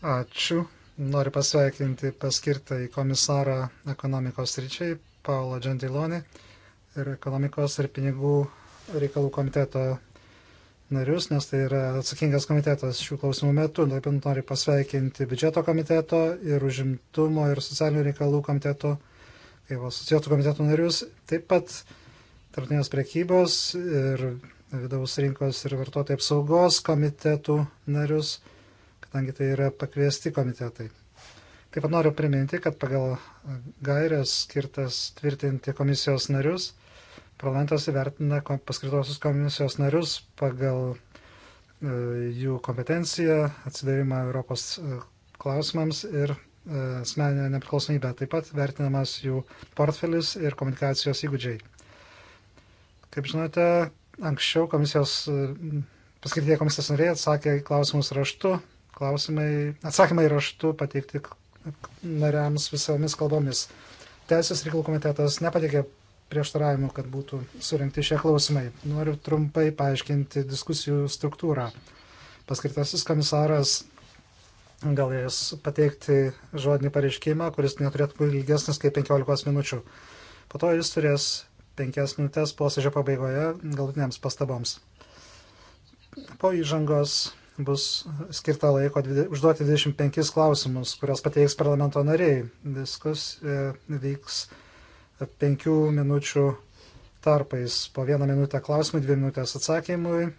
Ačiū. Noriu pasveikinti paskirtą į komisarą ekonomikos ryčiai Paolo Gentiloni ir ekonomikos ir pinigų reikalų komiteto narius, nes tai yra atsakingas komitetas šių klausimų metu. Taip pat noriu pasveikinti biudžeto komiteto ir užimtumo ir socialinių reikalų komiteto, kaip asociuotų komitetų narius. Taip pat tarptautinės prekybos ir vidaus rinkos ir vartotojų apsaugos komitetų narius kadangi tai yra pakviesti komitetai. Taip pat noriu priminti, kad pagal gairias skirtas tvirtinti komisijos narius, parlamentas įvertina paskirtosius komisijos narius pagal e, jų kompetenciją, atsidavimą Europos e, klausimams ir e, asmeninę nepriklausomybę. Taip pat vertinamas jų portfelis ir komunikacijos įgūdžiai. Kaip žinote, anksčiau komisijos paskirtie komisijos nariai atsakė į klausimus raštu Klausimai, atsakymai raštu pateikti nariams visomis kalbomis. Teisės reikalų komitetas nepateikė prieštaravimų, kad būtų surinkti šie klausimai. Noriu trumpai paaiškinti diskusijų struktūrą. Paskirtasis komisaras galės pateikti žodinį pareiškimą, kuris neturėtų būti ilgesnis kaip 15 minučių. Po to jis turės 5 minutės posėdžio pabaigoje galutiniams pastaboms. Po įžangos bus skirta laiko užduoti 25 klausimus, kurios pateiks parlamento nariai. Diskus e, vyks penkių minučių tarpais, po vieną minutę klausimui, dvi minutės atsakymui.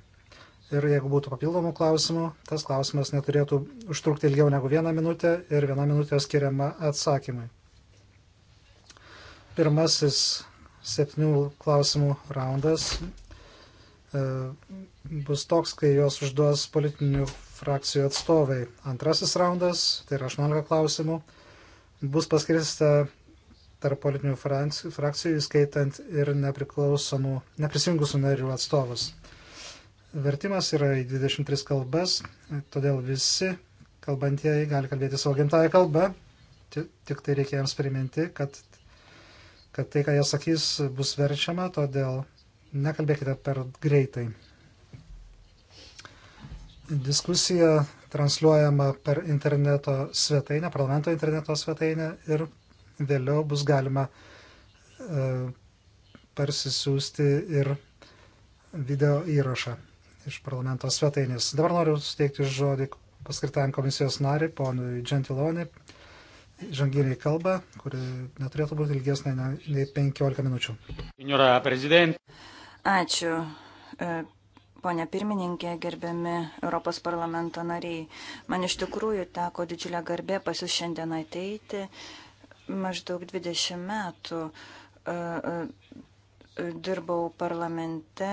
Ir jeigu būtų papildomų klausimų, tas klausimas neturėtų užtrukti ilgiau negu vieną minutę ir viena minutė skiriama atsakymui. Pirmasis septynių klausimų raundas E, bus toks, kai juos užduos politinių frakcijų atstovai. Antrasis raundas, tai yra 18 klausimų, bus paskirsta tarp politinių frakcijų, įskaitant ir nepriklausomų, neprisijungusių narių atstovus. Vertimas yra į 23 kalbas, todėl visi kalbantieji gali kalbėti savo gimtąją kalbą, tik tai reikia jiems priminti, kad, kad tai, ką jie sakys, bus verčiama, todėl Nekalbėkite per greitai. Diskusija transliuojama per interneto svetainę, parlamento interneto svetainę ir vėliau bus galima uh, e, parsisiųsti ir video įrašą iš parlamento svetainės. Dabar noriu suteikti žodį paskirtam komisijos nariui, ponui Gentiloni, žanginiai kalbą, kuri neturėtų būti ilgesnė nei 15 minučių. Ačiū, e, ponė pirmininkė, gerbiami Europos parlamento nariai. Man iš tikrųjų teko didžiulę garbę pas jūs šiandien ateiti. Maždaug 20 metų e, e, dirbau parlamente,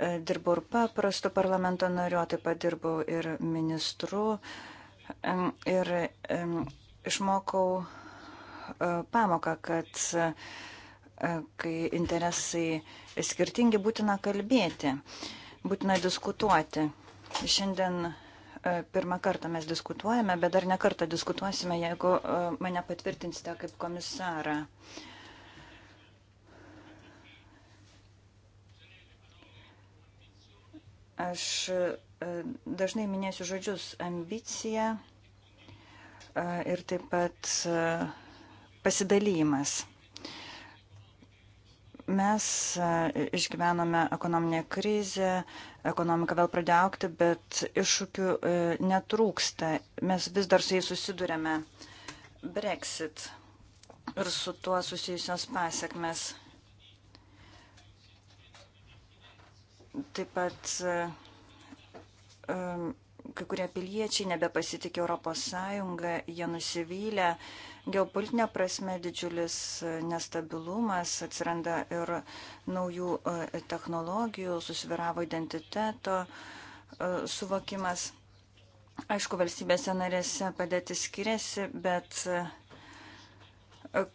dirbau ir paprastu parlamento nariu, taip pat dirbau ir ministru. Ir išmokau pamoką, kad E, kai interesai skirtingi, būtina kalbėti, būtina diskutuoti. Šiandien e, pirmą kartą mes diskutuojame, bet dar ne kartą diskutuosime, jeigu e, mane patvirtinsite kaip komisarą. Aš dažnai minėsiu žodžius ambicija ir taip pat pasidalymas. Mes e, išgyvenome ekonominę krizę, ekonomika vėl pradėjo aukti, bet iššūkių e, netrūksta. Mes vis dar su jais susidurėme. Brexit ir su tuo susijusios pasiekmes. Taip pat e, kai kurie piliečiai nebepasitikė Europos Sąjungą, jie nusivylę geopolitinė prasme didžiulis e, nestabilumas, atsiranda ir naujų e, technologijų, susviravo identiteto e, suvokimas. Aišku, valstybėse narėse padėtis skiriasi, bet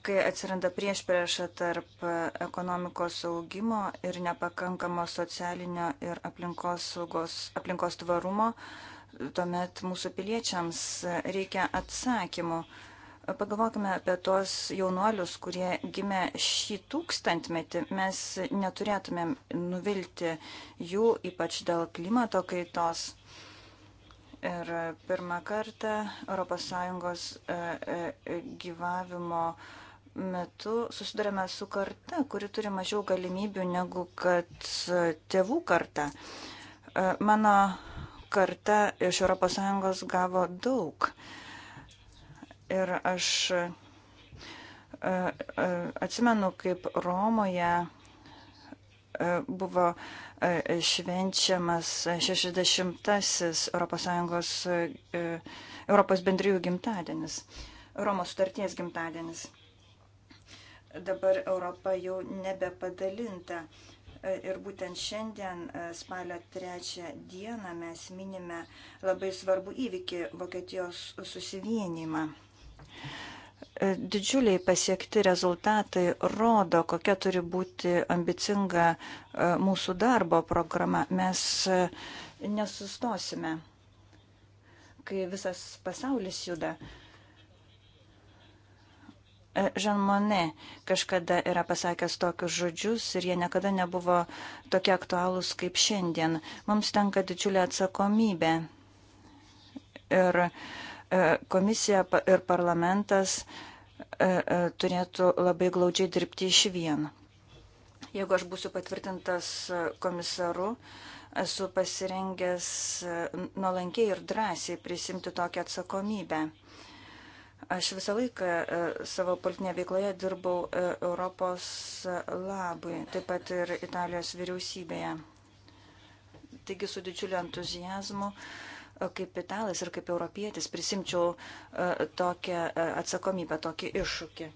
kai atsiranda priešprieša tarp ekonomikos augimo ir nepakankamo socialinio ir aplinkos, saugos, aplinkos tvarumo, tuomet mūsų piliečiams reikia atsakymų. Pagalvokime apie tos jaunuolius, kurie gimė šį tūkstantmetį. Mes neturėtumėm nuvilti jų, ypač dėl klimato kaitos. Ir pirmą kartą ES e, e, gyvavimo metu susidurėme su karta, kuri turi mažiau galimybių negu kad tėvų karta. E, mano karta iš ES gavo daug. Ir aš e, e, atsimenu, kaip Romoje e, buvo švenčiamas 60-asis ES, Europos bendrijų gimtadienis, Romos sutarties gimtadienis. Dabar Europa jau nebepadalinta. Ir būtent šiandien, spalio trečią dieną, mes minime labai svarbų įvykį Vokietijos susivienimą. Didžiuliai pasiekti rezultatai rodo, kokia turi būti ambicinga e, mūsų darbo programa. Mes e, nesustosime, kai visas pasaulis juda. Žan e, Mone kažkada yra pasakęs tokius žodžius ir jie niekada nebuvo tokie aktualūs kaip šiandien. Mums tenka didžiulė atsakomybė. Ir uh, E, komisija ir parlamentas e, e, turėtų labai glaudžiai dirbti iš vien. Jeigu aš būsiu patvirtintas komisaru, esu pasirengęs nuolankiai ir drąsiai prisimti tokią atsakomybę. Aš visą laiką savo politinėje veikloje dirbau Europos labui, taip pat ir Italijos vyriausybėje. Taigi su didžiuliu entuzijazmu uh, kaip italas ir kaip europietis prisimčiau e, tokią e, atsakomybę, tokį iššūkį.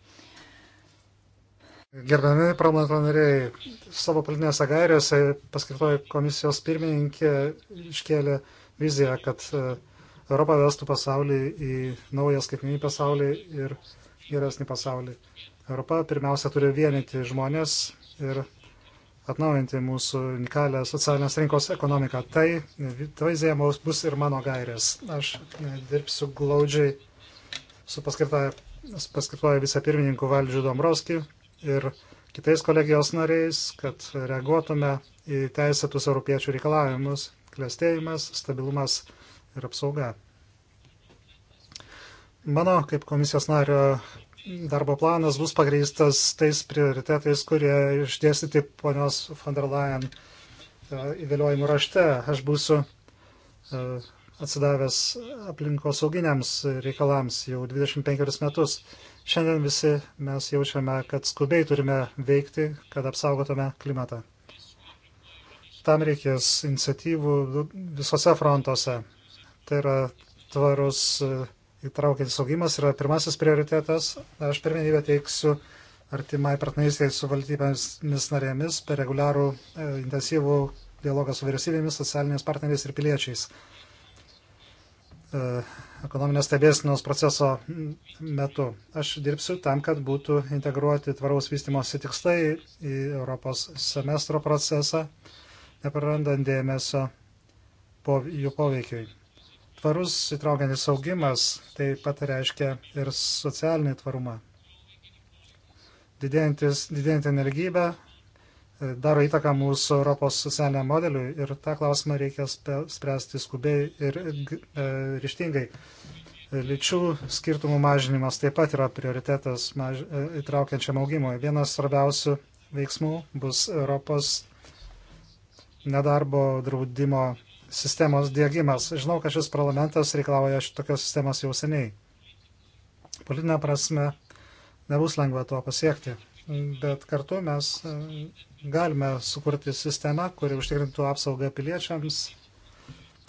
Gerbiami parlamento nariai, savo politinėse gairėse paskirtoji komisijos pirmininkė iškėlė viziją, kad e, Europa vestų pasaulį į naują skaitmenį pasaulį ir geresnį pasaulį. Europa pirmiausia turi vienyti žmonės ir atnaujinti mūsų unikalią socialinės rinkos ekonomiką. Tai, to tai įzėmaus bus ir mano gairės. Aš e, dirbsiu glaudžiai su paskirtoja vicepirmininku Valdžiu Dombrovskiu ir kitais kolegijos nariais, kad reaguotume į teisėtus europiečių reikalavimus - klėstėjimas, stabilumas ir apsauga. Mano kaip komisijos nario darbo planas bus pagrįstas tais prioritetais, kurie išdėstyti ponios von der Leyen e, įgaliojimų rašte. Aš būsiu e, atsidavęs aplinkos sauginiams reikalams jau 25 metus. Šiandien visi mes jaučiame, kad skubiai turime veikti, kad apsaugotume klimatą. Tam reikės iniciatyvų visose frontuose. Tai yra tvarus uh, įtraukiantis augimas yra pirmasis prioritetas. Aš pirmenybę teiksiu artimai partnerystėje su valstybėmis narėmis per reguliarų e, intensyvų dialogą su vyriausybėmis, socialiniais partneriais ir piliečiais. E, ekonominės stebėsinos proceso metu. Aš dirbsiu tam, kad būtų integruoti tvaraus vystimosi tikslai į Europos semestro procesą, neprarandant dėmesio po jų poveikiai. Tvarus įtraukiantis augimas taip pat reiškia ir socialinį tvarumą. Didėjantį nelygybę e, daro įtaką mūsų Europos socialiniam modeliui ir tą klausimą reikia spręsti skubiai ir e, ryštingai. Lyčių skirtumų mažinimas taip pat yra prioritetas maž... E, įtraukiančiam augimui. Vienas svarbiausių veiksmų bus Europos nedarbo draudimo sistemos dėgymas. Žinau, kad šis parlamentas reikalauja šitokios sistemos jau seniai. Politinė prasme nebus lengva to pasiekti, bet kartu mes e, galime sukurti sistemą, kuri užtikrintų apsaugą piliečiams,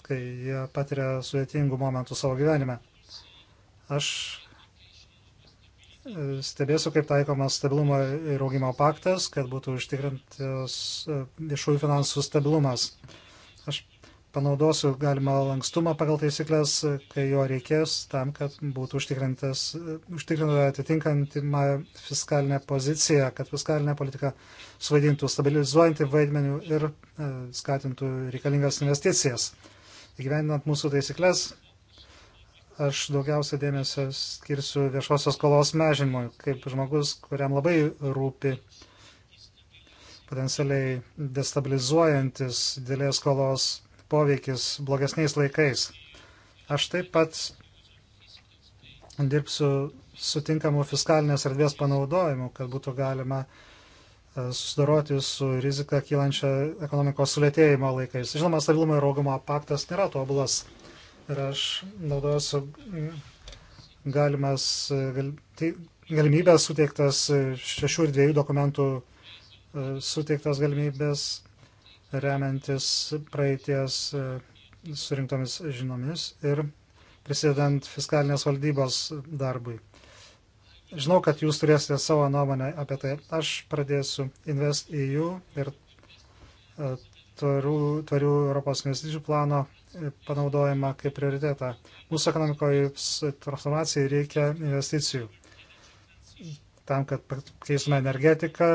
kai jie patiria sudėtingų momentų savo gyvenime. Aš e, stebėsiu, kaip taikomas stabilumo ir augimo paktas, kad būtų užtikrintas e, viešųjų finansų stabilumas panaudosiu galimą lankstumą pagal taisyklės, kai jo reikės, tam, kad būtų užtikrinta atitinkantima fiskalinė pozicija, kad fiskalinė politika suvaidintų stabilizuojantį vaidmenį ir e, skatintų reikalingas investicijas. Įgyvendinant mūsų taisyklės, aš daugiausia dėmesio skirsiu viešosios skolos mežinimui, kaip žmogus, kuriam labai rūpi potencialiai destabilizuojantis dėlės skolos poveikis blogesniais laikais. Aš taip pat dirbsiu sutinkamu fiskalinės erdvės panaudojimu, kad būtų galima e, susidoroti su rizika kylančia ekonomikos sulėtėjimo laikais. Žinoma, stabilumo ir augimo paktas nėra tobulas. Ir aš naudosiu mm, galimas e, gal, tai, galimybės suteiktas e, šešių ir dviejų dokumentų suteiktas galimybės remiantis praeities e, surinktomis žinomis ir prisidedant fiskalinės valdybos darbui. Žinau, kad jūs turėsite savo nuomonę apie tai. Aš pradėsiu InvestEU ir e, tvarių, tvarių Europos investicijų plano e, panaudojimą kaip prioritetą. Mūsų ekonomikoje transformacijai reikia investicijų. Tam, kad keistume energetiką,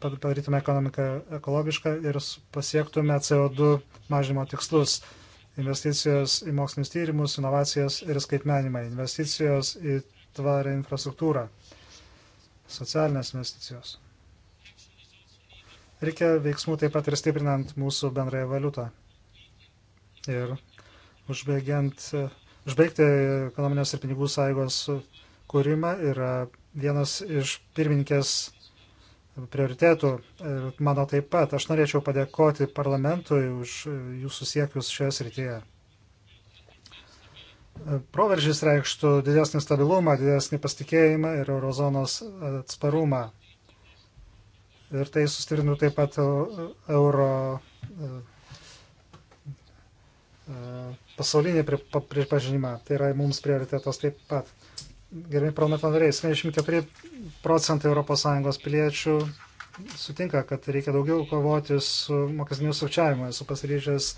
padarytume ekonomiką ekologišką ir pasiektume CO2 mažinimo tikslus. Investicijos į mokslinius tyrimus, inovacijas ir skaitmenimą. Investicijos į tvarę infrastruktūrą. Socialinės investicijos. Reikia veiksmų taip pat ir stiprinant mūsų bendrąją valiutą. Ir užbaigiant, užbaigti ekonominės ir pinigų sąjungos kūrimą yra vienas iš pirmininkės prioritėtų ir e, mano taip pat. Aš norėčiau padėkoti parlamentui už e, jūsų siekius šioje srityje. E, Proveržys reikštų didesnį stabilumą, didesnį pasitikėjimą ir eurozonos atsparumą. Ir tai sustirinų taip pat euro pasaulinį pripažinimą. Tai yra mums prioritetas taip pat gerai parlamento nariai, 74 procentai ES piliečių sutinka, kad reikia daugiau kovoti su mokesniu sukčiavimu. Esu pasiryžęs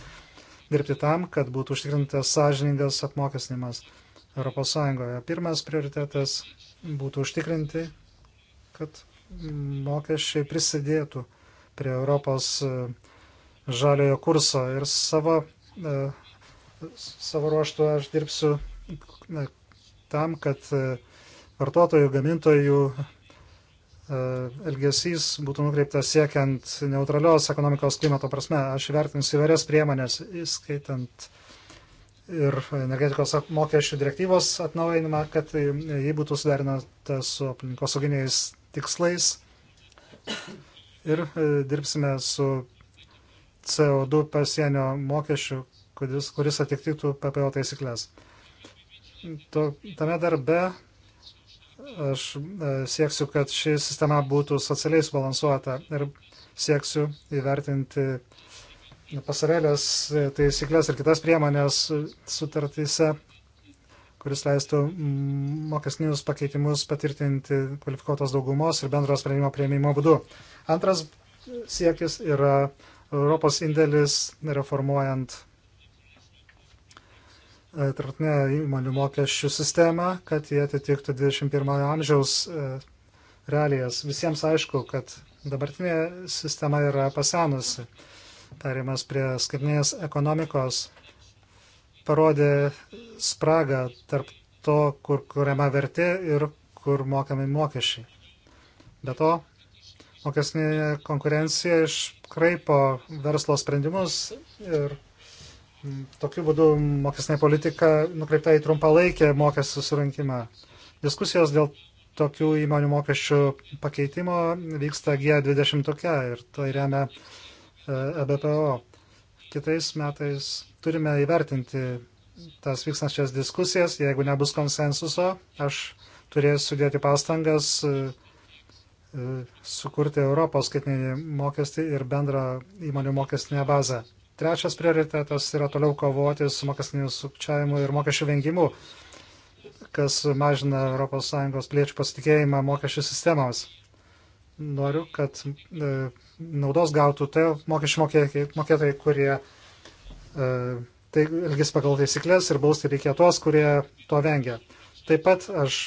dirbti tam, kad būtų užtikrintas sąžiningas apmokesnimas ES. Pirmas prioritetas būtų užtikrinti, kad mokesčiai prisidėtų prie Europos e, žaliojo kurso ir savo, e, savo ruoštų aš dirbsiu e, tam, kad e, vartotojų, gamintojų e, elgesys būtų nukreiptas siekiant neutralios ekonomikos klimato prasme. Aš vertinsiu įvairias priemonės, įskaitant ir energetikos mokesčių direktyvos atnaujinimą, kad jį būtų suderinata su aplinkosauginiais tikslais. Ir e, dirbsime su CO2 pasienio mokesčiu, kuris, kuris atitiktų PPO taisyklės to, tame darbe aš e, sieksiu, kad ši sistema būtų socialiai subalansuota ir sieksiu įvertinti pasarelės taisyklės ir kitas priemonės sutartyse, kuris leistų mokesnius pakeitimus patvirtinti kvalifikuotos daugumos ir bendro sprendimo prieimimo būdu. Antras siekis yra Europos indėlis reformuojant E, tarptautinę įmonių mokesčių sistemą, kad jie atitiktų 21 amžiaus e, realijas. Visiems aišku, kad dabartinė sistema yra pasenusi. Tarimas prie skaitminės ekonomikos parodė spragą tarp to, kur kuriama vertė ir kur mokami mokesčiai. Be to, mokesnė konkurencija iškraipo verslo sprendimus ir Tokiu būdu mokestinė politika nukreipta į trumpalaikę mokesčių surinkimą. Diskusijos dėl tokių įmonių mokesčių pakeitimo vyksta G20 tokia ir tai remia EBPO. E Kitais metais turime įvertinti tas vykstančias diskusijas. Jeigu nebus konsensuso, aš turėsiu dėti pastangas e, e, sukurti Europos skaitinį mokestį ir bendrą įmonių mokestinę bazę. Trečias prioritetas yra toliau kovoti su mokestiniu sukčiavimu ir mokesčių vengimu, kas mažina ES piliečių pasitikėjimą mokesčių sistemams. Noriu, kad e, naudos gautų tai mokesčių mokėtojai, kurie e, tai elgis pagal taisyklės ir bausti reikia tuos, kurie to vengia. Taip pat aš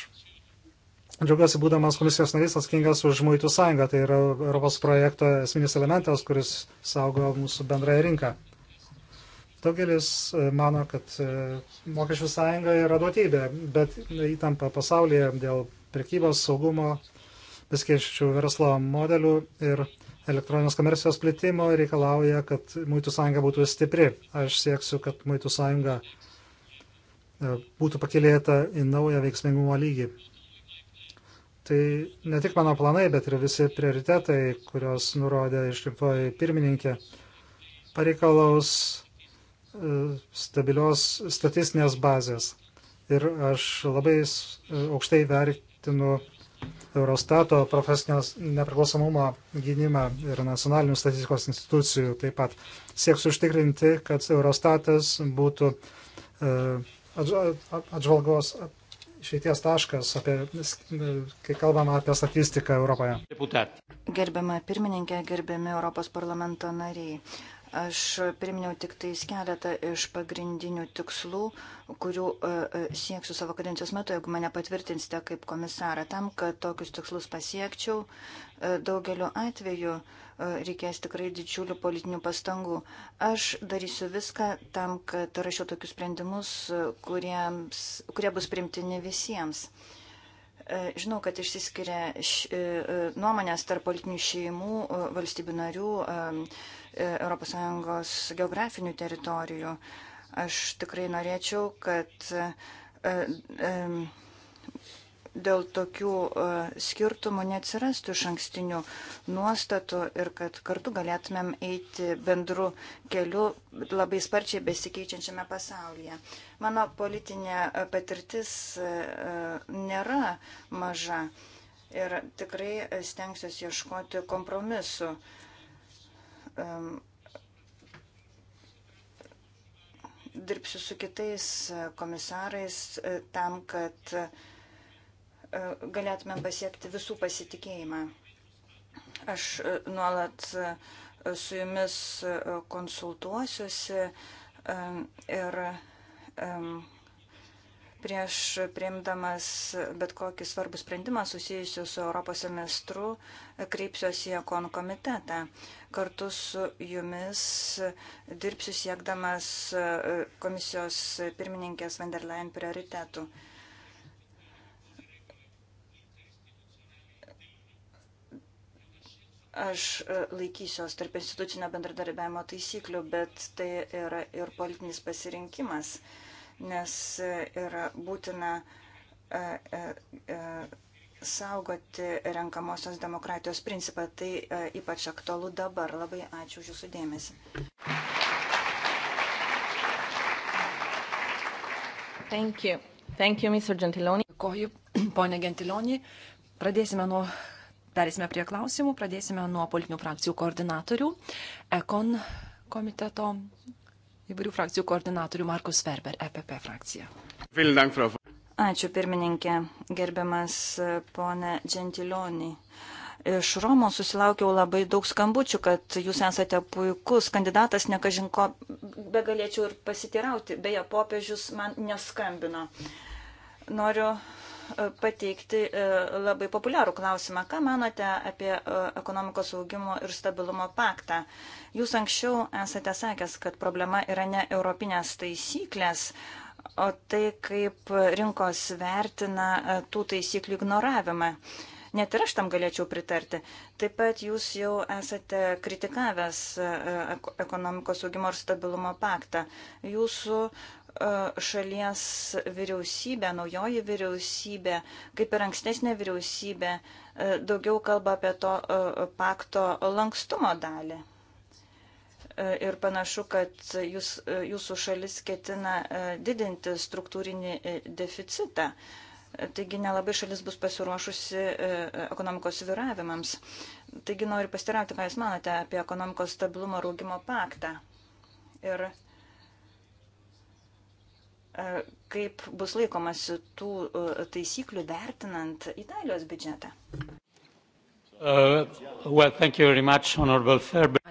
Džiaugiuosi būdamas komisijos narys atsakingas už muitų sąjungą. Tai yra Europos projekto esminis elementas, kuris saugo mūsų bendrąją rinką. Daugelis e, mano, kad e, mokesčių sąjunga yra duotybė, bet įtampa pasaulyje dėl prekybos, saugumo, beskėčių verslo modelių ir elektroninės komercijos plitimo reikalauja, kad muitų sąjunga būtų stipri. Aš sieksiu, kad muitų sąjunga e, būtų pakilėta į naują veiksmingumo lygį. Tai ne tik mano planai, bet ir visi prioritetai, kurios nurodė išrinktoji pirmininkė, pareikalaus e, stabilios statistinės bazės. Ir aš labai e, aukštai vertinu Eurostato profesinės nepriklausomumo gynimą ir nacionalinių statistikos institucijų. Taip pat sieks užtikrinti, kad Eurostatas būtų e, atžvalgos išeities taškas, apie, kai kalbama apie statistiką Europoje. Gerbiama pirmininkė, gerbiami Europos parlamento nariai. Aš priminiau tik tais keletą iš pagrindinių tikslų, kurių e, e, sieksiu savo kadencijos metu, jeigu mane patvirtinsite kaip komisarą, tam, kad tokius tikslus pasiekčiau. E, daugeliu atveju uh, E, reikės tikrai didžiulių politinių pastangų. Aš darysiu viską tam, kad rašiau tokius sprendimus, e, kuriems, kurie bus primtini visiems. E, žinau, kad išsiskiria š, nuomonės tarp politinių šeimų, valstybių narių, ES geografinių teritorijų. Aš tikrai norėčiau, kad dėl tokių e, skirtumų neatsirastų iš ankstinių nuostatų ir kad kartu galėtumėm eiti bendru keliu labai sparčiai besikeičiančiame pasaulyje. Mano politinė patirtis e, e, nėra maža ir tikrai stengsiuosi ieškoti kompromisu. Dirbsiu su kitais komisarais tam, kad E, galėtumėm pasiekti visų pasitikėjimą. Aš e, nuolat e, su jumis konsultuosiuosi ir prieš priimdamas bet kokį svarbų sprendimą susijusiu su Europos semestru, kreipsiuosi į ekon komitetą. Kartu su jumis dirbsiu siekdamas komisijos pirmininkės Vanderlein prioritetų. Aš e, laikysiuos tarp institucinio bendradarbiavimo taisyklių, bet tai yra ir politinis pasirinkimas, nes e, yra būtina e, saugoti renkamosios demokratijos principą. Tai ypač aktualu dabar. Labai ačiū už Jūsų dėmesį. Thank you. Thank you, Mr. Gentiloni. Dėkoju, ponė Gentiloni. Pradėsime nuo Perėsime prie klausimų, pradėsime nuo politinių frakcijų koordinatorių. Ekon komiteto įvairių frakcijų koordinatorių Markus Ferber, EPP frakcija. Ačiū pirmininkė, gerbiamas ponė Gentilionį. Iš Romos susilaukiau labai daug skambučių, kad jūs esate puikus kandidatas, nekažinko, be galėčiau ir pasitirauti. Beje, popiežius man neskambino. Noriu E, pateikti e, labai populiarų klausimą. Ką manote apie e, ekonomikos augimo ir stabilumo paktą? Jūs anksčiau esate sakęs, kad problema yra ne europinės taisyklės, o tai, kaip rinkos vertina tų taisyklių ignoravimą. Net ir aš tam galėčiau pritarti. Taip pat jūs jau esate kritikavęs ekonomikos augimo ir stabilumo paktą. Jūsų uh, E, šalies vyriausybė, naujoji vyriausybė, kaip ir ankstesnė vyriausybė, e, daugiau kalba apie to e, pakto lankstumo dalį. Ir panašu, kad jūs, jūsų šalis ketina didinti struktūrinį deficitą. Taigi nelabai šalis bus pasiruošusi ekonomikos viravimams. Taigi noriu pastirauti, ką Jūs manote apie ekonomikos stabilumo rūgimo paktą. Ir E, kaip bus laikomasi tų e, taisyklių vertinant Italijos biudžetą. Uh, well, much,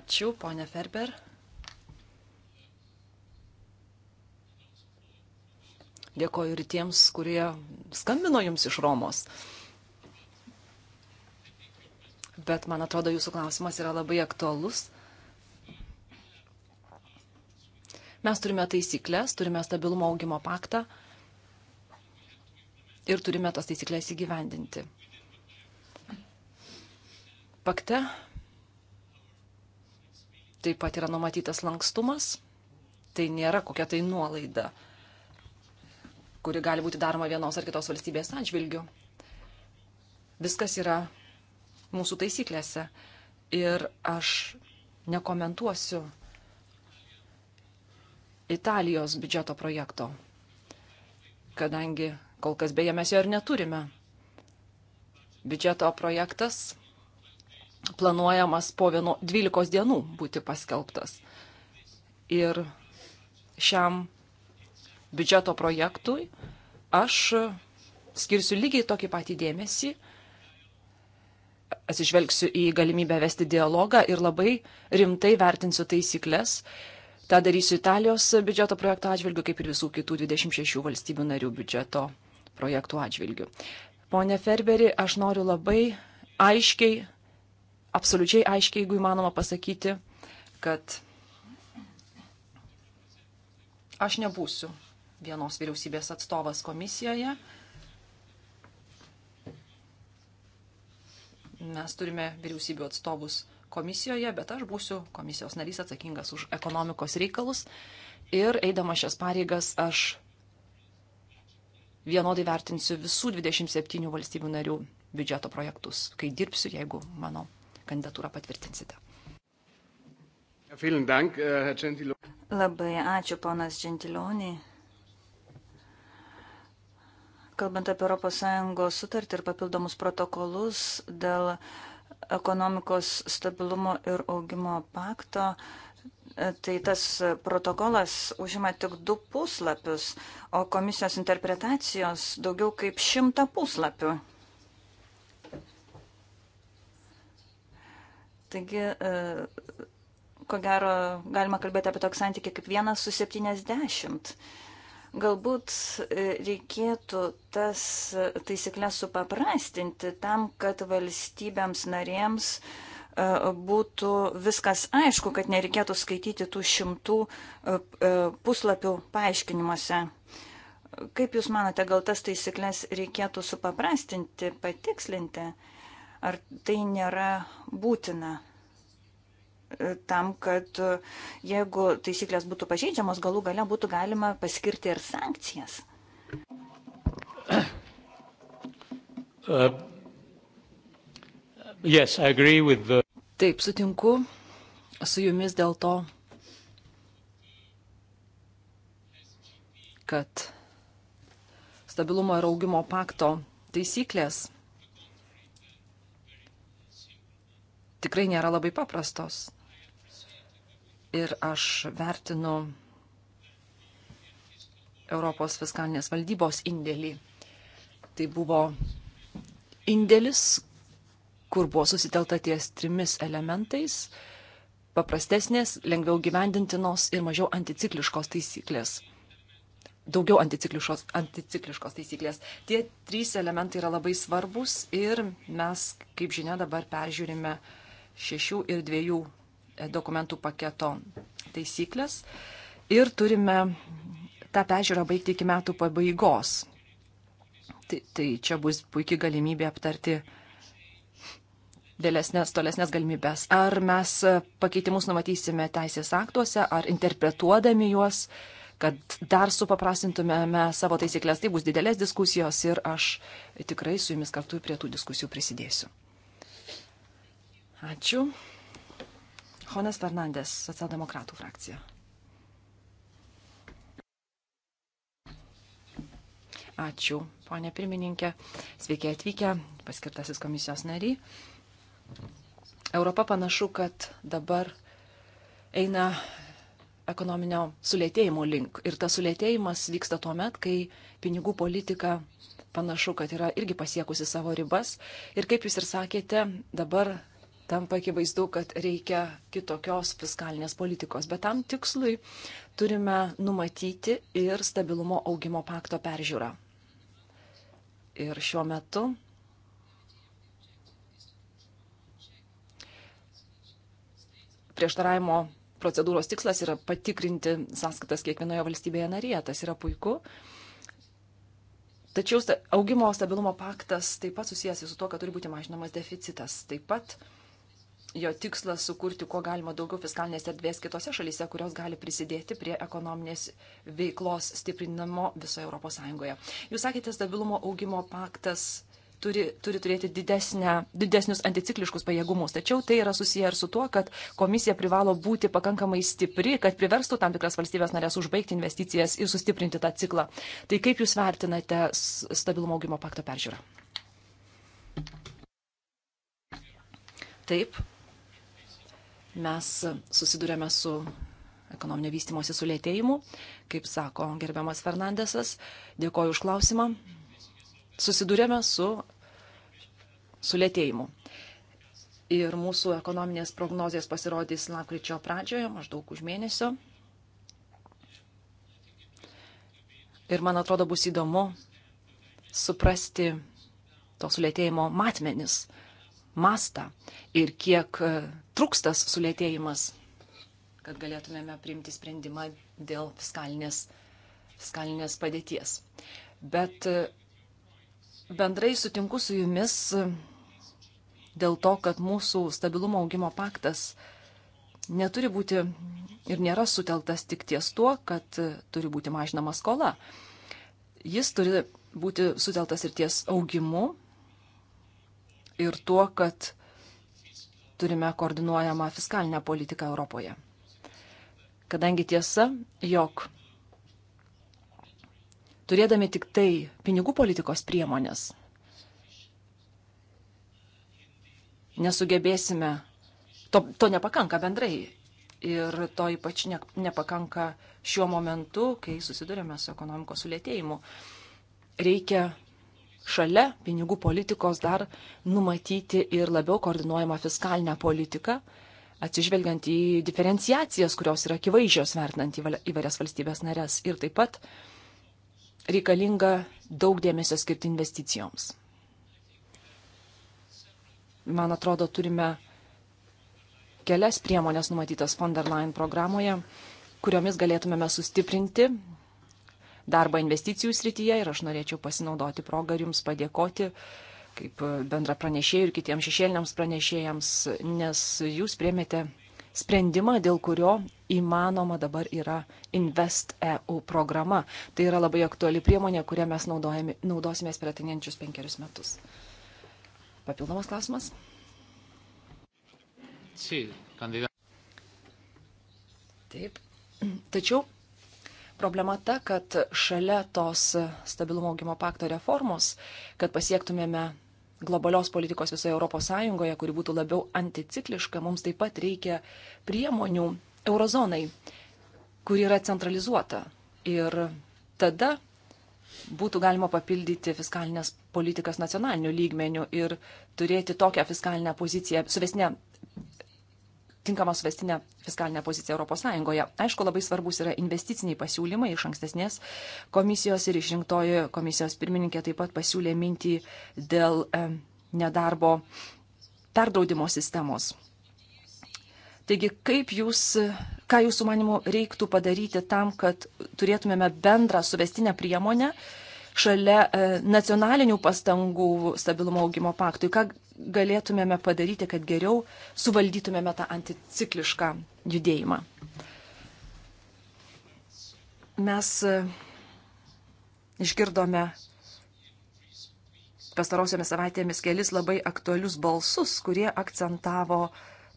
Ačiū, ponė Ferber. Dėkoju ir tiems, kurie skambino jums iš Romos. Bet man atrodo, jūsų klausimas yra labai aktualus. Uh, Mes turime taisyklės, turime stabilumo augimo paktą ir turime tas taisyklės įgyvendinti. Pakte taip pat yra numatytas lankstumas, tai nėra kokia tai nuolaida, kuri gali būti daroma vienos ar kitos valstybės atžvilgių. Viskas yra mūsų taisyklėse ir aš nekomentuosiu Italijos biudžeto projekto, kadangi kol kas beje mes jo ir neturime. Biudžeto projektas planuojamas po 12 dienų būti paskelbtas. Ir šiam biudžeto projektui aš skirsiu lygiai tokį patį dėmesį, atsižvelgsiu į galimybę vesti dialogą ir labai rimtai vertinsiu taisyklės, Ta darysiu Italijos biudžeto projekto atžvilgiu, kaip ir visų kitų 26 valstybių narių biudžeto projektų atžvilgiu. Pone Ferberi, aš noriu labai aiškiai, absoliučiai aiškiai, jeigu įmanoma pasakyti, kad aš nebūsiu vienos vyriausybės atstovas komisijoje. Mes turime vyriausybių atstovus komisijoje, bet aš būsiu komisijos narys atsakingas už ekonomikos reikalus ir eidama šias pareigas aš vienodai vertinsiu visų 27 valstybių narių biudžeto projektus, kai dirbsiu, jeigu mano kandidatūrą patvirtinsite. Äh, Labai ačiū, ponas Gentilionį. Kalbant apie ES sutartį ir papildomus protokolus dėl uh, ekonomikos stabilumo ir augimo pakto, tai tas protokolas užima tik du puslapius, o komisijos interpretacijos daugiau kaip šimta puslapių. Taigi, e, ko gero, galima kalbėti apie tokį santykį kaip vienas su 70. Galbūt e, reikėtų tas taisyklės supaprastinti tam, kad valstybėms narėms e, būtų viskas aišku, kad nereikėtų skaityti tų šimtų e, puslapių paaiškinimuose. Kaip Jūs manote, gal tas taisyklės reikėtų supaprastinti, patikslinti, ar tai nėra būtina? tam, kad e, jeigu taisyklės būtų pažeidžiamos, galų gale būtų galima paskirti ir sankcijas. Uh, yes, the... Taip, sutinku su jumis dėl to, kad stabilumo ir augimo pakto taisyklės tikrai nėra labai paprastos ir aš vertinu Europos fiskalinės valdybos indėlį. Tai buvo indėlis, kur buvo susitelta ties trimis elementais - paprastesnės, lengviau gyvendintinos ir mažiau anticikliškos taisyklės. Daugiau anticikliškos, anticikliškos taisyklės. Tie trys elementai yra labai svarbus ir mes, kaip žinia, dabar peržiūrime šešių ir dviejų dokumentų paketo taisyklės ir turime tą pežiūrą baigti iki metų pabaigos. Tai, tai čia bus puikia galimybė aptarti dėlesnės, tolesnės galimybės. Ar mes pakeitimus numatysime teisės aktuose, ar interpretuodami juos, kad dar supaprastintumėme savo taisyklės. Tai bus didelės diskusijos ir aš tikrai su jumis kartu prie tų diskusijų prisidėsiu. Ačiū. Jonas Fernandes, socialdemokratų frakcija. Ačiū, ponė pirmininkė. Sveiki atvykę, paskirtasis komisijos nariai. Europa panašu, kad dabar eina ekonominio sulėtėjimo link. Ir tas sulėtėjimas vyksta tuo met, kai pinigų politika panašu, kad yra irgi pasiekusi savo ribas. Ir kaip jūs ir sakėte, dabar tampa akivaizdu, kad reikia kitokios fiskalinės politikos. Bet tam tikslui turime numatyti ir stabilumo augimo pakto peržiūrą. Ir šiuo metu prieštaravimo procedūros tikslas yra patikrinti sąskaitas kiekvienoje valstybėje narėje. Tas yra puiku. Tačiau augimo stabilumo paktas taip pat susijęs su to, kad turi būti mažinamas deficitas. Taip pat uh, jo tikslas sukurti kuo galima daugiau fiskalinės erdvės kitose šalyse, kurios gali prisidėti prie ekonominės veiklos stiprinimo visoje ES. Jūs sakėte, stabilumo augimo paktas turi, turi turėti didesnę, didesnius anticikliškus pajėgumus. Tačiau tai yra susiję ir su tuo, kad komisija privalo būti pakankamai stipri, kad priverstų tam tikras valstybės narės užbaigti investicijas ir sustiprinti tą ciklą. Tai kaip Jūs vertinate stabilumo augimo pakto peržiūrą? Taip, mes susidurėme su ekonominio vystimosi sulėtėjimu, kaip sako gerbiamas Fernandesas. Dėkoju už klausimą. Susidurėme su sulėtėjimu. Ir mūsų ekonominės prognozijas pasirodys lapkričio pradžioje, maždaug už mėnesio. Ir man atrodo bus įdomu suprasti to sulėtėjimo matmenis mastą ir kiek e, truks tas sulėtėjimas, kad galėtumėme priimti sprendimą dėl fiskalinės, fiskalinės padėties. Bet e, bendrai sutinku su jumis e, dėl to, kad mūsų stabilumo augimo paktas neturi būti ir nėra sutelktas tik ties tuo, kad turi būti mažinama skola. Jis turi būti sutelktas ir ties augimu, ir tuo, kad turime koordinuojamą fiskalinę politiką Europoje. Kadangi tiesa, jog turėdami tik tai pinigų politikos priemonės, nesugebėsime, to, to nepakanka bendrai ir to ypač ne, nepakanka šiuo momentu, kai susidurėme su ekonomikos sulėtėjimu. Reikia šalia pinigų politikos dar numatyti ir labiau koordinuojamą fiskalinę politiką, atsižvelgiant į diferenciacijas, kurios yra akivaizdžios vertinant įvairias valstybės narės. Ir taip pat reikalinga daug dėmesio skirti investicijoms. Man atrodo, turime kelias priemonės numatytas von der Leyen programoje, kuriomis galėtumėme sustiprinti darbą investicijų srityje ir aš norėčiau pasinaudoti progą ir jums padėkoti kaip e, bendra pranešėjai ir kitiems šešėliniams pranešėjams, nes jūs priemėte sprendimą, dėl kurio įmanoma dabar yra InvestEU programa. Tai yra labai aktuali priemonė, kurią mes naudosime per atinančius penkerius metus. Papildomas klausimas? Taip. Tačiau Problema ta, kad šalia tos stabilumo augimo pakto reformos, kad pasiektumėme globalios politikos visoje ES, kuri būtų labiau anticikliška, mums taip pat reikia priemonių eurozonai, kuri yra centralizuota. Ir tada būtų galima papildyti fiskalinės politikas nacionaliniu lygmeniu ir turėti tokią fiskalinę poziciją, suvesnę tinkamą suvestinę fiskalinę poziciją ES. Aišku, labai svarbus yra investiciniai pasiūlymai iš ankstesnės komisijos ir išrinktoji komisijos pirmininkė taip pat pasiūlė mintį dėl e, nedarbo perdraudimo sistemos. Taigi, kaip jūs, ką jūsų manimų reiktų padaryti tam, kad turėtumėme bendrą suvestinę priemonę šalia e, nacionalinių pastangų stabilumo augimo paktui? Ką galėtumėme padaryti, kad geriau suvaldytumėme tą anticiklišką judėjimą. Mes e, išgirdome pastarosiomis savaitėmis kelis labai aktualius balsus, kurie akcentavo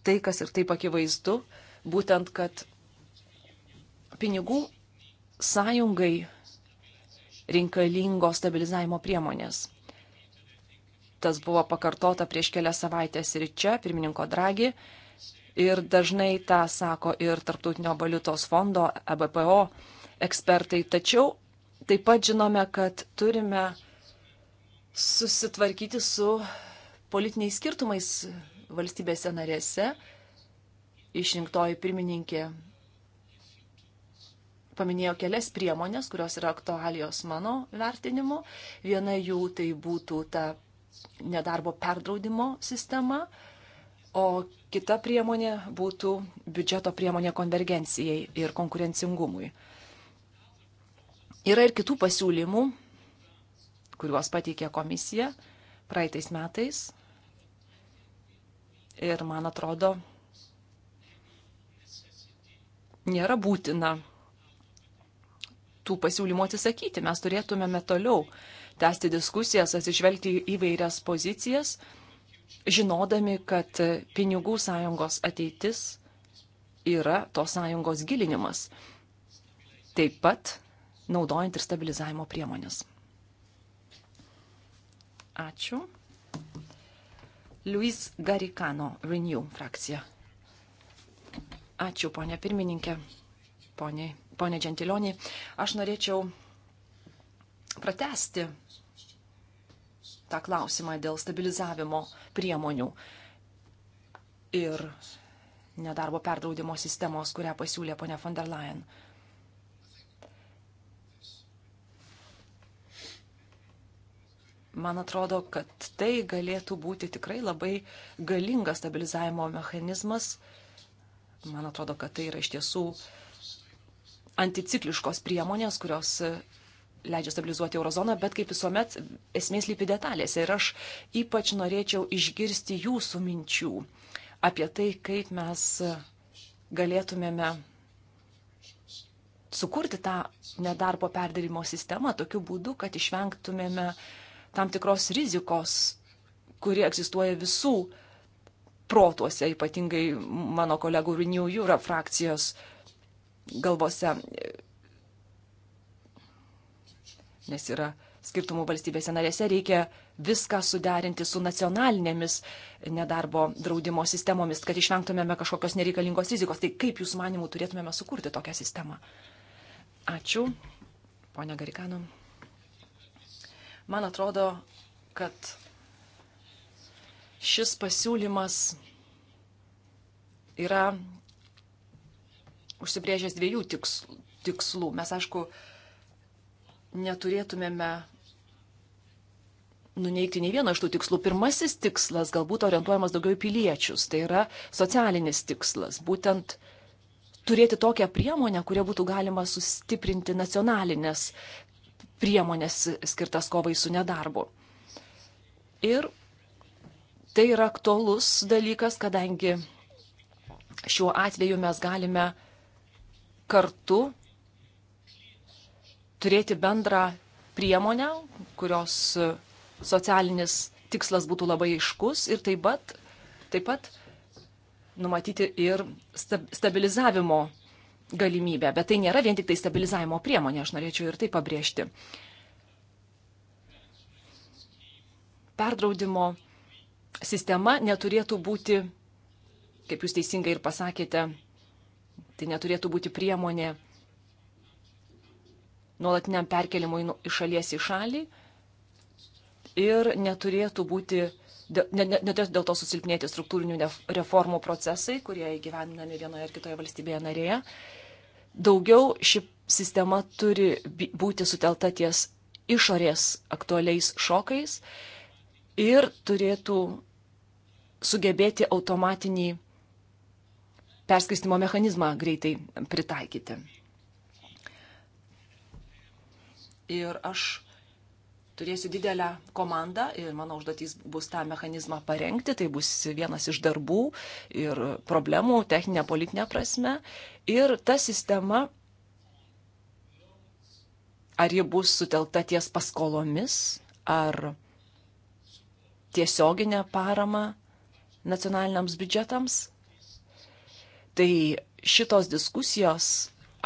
tai, kas ir taip akivaizdu, būtent, kad pinigų sąjungai reikalingos stabilizavimo priemonės tas buvo pakartota prieš kelias savaitės ir čia, pirmininko Dragi. Ir dažnai tą sako ir Tarptautinio valiutos fondo, EBPO ekspertai. Tačiau taip pat žinome, kad turime susitvarkyti su politiniais skirtumais valstybėse narėse. Išrinktoji pirmininkė paminėjo kelias priemonės, kurios yra aktualijos mano vertinimu. Viena jų tai būtų ta nedarbo perdraudimo sistema, o kita priemonė būtų biudžeto priemonė konvergencijai ir konkurencingumui. Yra ir kitų pasiūlymų, kuriuos pateikė komisija praeitais metais. Ir man atrodo, nėra būtina tų pasiūlymų atsisakyti. Mes turėtumėme toliau tęsti diskusijas, atsižvelgti įvairias pozicijas, žinodami, kad pinigų sąjungos ateitis yra tos sąjungos gilinimas, taip pat naudojant ir stabilizavimo priemonės. Ačiū. Luis Garikano, Renew frakcija. Ačiū, ponė pirmininkė, ponė, ponė Džentilionė. Aš norėčiau pratesti tą klausimą dėl stabilizavimo priemonių ir nedarbo perdraudimo sistemos, kurią pasiūlė ponia von der Leyen. Man atrodo, kad tai galėtų būti tikrai labai galingas stabilizavimo mechanizmas. Man atrodo, kad tai yra iš tiesų anticikliškos priemonės, kurios leidžia stabilizuoti eurozoną, bet kaip visuomet esmės lypi detalėse. Ir aš ypač norėčiau išgirsti jūsų minčių apie tai, kaip mes galėtumėme sukurti tą nedarbo perdarimo sistemą tokiu būdu, kad išvengtumėme tam tikros rizikos, kuri egzistuoja visų protuose, ypatingai mano kolegų Renew Europe frakcijos galvose nes yra skirtumų valstybėse narėse, reikia viską suderinti su nacionalinėmis nedarbo draudimo sistemomis, kad išvengtumėme kažkokios nereikalingos rizikos. Tai kaip jūs manimų turėtumėme sukurti tokią sistemą? Ačiū, ponia Garikano. Man atrodo, kad šis pasiūlymas yra užsibrėžęs dviejų tikslų. Mes, aišku, neturėtumėme nuneikti nei vieno iš tų tikslų. Pirmasis tikslas galbūt orientuojamas daugiau į piliečius, tai yra socialinis tikslas. Būtent turėti tokią priemonę, kuria būtų galima sustiprinti nacionalinės priemonės skirtas kovai su nedarbu. Ir tai yra aktuolus dalykas, kadangi šiuo atveju mes galime kartu turėti bendrą priemonę, kurios socialinis tikslas būtų labai aiškus ir taip pat, taip pat numatyti ir stabilizavimo galimybę. Bet tai nėra vien tik tai stabilizavimo priemonė, aš norėčiau ir tai pabrėžti. Perdraudimo sistema neturėtų būti, kaip jūs teisingai ir pasakėte, tai neturėtų būti priemonė nuolatiniam perkelimui nu- iš šalies į šalį ir neturėtų būti, neturėtų dėl to susilpnėti struktūrinių reformų procesai, kurie įgyvendinami vienoje ar kitoje valstybėje narėje. Daugiau ši sistema turi būti sutelta ties išorės aktualiais šokais ir turėtų sugebėti automatinį perskirstimo mechanizmą greitai pritaikyti ir aš turėsiu didelę komandą ir mano užduotis bus tą mechanizmą parengti, tai bus vienas iš darbų ir problemų techninė, politinė prasme. Ir ta sistema, ar ji bus sutelkta ties paskolomis, ar tiesioginė parama nacionaliniams biudžetams, tai šitos diskusijos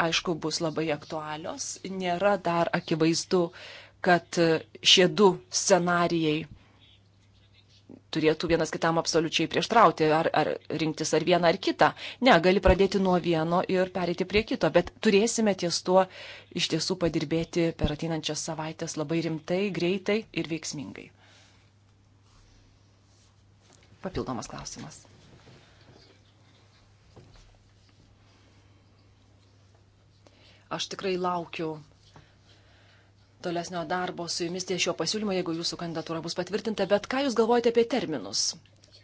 aišku, bus labai aktualios. Nėra dar akivaizdu, kad šie du scenarijai turėtų vienas kitam absoliučiai prieštrauti, ar, ar rinktis ar vieną ar kitą. Ne, gali pradėti nuo vieno ir pereiti prie kito, bet turėsime ties tuo iš tiesų padirbėti per ateinančias savaitės labai rimtai, greitai ir veiksmingai. Papildomas klausimas. Aš tikrai laukiu tolesnio darbo su jumis ties šio pasiūlymo, jeigu jūsų kandidatūra bus patvirtinta. Bet ką jūs galvojate apie terminus?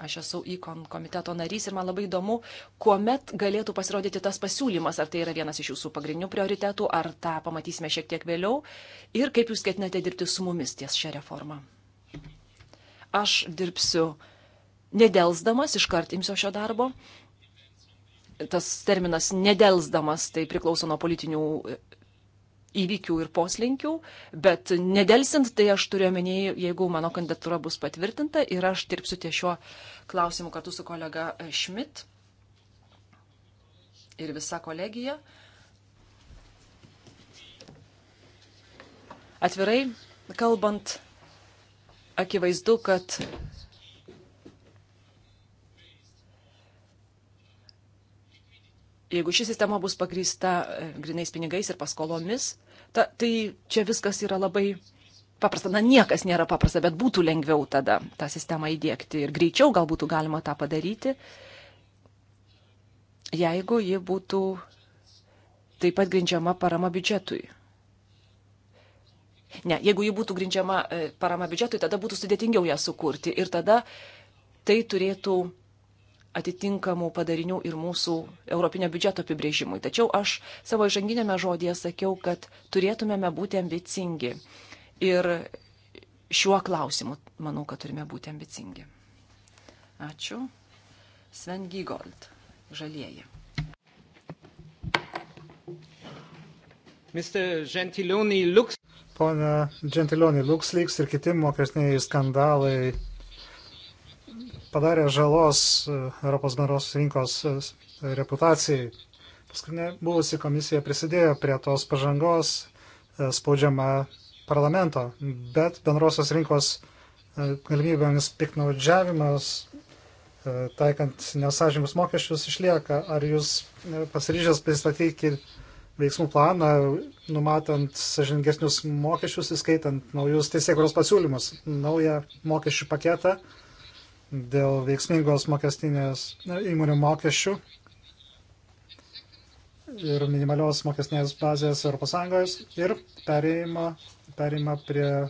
Aš esu įkon komiteto narys ir man labai įdomu, kuomet galėtų pasirodyti tas pasiūlymas, ar tai yra vienas iš jūsų pagrindinių prioritetų, ar tą pamatysime šiek tiek vėliau ir kaip jūs ketinate dirbti su mumis ties šią reformą. Aš dirbsiu nedelsdamas, iškart imsiu šio darbo tas terminas nedelsdamas, tai priklauso nuo politinių įvykių ir poslinkių, bet nedelsint, tai aš turiu omeny, jeigu mano kandidatūra bus patvirtinta ir aš dirbsiu ties šiuo klausimu kartu su kolega Šmit ir visa kolegija. Atvirai kalbant, akivaizdu, kad jeigu ši sistema bus pagrįsta e, grinais pinigais ir paskolomis, ta, tai čia viskas yra labai paprasta. Na, niekas nėra paprasta, bet būtų lengviau tada tą sistemą įdėkti ir greičiau gal būtų galima tą padaryti, jeigu ji būtų taip pat grindžiama parama biudžetui. Ne, jeigu ji būtų grindžiama e, parama biudžetui, tada būtų sudėtingiau ją sukurti ir tada tai turėtų atitinkamų padarinių ir mūsų europinio biudžeto apibrėžimui. Tačiau aš savo žanginėme žodėje sakiau, kad turėtumėme būti ambicingi. Ir šiuo klausimu manau, kad turime būti ambicingi. Ačiū. Sven Gygold, žalieji. Looks... Pone Gentiloni, LuxLeaks ir kiti mokesniai skandalai padarė žalos e, Europos bendros rinkos e, reputacijai. Paskutinė buvusi komisija prisidėjo prie tos pažangos e, spaudžiama parlamento, bet bendrosios rinkos galimybėmis piknaudžiavimas, taikant nesažymus mokesčius, išlieka. Ar jūs pasiryžęs pristatyti veiksmų planą, numatant sažingesnius mokesčius, įskaitant naujus teisėkuros pasiūlymus, naują mokesčių paketą, dėl veiksmingos mokestinės įmonių mokesčių ir minimalios mokestinės bazės ES ir pereima, pereima prie e,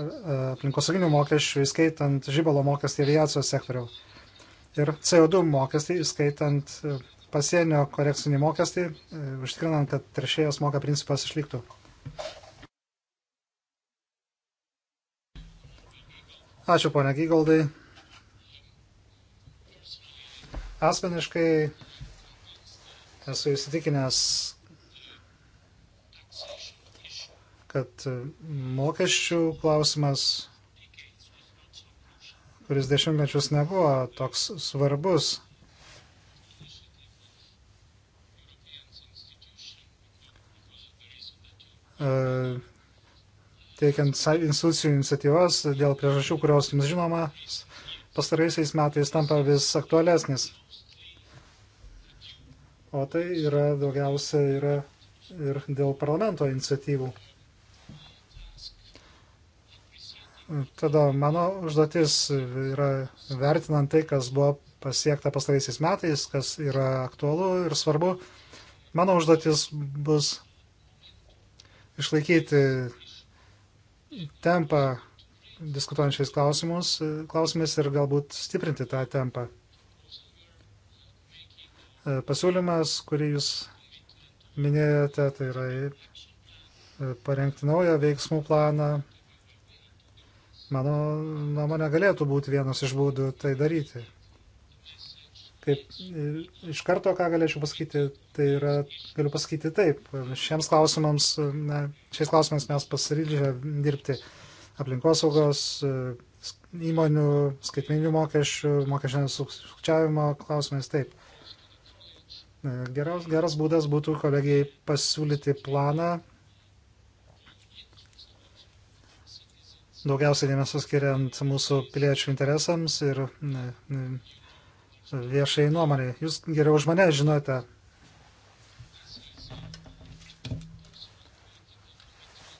e, aplinkosauginių mokesčių, įskaitant žybalo mokestį aviacijos sektorių ir CO2 mokestį, įskaitant e, pasienio korekcinį mokestį, užtikrinant, kad teršėjas moka principas išliktų. Ačiū, ponia Gygoldai. Asmeniškai esu įsitikinęs, kad mokesčių klausimas, kuris dešimtmečius nebuvo toks svarbus, e, teikiant institucijų iniciatyvas dėl priežasčių, kurios jums žinoma, pastaraisiais metais tampa vis aktualesnis. O tai yra daugiausia yra ir dėl parlamento iniciatyvų. Tada mano užduotis yra vertinant tai, kas buvo pasiekta pastaraisiais metais, kas yra aktualu ir svarbu. Mano užduotis bus išlaikyti tempą diskutuojančiais klausimus, klausimais ir galbūt stiprinti tą tempą. E, pasiūlymas, kurį jūs minėjote, tai yra e, parengti naują veiksmų planą. Mano nuomonė galėtų būti vienas iš būdų tai daryti. Kaip e, iš karto, ką galėčiau pasakyti, tai yra, galiu pasakyti taip, šiems klausimams, na, šiais klausimams mes pasiryžę dirbti aplinkosaugos, įmonių, skaitmeninių mokesčių, mokesčių sukčiavimo klausimais taip. Geras, geras būdas būtų kolegijai pasiūlyti planą. Daugiausiai dėmesio skiriant mūsų piliečių interesams ir viešai nuomonė. Jūs geriau už mane žinote.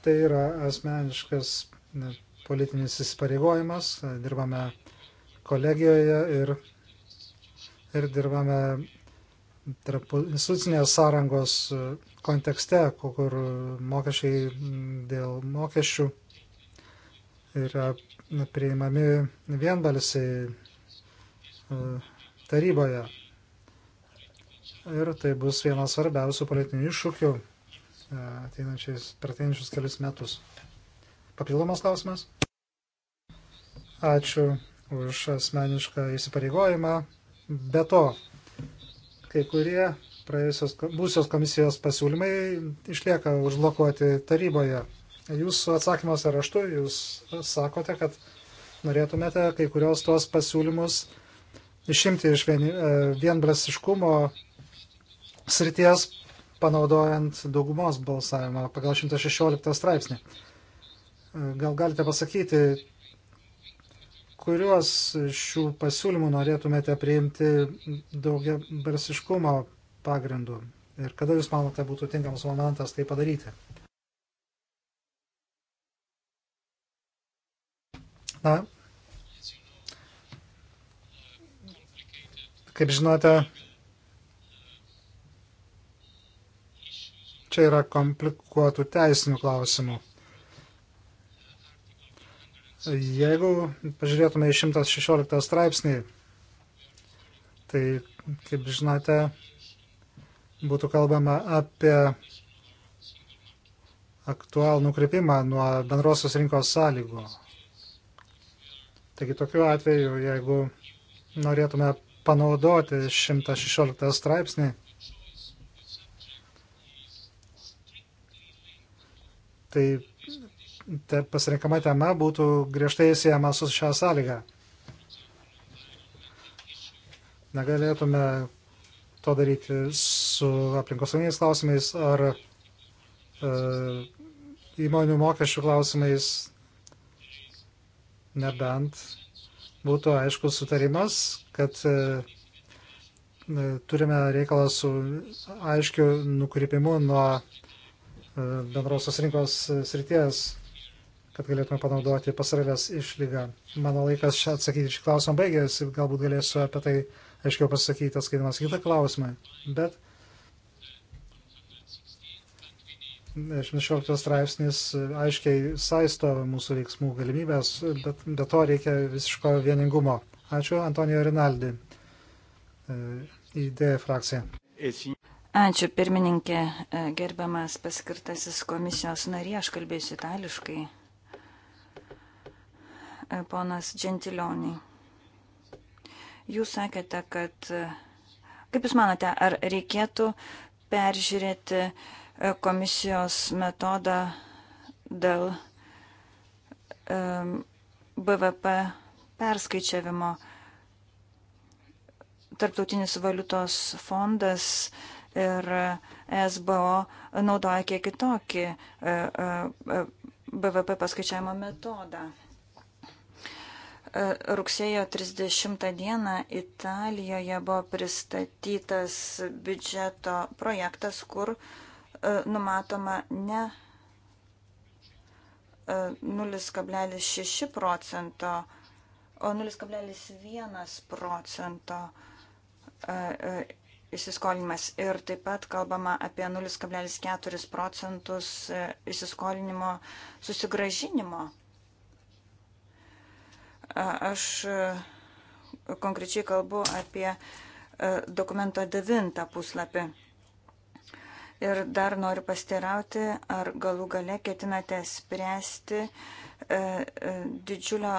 Tai yra asmeniškas politinis įsipareigojimas. Dirbame kolegijoje ir, ir dirbame institucinės sąrangos e, kontekste, kur e, mokesčiai dėl mokesčių yra priimami vienbalsiai e, taryboje. Ir tai bus vienas svarbiausių politinių iššūkių ateinančiais per ateinančius kelius metus. Papildomas klausimas? Ačiū už asmenišką įsipareigojimą. Be to, kai kurie praėjusios būsios komisijos pasiūlymai išlieka užblokuoti taryboje. Jūsų atsakymuose raštu jūs sakote, kad norėtumėte kai kurios tuos pasiūlymus išimti iš vien, e, vienbrasiškumo srities, panaudojant daugumos balsavimą pagal 116 straipsnį. E, gal galite pasakyti, kuriuos šių pasiūlymų norėtumėte priimti daugia barsiškumo pagrindu? Ir kada Jūs manote būtų tinkamas momentas tai padaryti? Na, kaip žinote, čia yra komplikuotų teisinių klausimų. Jeigu pažiūrėtume į 116 straipsnį, tai, kaip žinote, būtų kalbama apie aktualų nukreipimą nuo bendrosios rinkos sąlygų. Taigi tokiu atveju, jeigu norėtume panaudoti 116 straipsnį, tai te pasirinkama tema būtų griežtai siejama su šią sąlygą. Negalėtume to daryti su aplinkosauginiais klausimais ar e, įmonių mokesčių klausimais, nebent būtų aiškus sutarimas, kad e, e turime reikalą su aiškiu nukrypimu nuo e, bendrosios rinkos srities kad galėtume panaudoti pasarelės išlygą. Mano laikas atsakyti šį klausimą baigėsi, galbūt galėsiu apie tai aiškiau pasakyti, atskaidamas kitą klausimą. Bet 16 straipsnis aiškiai saisto mūsų veiksmų galimybės, bet be to reikia visiško vieningumo. Ačiū, Antonijo Rinaldi, e, ID frakcija. Ačiū, pirmininkė, e, gerbiamas paskirtasis komisijos narė, aš kalbėsiu itališkai ponas Gentilionį. Jūs sakėte, kad, kaip Jūs manote, ar reikėtų peržiūrėti e, komisijos metodą dėl BVP perskaičiavimo. Tarptautinis valiutos fondas ir SBO naudoja kiek kitokį e, e, BVP paskaičiavimo metodą. Rugsėjo 30 dieną Italijoje buvo pristatytas biudžeto projektas, kur e, numatoma ne 0,6 e, procento, o 0,1 procento e, įsiskolinimas. Ir taip pat kalbama apie 0,4 procentus įsiskolinimo susigražinimo Aš e, konkrečiai kalbu apie e, dokumento devintą puslapį. Ir dar noriu pasteirauti, ar galų gale ketinate spręsti e, didžiulio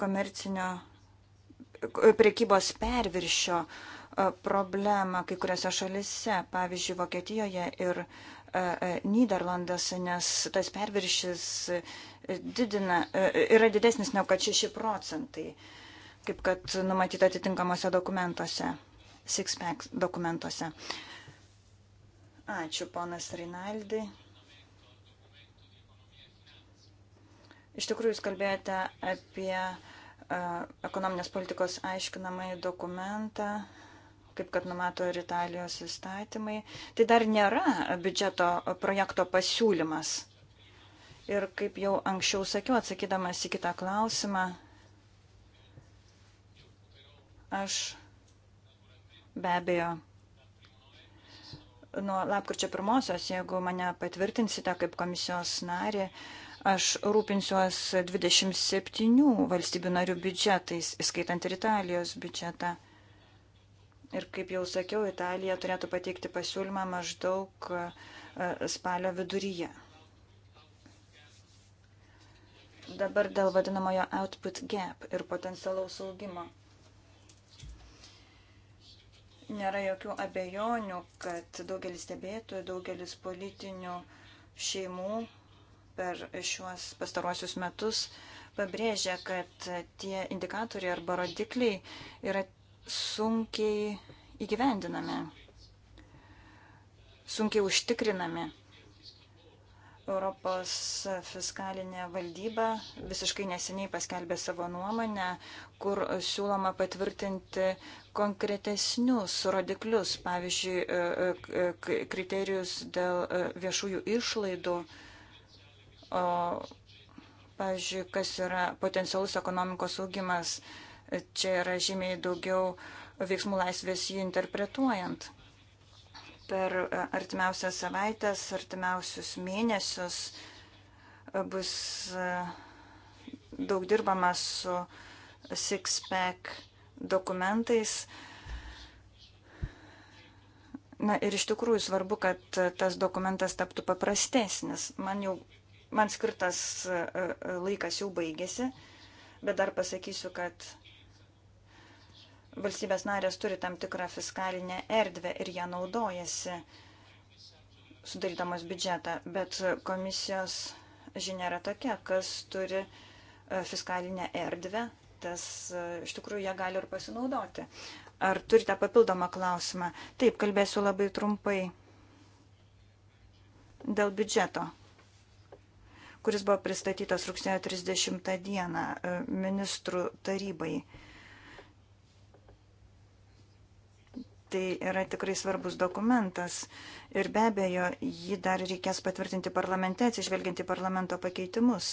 komercinio prekybos perviršio problemą kai kuriuose šalise, pavyzdžiui, Vokietijoje ir Niderlanduose, nes tas perviršis didina, e, yra didesnis negu kad 6 procentai, kaip kad numatyta atitinkamuose dokumentuose, SIXPAC dokumentuose. Ačiū, ponas Rinaldi. Iš tikrųjų, jūs kalbėjote apie e, ekonominės politikos aiškinamąjį dokumentą, kaip kad numato ir Italijos įstatymai. Tai dar nėra biudžeto projekto pasiūlymas. Ir kaip jau anksčiau sakiau, atsakydamas į kitą klausimą, aš be abejo nuo lapkričio pirmosios, jeigu mane patvirtinsite kaip komisijos narį, aš rūpinsiuos 27 valstybių narių biudžetais, įskaitant ir Italijos biudžetą. Ir kaip jau sakiau, Italija turėtų pateikti pasiūlymą maždaug e, spalio viduryje. Dabar dėl vadinamojo output gap ir potencialaus augimo. Nėra jokių abejonių, kad daugelis stebėtojų, daugelis politinių šeimų per šiuos pastaruosius metus pabrėžia, kad tie indikatoriai arba rodikliai yra sunkiai įgyvendinami, sunkiai užtikrinami. Europos fiskalinė valdyba visiškai neseniai paskelbė savo nuomonę, kur siūloma patvirtinti konkretesnius rodiklius, pavyzdžiui, e, e, kriterijus dėl e, viešųjų išlaidų, o, pavyzdžiui, kas yra potencialus ekonomikos augimas. Čia yra žymiai daugiau veiksmų laisvės jį interpretuojant per e, artimiausias savaitės, artimiausius mėnesius e, bus e, daug dirbama su six-pack dokumentais. Na ir iš tikrųjų svarbu, kad tas dokumentas taptų paprastesnis. Man jau, man skirtas laikas jau baigėsi, bet dar pasakysiu, kad Valstybės narės turi tam tikrą fiskalinę erdvę ir ją naudojasi sudarydamos biudžetą, bet komisijos žinia yra tokia, kas turi e, fiskalinę erdvę, tas e, iš tikrųjų ją gali ir pasinaudoti. Ar turite papildomą klausimą? Taip, kalbėsiu labai trumpai dėl biudžeto, kuris buvo pristatytas rugsėjo 30 dieną e, ministrų tarybai. tai yra tikrai svarbus dokumentas ir be abejo jį dar reikės patvirtinti parlamente, atsižvelginti parlamento pakeitimus.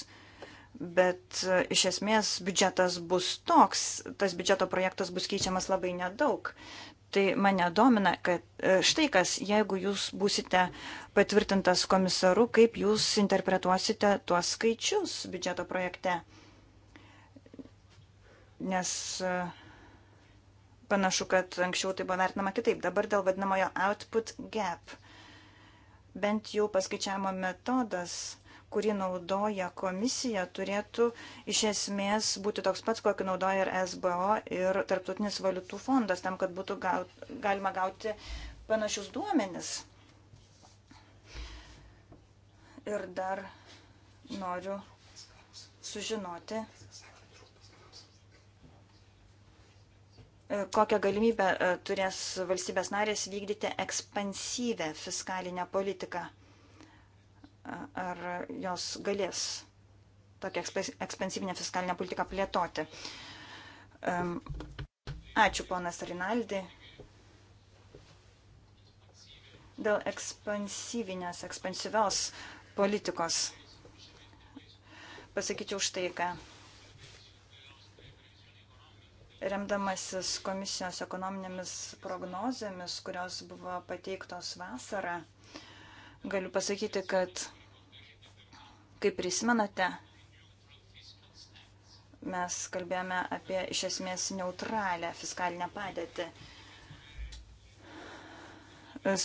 Bet e, iš esmės biudžetas bus toks, tas biudžeto projektas bus keičiamas labai nedaug. Tai mane domina, kad e, štai kas, jeigu jūs būsite patvirtintas komisaru, kaip jūs interpretuosite tuos skaičius biudžeto projekte. Nes uh, Panašu, kad anksčiau tai buvo vertinama kitaip. Dabar dėl vadinamojo output gap. Bent jau paskaičiavimo metodas, kurį naudoja komisija, turėtų iš esmės būti toks pats, kokį naudoja ir SBO ir Tarptautinis valiutų fondas, tam, kad būtų gaut, galima gauti panašius duomenis. Ir dar noriu sužinoti, E, kokią galimybę e, turės valstybės narės vykdyti ekspansyvę fiskalinę politiką. Ar jos galės tokią ekspansyvinę fiskalinę politiką plėtoti. Ačiū, ponas Rinaldi. Dėl ekspansyvinės, ekspansyvios politikos pasakyčiau štai ką remdamasis komisijos ekonominėmis prognozėmis, kurios buvo pateiktos vasarą, galiu pasakyti, kad, kaip prisimenate, mes kalbėjome apie iš esmės neutralią fiskalinę padėtį.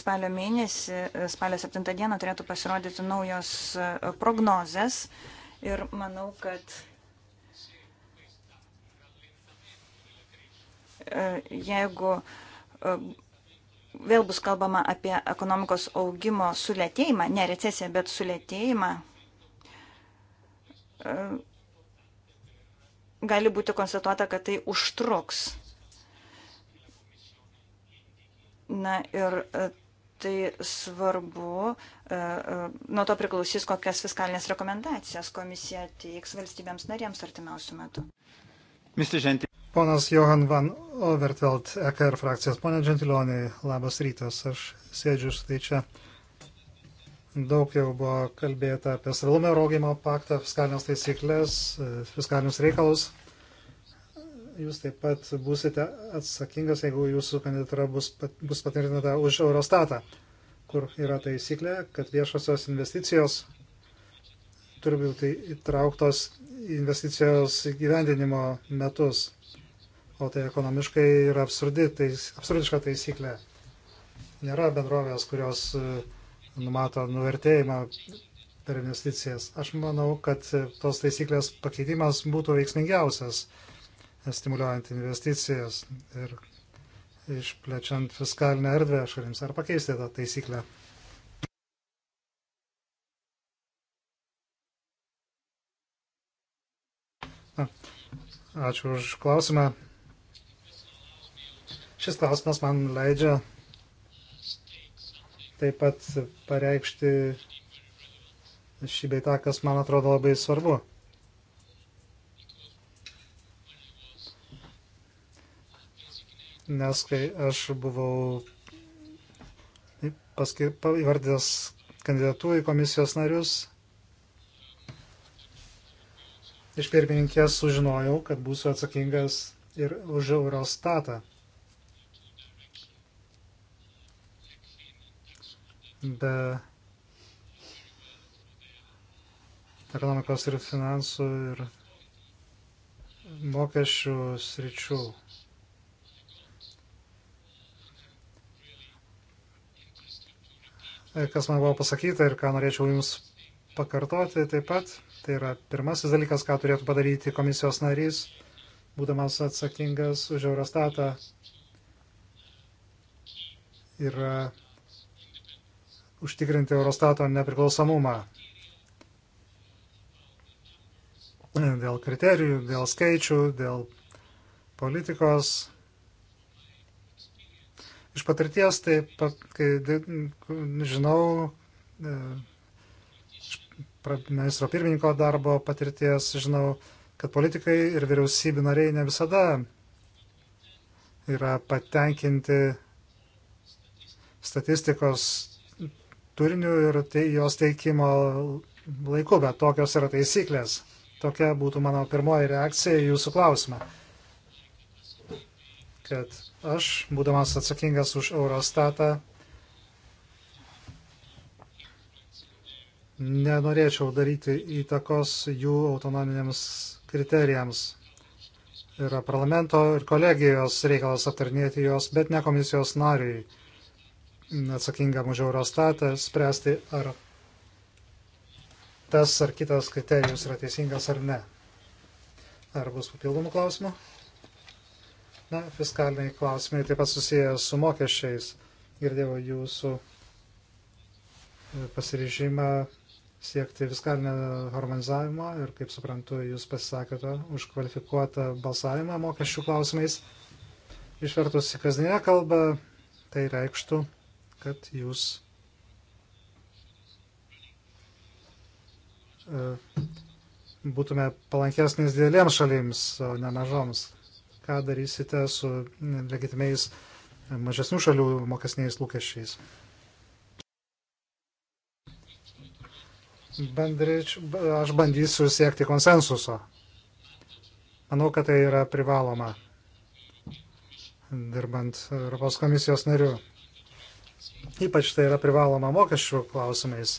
Spalio mėnesį, spalio 7 dieną turėtų pasirodyti naujos prognozės ir manau, kad E, jeigu e, vėl bus kalbama apie ekonomikos augimo sulėtėjimą, ne recesiją, bet sulėtėjimą, e, gali būti konstatuota, kad tai užtruks. Na ir tai svarbu, nuo to priklausys, kokias fiskalinės rekomendacijas komisija teiks valstybėms narėms artimiausių metų. Ponas Johan van Overtveld, EKR frakcijos. Pone Džentilionai, labas rytas, aš sėdžiu štai čia. Daug jau buvo kalbėta apie stabilumo rogimo paktą, fiskalinės taisyklės, fiskalinius reikalus. Jūs taip pat būsite atsakingas, jeigu jūsų kandidatūra bus, bus patvirtinta už Eurostatą, kur yra taisyklė, kad viešosios investicijos turi būti įtrauktos investicijos gyvendinimo metus o tai ekonomiškai yra absurdi, tais, absurdiška taisyklė. Nėra bendrovės, kurios e, numato nuvertėjimą per investicijas. Aš manau, kad tos taisyklės pakeitimas būtų veiksmingiausias, e, stimuliuojant investicijas ir išplečiant fiskalinę erdvę šalims. Ar pakeisti tą taisyklę? Na, ačiū už klausimą. Šis klausimas man leidžia taip pat pareikšti šį beitą, kas man atrodo labai svarbu. Nes kai aš buvau paskir... įvardęs kandidatų į komisijos narius, iš pirmininkės sužinojau, kad būsiu atsakingas ir už Eurostatą. be ekonomikos ir finansų ir mokesčių sričių. Kas man buvo pasakyta ir ką norėčiau Jums pakartoti taip pat, tai yra pirmasis dalykas, ką turėtų padaryti komisijos narys, būdamas atsakingas už Eurostatą, yra užtikrinti Eurostato nepriklausomumą. Dėl kriterijų, dėl skaičių, dėl politikos. Iš patirties, tai pat, kai žinau, iš e, ministro pirmininko darbo patirties, žinau, kad politikai ir vyriausybių nariai ne visada yra patenkinti statistikos turiniu ir tai jos teikimo laiku, bet tokios yra taisyklės. Tokia būtų mano pirmoji reakcija į jūsų klausimą. Kad aš, būdamas atsakingas už Eurostatą, nenorėčiau daryti įtakos jų autonominiams kriterijams. Yra parlamento ir kolegijos reikalas aptarnėti juos, bet ne komisijos nariui atsakingam už Eurostatą spręsti, ar tas ar kitas kriterijus yra teisingas ar ne. Ar bus papildomų klausimų? Na, fiskaliniai klausimai taip pat susiję su mokesčiais. Girdėjau jūsų e, pasiryžimą siekti fiskalinio harmonizavimo ir, kaip suprantu, jūs pasisakėte už kvalifikuotą balsavimą mokesčių klausimais. Išvertus į kasdienę kalbą, tai reikštų, kad jūs e, būtume palankesnis dėlėms šalims, o ne mažoms. Ką darysite su legitimiais mažesnių šalių mokesniais lūkesčiais? Bandrič, aš bandysiu siekti konsensuso. Manau, kad tai yra privaloma dirbant Europos komisijos nariu. Ypač tai yra privaloma mokesčių klausimais,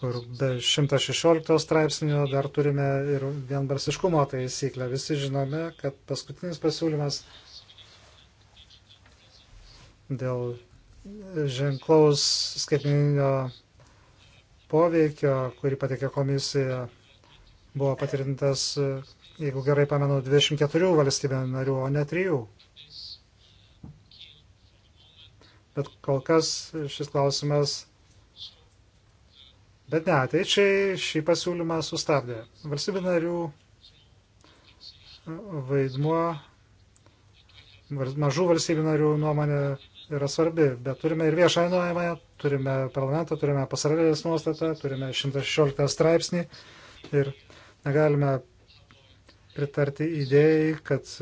kur be 116 straipsnio dar turime ir vienbarsiškumo taisyklę. Visi žinome, kad paskutinis pasiūlymas dėl ženklaus skaitmeninio poveikio, kurį patikė komisija, buvo patirintas, jeigu gerai pamenu, 24 valstybė narių, o ne 3. Bet kol kas šis klausimas. Bet ne, ateičiai šį pasiūlymą sustabdė. Valstybių narių vaidmuo, mažų valstybių narių nuomonė yra svarbi, bet turime ir viešą nuomonę, turime parlamentą, turime pasarelės nuostatą, turime 116 straipsnį ir negalime pritarti idėjai, kad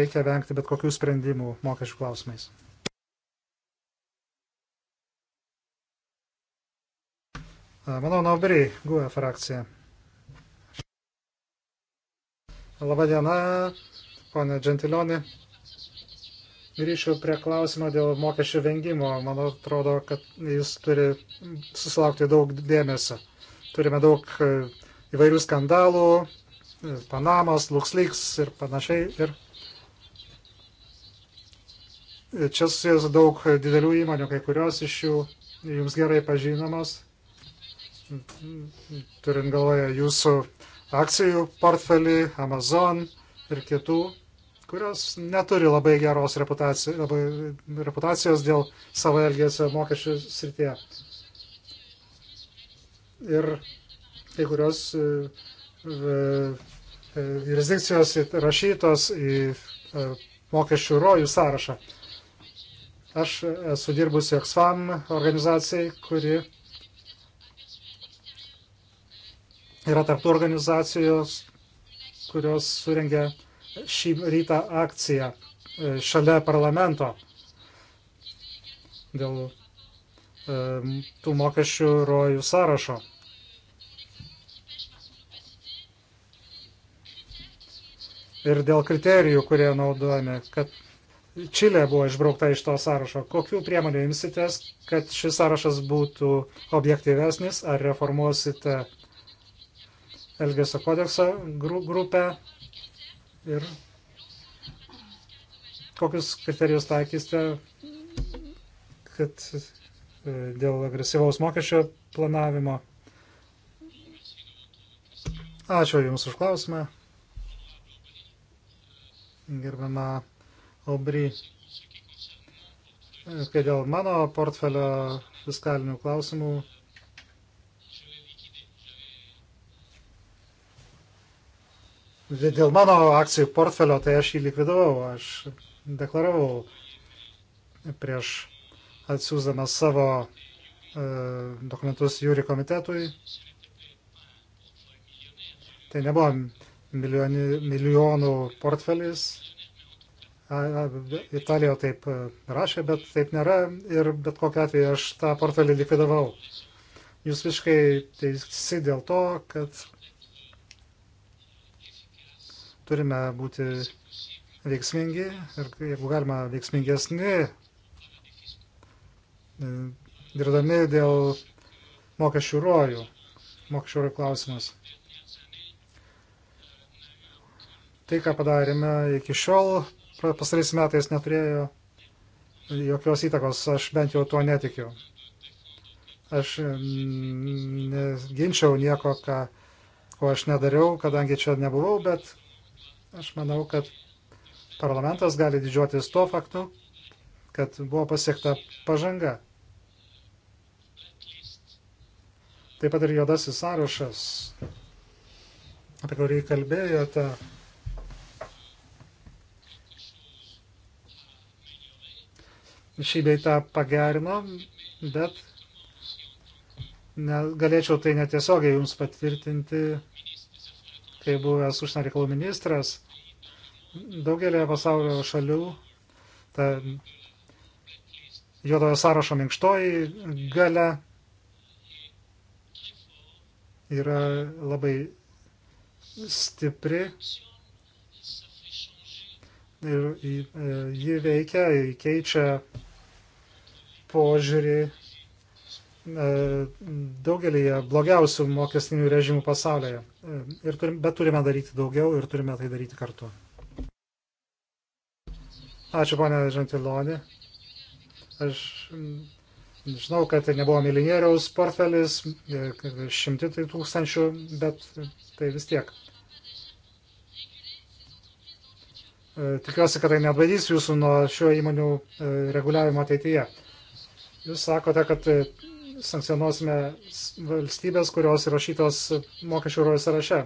reikia vengti bet kokių sprendimų mokesčių klausimais. Manau, Nauberiai, GUE frakcija. Labadiena, ponė Džentilionė. Grįšiu prie klausimo dėl mokesčių vengimo. Man atrodo, kad jis turi susilaukti daug dėmesio. Turime daug e, įvairių skandalų, e, Panamos, LuxLeaks ir panašiai. Ir čia susijęs daug didelių įmonių, kai kurios iš jų jums gerai pažinamos turint galvoje jūsų akcijų portfelį, Amazon ir kitų, kurios neturi labai geros reputacijos, labai reputacijos dėl savo elgesio mokesčių srityje. Ir kai kurios e, e, e, jurisdikcijos rašytos į mokesčių rojų sąrašą. Aš esu dirbusi Oxfam organizacijai, kuri yra tarptų organizacijos, kurios surengė šį rytą akciją e, šalia parlamento dėl e, tų mokesčių rojų sąrašo. ir dėl kriterijų, kurie naudojami, kad Čilė buvo išbraukta iš to sąrašo. Kokių priemonių imsitės, kad šis sąrašas būtų objektyvesnis, ar reformuosite Elgesio kodeksą gru, grupę ir kokius kriterijus taikysite, kad e, dėl agresyvaus mokesčio planavimo. Ačiū Jums už klausimą. Gerbiama Aubry. E, kai dėl mano portfelio fiskalinių klausimų dėl mano akcijų portfelio, tai aš jį likvidavau, aš deklaravau prieš atsiūsdamas savo e, dokumentus jūri komitetui. Tai nebuvo milijoni, milijonų portfelis. Italijoje taip e, rašė, bet taip nėra ir bet kokiu atveju aš tą portfelį likvidavau. Jūs visiškai teisi dėl to, kad turime būti veiksmingi ir jeigu galima veiksmingesni, dirbdami dėl mokesčių rojų, mokesčių rojų klausimas. Tai, ką padarėme iki šiol, pasarys metais neturėjo jokios įtakos, aš bent jau tuo netikiu. Aš ginčiau nieko, ką, ko aš nedariau, kadangi čia nebuvau, bet Aš manau, kad parlamentas gali didžiuotis tuo faktu, kad buvo pasiekta pažanga. Taip pat ir juodasis sąrašas, apie kurį kalbėjote, šį beitą pagerino, bet ne, galėčiau tai netiesiogiai jums patvirtinti, kai buvęs užsienio reikalų ministras, daugelėje pasaulio šalių ta juodojo sąrašo minkštoji gale yra labai stipri ir e, ji veikia, keičia požiūrį E, daugelį blogiausių mokestinių režimų pasaulyje. E, ir turim, bet turime daryti daugiau ir turime tai daryti kartu. Ačiū, ponė Žentilonė. Aš žinau, kad tai nebuvo milijonieriaus portfelis, e, šimti tai tūkstančių, bet tai vis tiek. Tikiuosi, kad tai neatbaidys jūsų nuo šio įmonių reguliavimo ateityje. Jūs sakote, kad sankcionuosime valstybės, kurios įrašytos mokesčių rojų sąraše.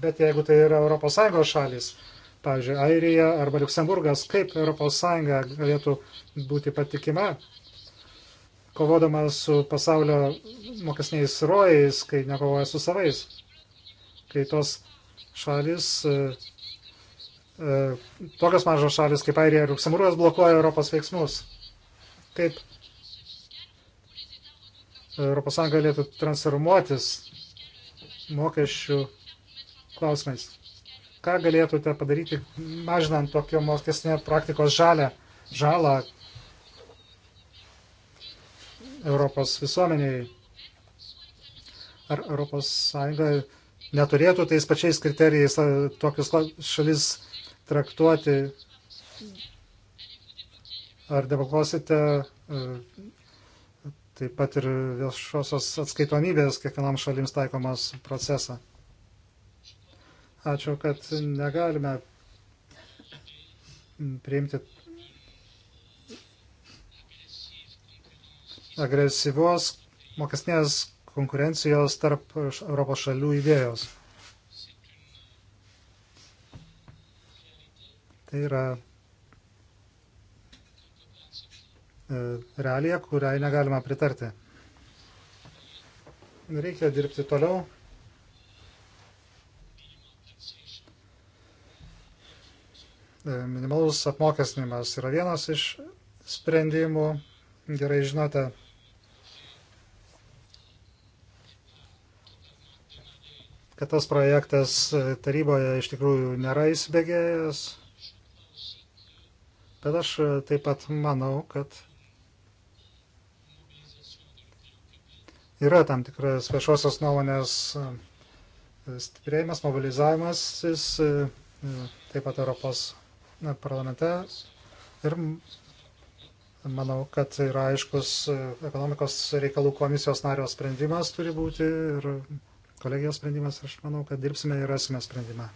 Bet jeigu tai yra ES šalis, pavyzdžiui, Airija arba Luksemburgas, kaip ES galėtų būti patikima, kovodama su pasaulio mokesniais rojais, kai nekovoja su savais, kai tos šalis, e, e, tokios mažos šalis kaip Airija ir Luksemburgas blokuoja Europos veiksmus. Kaip ES galėtų transformuotis mokesčių klausimais. Ką galėtumėte padaryti, mažinant tokio mokestinio praktikos žalę, žalą Europos visuomeniai? Ar ES neturėtų tais pačiais kriterijais tokius šalis traktuoti? Ar debaklosite taip pat ir viešosios atskaitomybės kiekvienam šalims taikomas procesą. Ačiū, kad negalime priimti agresyvios mokesnės konkurencijos tarp Europos šalių idėjos. Tai yra E, realiją, kuriai negalima pritarti. Reikia dirbti toliau. E, minimalus apmokestinimas yra vienas iš sprendimų. Gerai žinote, kad tas projektas e, taryboje iš tikrųjų nėra įsibėgėjęs. Bet aš taip pat manau, kad yra tam tikras viešosios nuomonės e, stiprėjimas, mobilizavimas, jis e, e, taip pat Europos parlamente. Ir manau, kad tai yra aiškus ekonomikos reikalų komisijos nario sprendimas turi būti ir kolegijos sprendimas. Aš manau, kad dirbsime ir rasime sprendimą.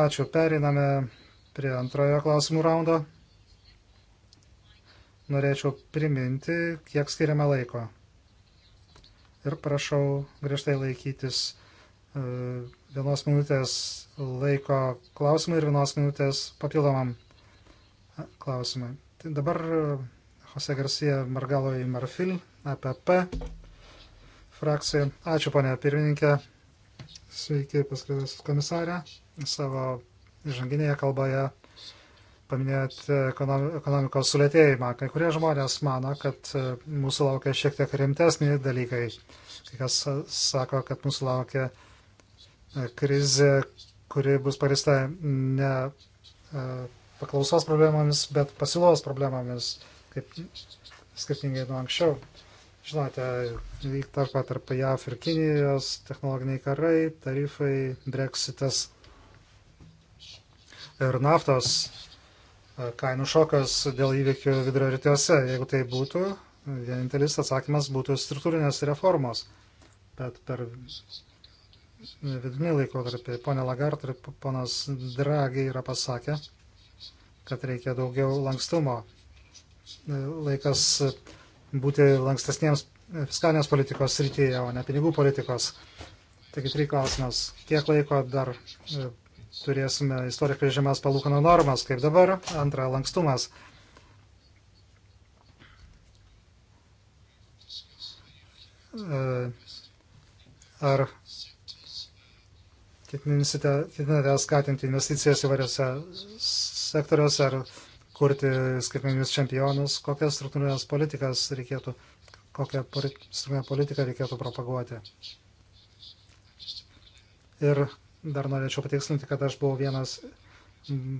Ačiū. Periname prie antrojo klausimų raundo norėčiau priminti, kiek skiriame laiko. Ir prašau griežtai laikytis e, vienos minutės laiko klausimui ir vienos minutės papildomam e, klausimui. Tai dabar e, Jose Garcia Margalo į Marfil, APP frakcija. Ačiū, ponė pirmininkė. Sveiki, paskirtasis komisarė. Savo žanginėje kalboje paminėjote ekonomikos sulėtėjimą. Kai kurie žmonės mano, kad e, mūsų laukia šiek tiek rimtesni dalykai. Kai kas sako, kad mūsų laukia e, krizė, kuri bus parista ne e, paklausos problemomis, bet pasiūlos problemomis, kaip skirtingai nuo anksčiau. Žinote, vykta tarp, tarp JAF ir Kinijos, technologiniai karai, tarifai, breksitas ir naftos kainų šokas dėl įvykių vidurio rytuose. Jeigu tai būtų, vienintelis atsakymas būtų struktūrinės reformos. Bet per vidinį laikotarpį ponė Lagart ir ponas Dragi yra pasakę, kad reikia daugiau lankstumo. E, laikas būti lankstesniems fiskalinės politikos srityje, o ne pinigų politikos. Taigi, try klausimas. Kiek laiko dar e, turėsime istorikai žemas palūkanų normas, kaip dabar, antra lankstumas. E, ar ketinate skatinti investicijas įvairiose sektoriuose ar kurti skaitmeninius čempionus, kokias struktūrinės politikas reikėtų, kokią struktūrinę politiką reikėtų propaguoti. Ir Dar norėčiau patikslinti, kad aš buvau vienas,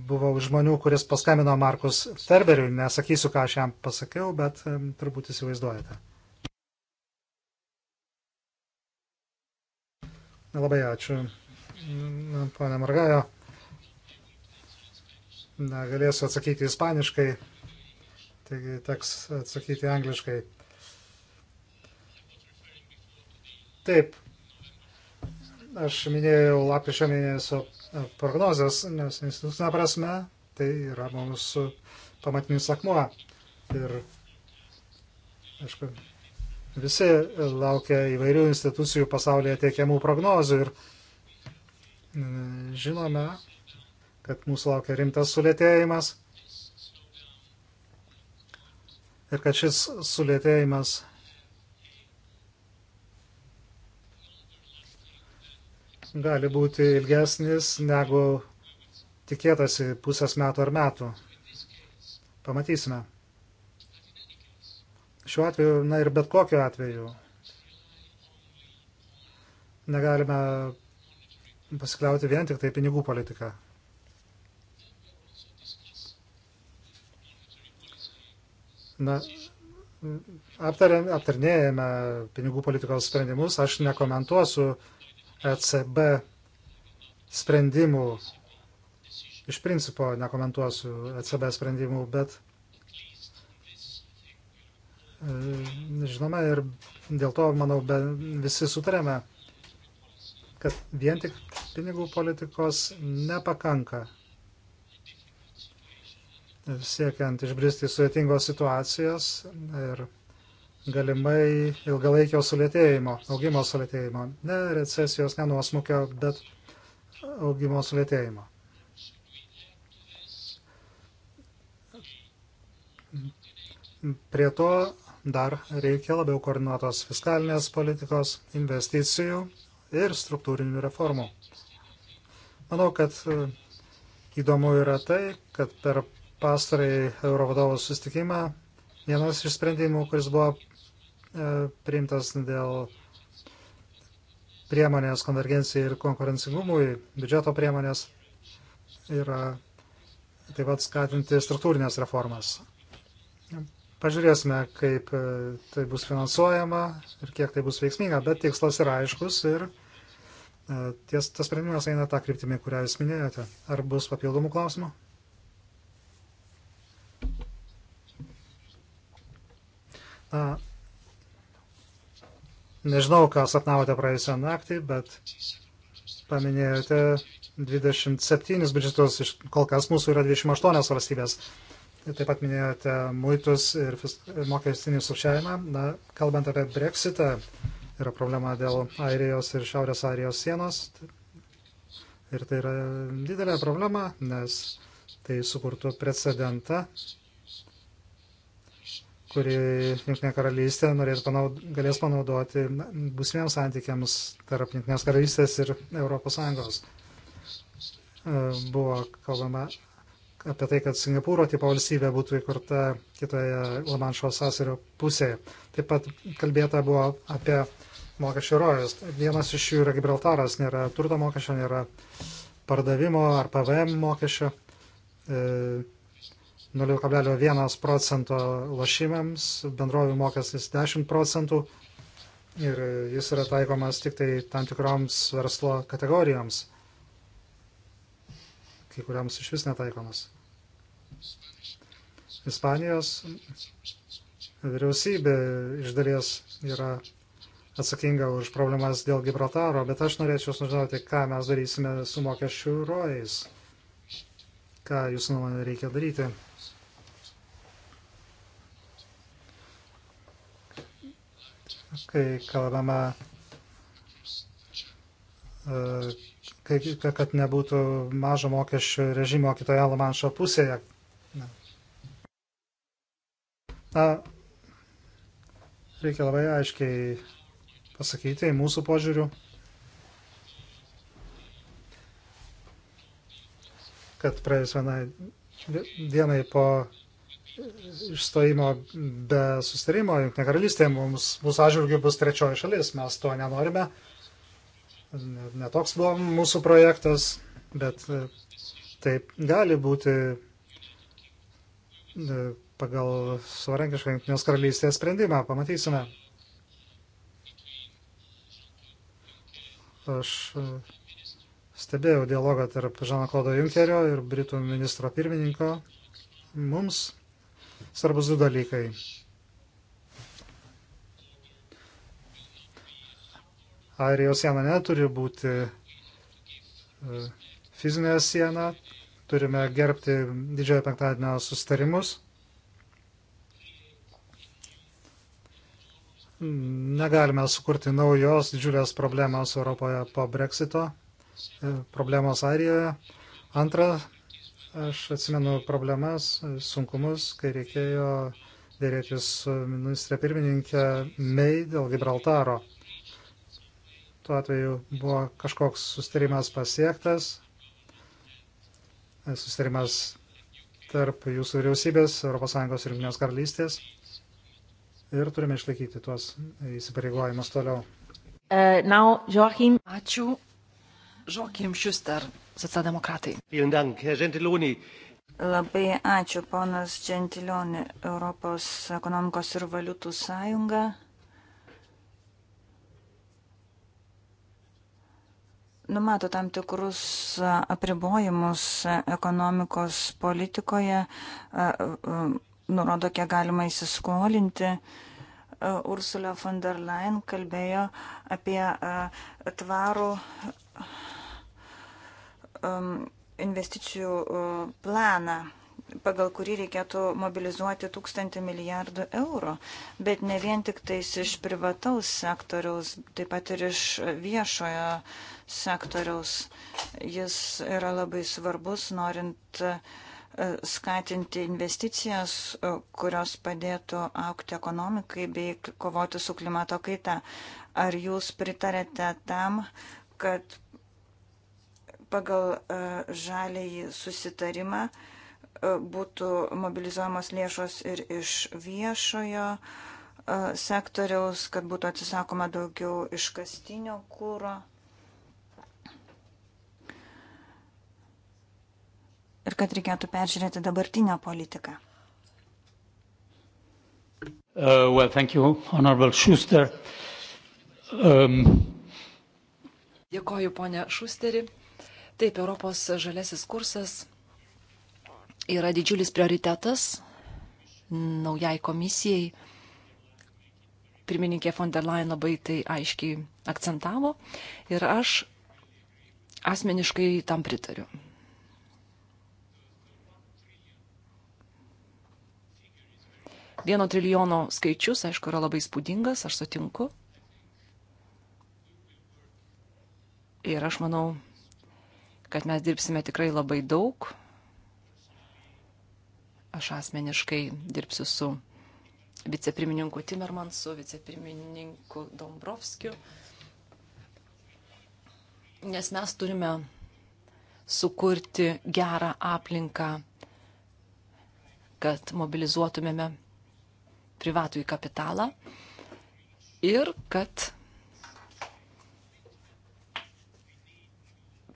buvau žmonių, kuris paskambino Markus Ferberiui. Nesakysiu, ką aš jam pasakiau, bet turbūt įsivaizduojate. Labai ačiū, ponė Margajo. Negalėsiu atsakyti ispaniškai, taigi teks atsakyti angliškai. Taip, Aš minėjau lapkričio mėnesio prognozes, nes institucinė prasme tai yra mūsų pamatinis akmuo. Ir, aišku, visi laukia įvairių institucijų pasaulyje teikiamų prognozių ir mm, žinome, kad mūsų laukia rimtas sulėtėjimas ir kad šis sulėtėjimas gali būti ilgesnis negu tikėtasi pusės metų ar metų. Pamatysime. Šiuo atveju, na ir bet kokiu atveju, negalime pasikliauti vien tik tai pinigų politiką. Na, aptarėm, aptarnėjame pinigų politikos sprendimus, aš nekomentuosiu ECB sprendimų. Iš principo nekomentuosiu ECB sprendimų, bet e, žinoma ir dėl to, manau, visi sutarėme, kad vien tik pinigų politikos nepakanka siekiant išbristi sudėtingos situacijos ir galimai ilgalaikio sulėtėjimo, augimo sulėtėjimo. Ne recesijos, ne nuosmukio, bet augimo sulėtėjimo. Prie to dar reikia labiau koordinuotos fiskalinės politikos, investicijų ir struktūrinių reformų. Manau, kad e, įdomu yra tai, kad per pastarąjį Eurovadovų sustikimą vienas iš sprendimų, kuris buvo E, priimtas dėl priemonės konvergencijai ir konkurencingumui, biudžeto priemonės yra taip pat skatinti struktūrinės reformas. Pažiūrėsime, kaip e, tai bus finansuojama ir kiek tai bus veiksminga, bet tikslas yra aiškus ir e, ties, tas sprendimas eina tą kryptimį, kurią jūs minėjote. Ar bus papildomų klausimų? Na, Nežinau, ką sapnavote praėjusią naktį, bet paminėjote 27 biudžetus, iš kol kas mūsų yra 28 valstybės. Taip pat minėjote muitus ir mokestinį sukčiavimą. Na, kalbant apie Brexitą, yra problema dėl Airijos ir Šiaurės Airijos sienos. Ir tai yra didelė problema, nes tai sukurtų precedentą kurį Junktinė karalystė norės panaud, galės panaudoti būsimiems santykiams tarp Junktinės karalystės ir ES. E, buvo kalbama apie tai, kad Singapūro tipo valstybė būtų įkurta kitoje Lamanšo sąsirio pusėje. Taip pat kalbėta buvo apie mokesčių rojus. Vienas iš jų yra Gibraltaras, nėra turto mokesčio, nėra pardavimo ar PVM mokesčio. E, 0,1 procento lošimams, bendrovių mokestis 10 procentų ir jis yra taikomas tik tai tam tikroms verslo kategorijoms, kai kuriams iš vis netaikomas. Ispanijos vyriausybė iš dalies yra atsakinga už problemas dėl Gibraltaro, bet aš norėčiau sužinoti, ką mes darysime su mokesčių rojais, ką jūsų nuomonė reikia daryti. kai kalbama, e, kad nebūtų mažo mokesčių režimo kitoje Lamanšo pusėje. Na, reikia labai aiškiai pasakyti mūsų požiūrių, kad praėjus vienai dienai po išstojimo be sustarimo, Junktinė karalystė mums, mūsų atžvilgių bus trečioji šalis, mes to nenorime. Netoks buvo mūsų projektas, bet e, taip gali būti e, pagal savarankišką Junktinės karalystės sprendimą, pamatysime. Aš e, stebėjau dialogą tarp Žano Klodo Junkerio ir Britų ministro pirmininko. Mums svarbus du dalykai. Airijos siena neturi būti e, fizinė siena, turime gerbti didžiojo penktadienio sustarimus. Negalime sukurti naujos didžiulės problemos Europoje po Brexito, e, problemos Airijoje. Antra, Aš atsimenu problemas, sunkumus, kai reikėjo dėrėtis su ministrė pirmininkė Mei dėl Gibraltaro. Tuo atveju buvo kažkoks sustarimas pasiektas, sustarimas tarp jūsų vyriausybės, ES ir Junktinės karalystės. Ir turime išlaikyti tuos įsipareigojimus toliau. Uh, now, Joachim. Ačiū. Žokim Šuster, socialdemokratai. Labai ačiū, ponas Gentilionė, Europos ekonomikos ir valiutų sąjunga. numato tam tikrus apribojimus ekonomikos politikoje, nurodo, kiek galima įsiskolinti. Ursula von der Leyen kalbėjo apie tvarų Um, investicijų uh, planą, pagal kurį reikėtų mobilizuoti tūkstantį milijardų eurų, bet ne vien tik tais iš privataus sektoriaus, taip pat ir iš viešojo sektoriaus. Jis yra labai svarbus, norint uh, skatinti investicijas, uh, kurios padėtų aukti ekonomikai bei kovoti su klimato kaita. Ar jūs pritarėte tam, kad pagal e, žalėjį susitarimą e, būtų mobilizuojamos lėšos ir iš viešojo e, sektoriaus, kad būtų atsisakoma daugiau iškastinio kūro. Ir kad reikėtų peržiūrėti dabartinę politiką. Uh, well, thank you, Honorable Schuster. Um... Dėkoju, ponė Šusteri. Taip, Europos žalesis kursas yra didžiulis prioritetas naujai komisijai. Pirmininkė von der Leyen labai tai aiškiai akcentavo ir aš asmeniškai tam pritariu. Vieno trilijono skaičius, aišku, yra labai spūdingas, aš sutinku. Ir aš manau, kad mes dirbsime tikrai labai daug. Aš asmeniškai dirbsiu su vicepirmininku Timermansu, vicepirmininku Dombrovskiu, nes mes turime sukurti gerą aplinką, kad mobilizuotumėme privatųjį kapitalą ir kad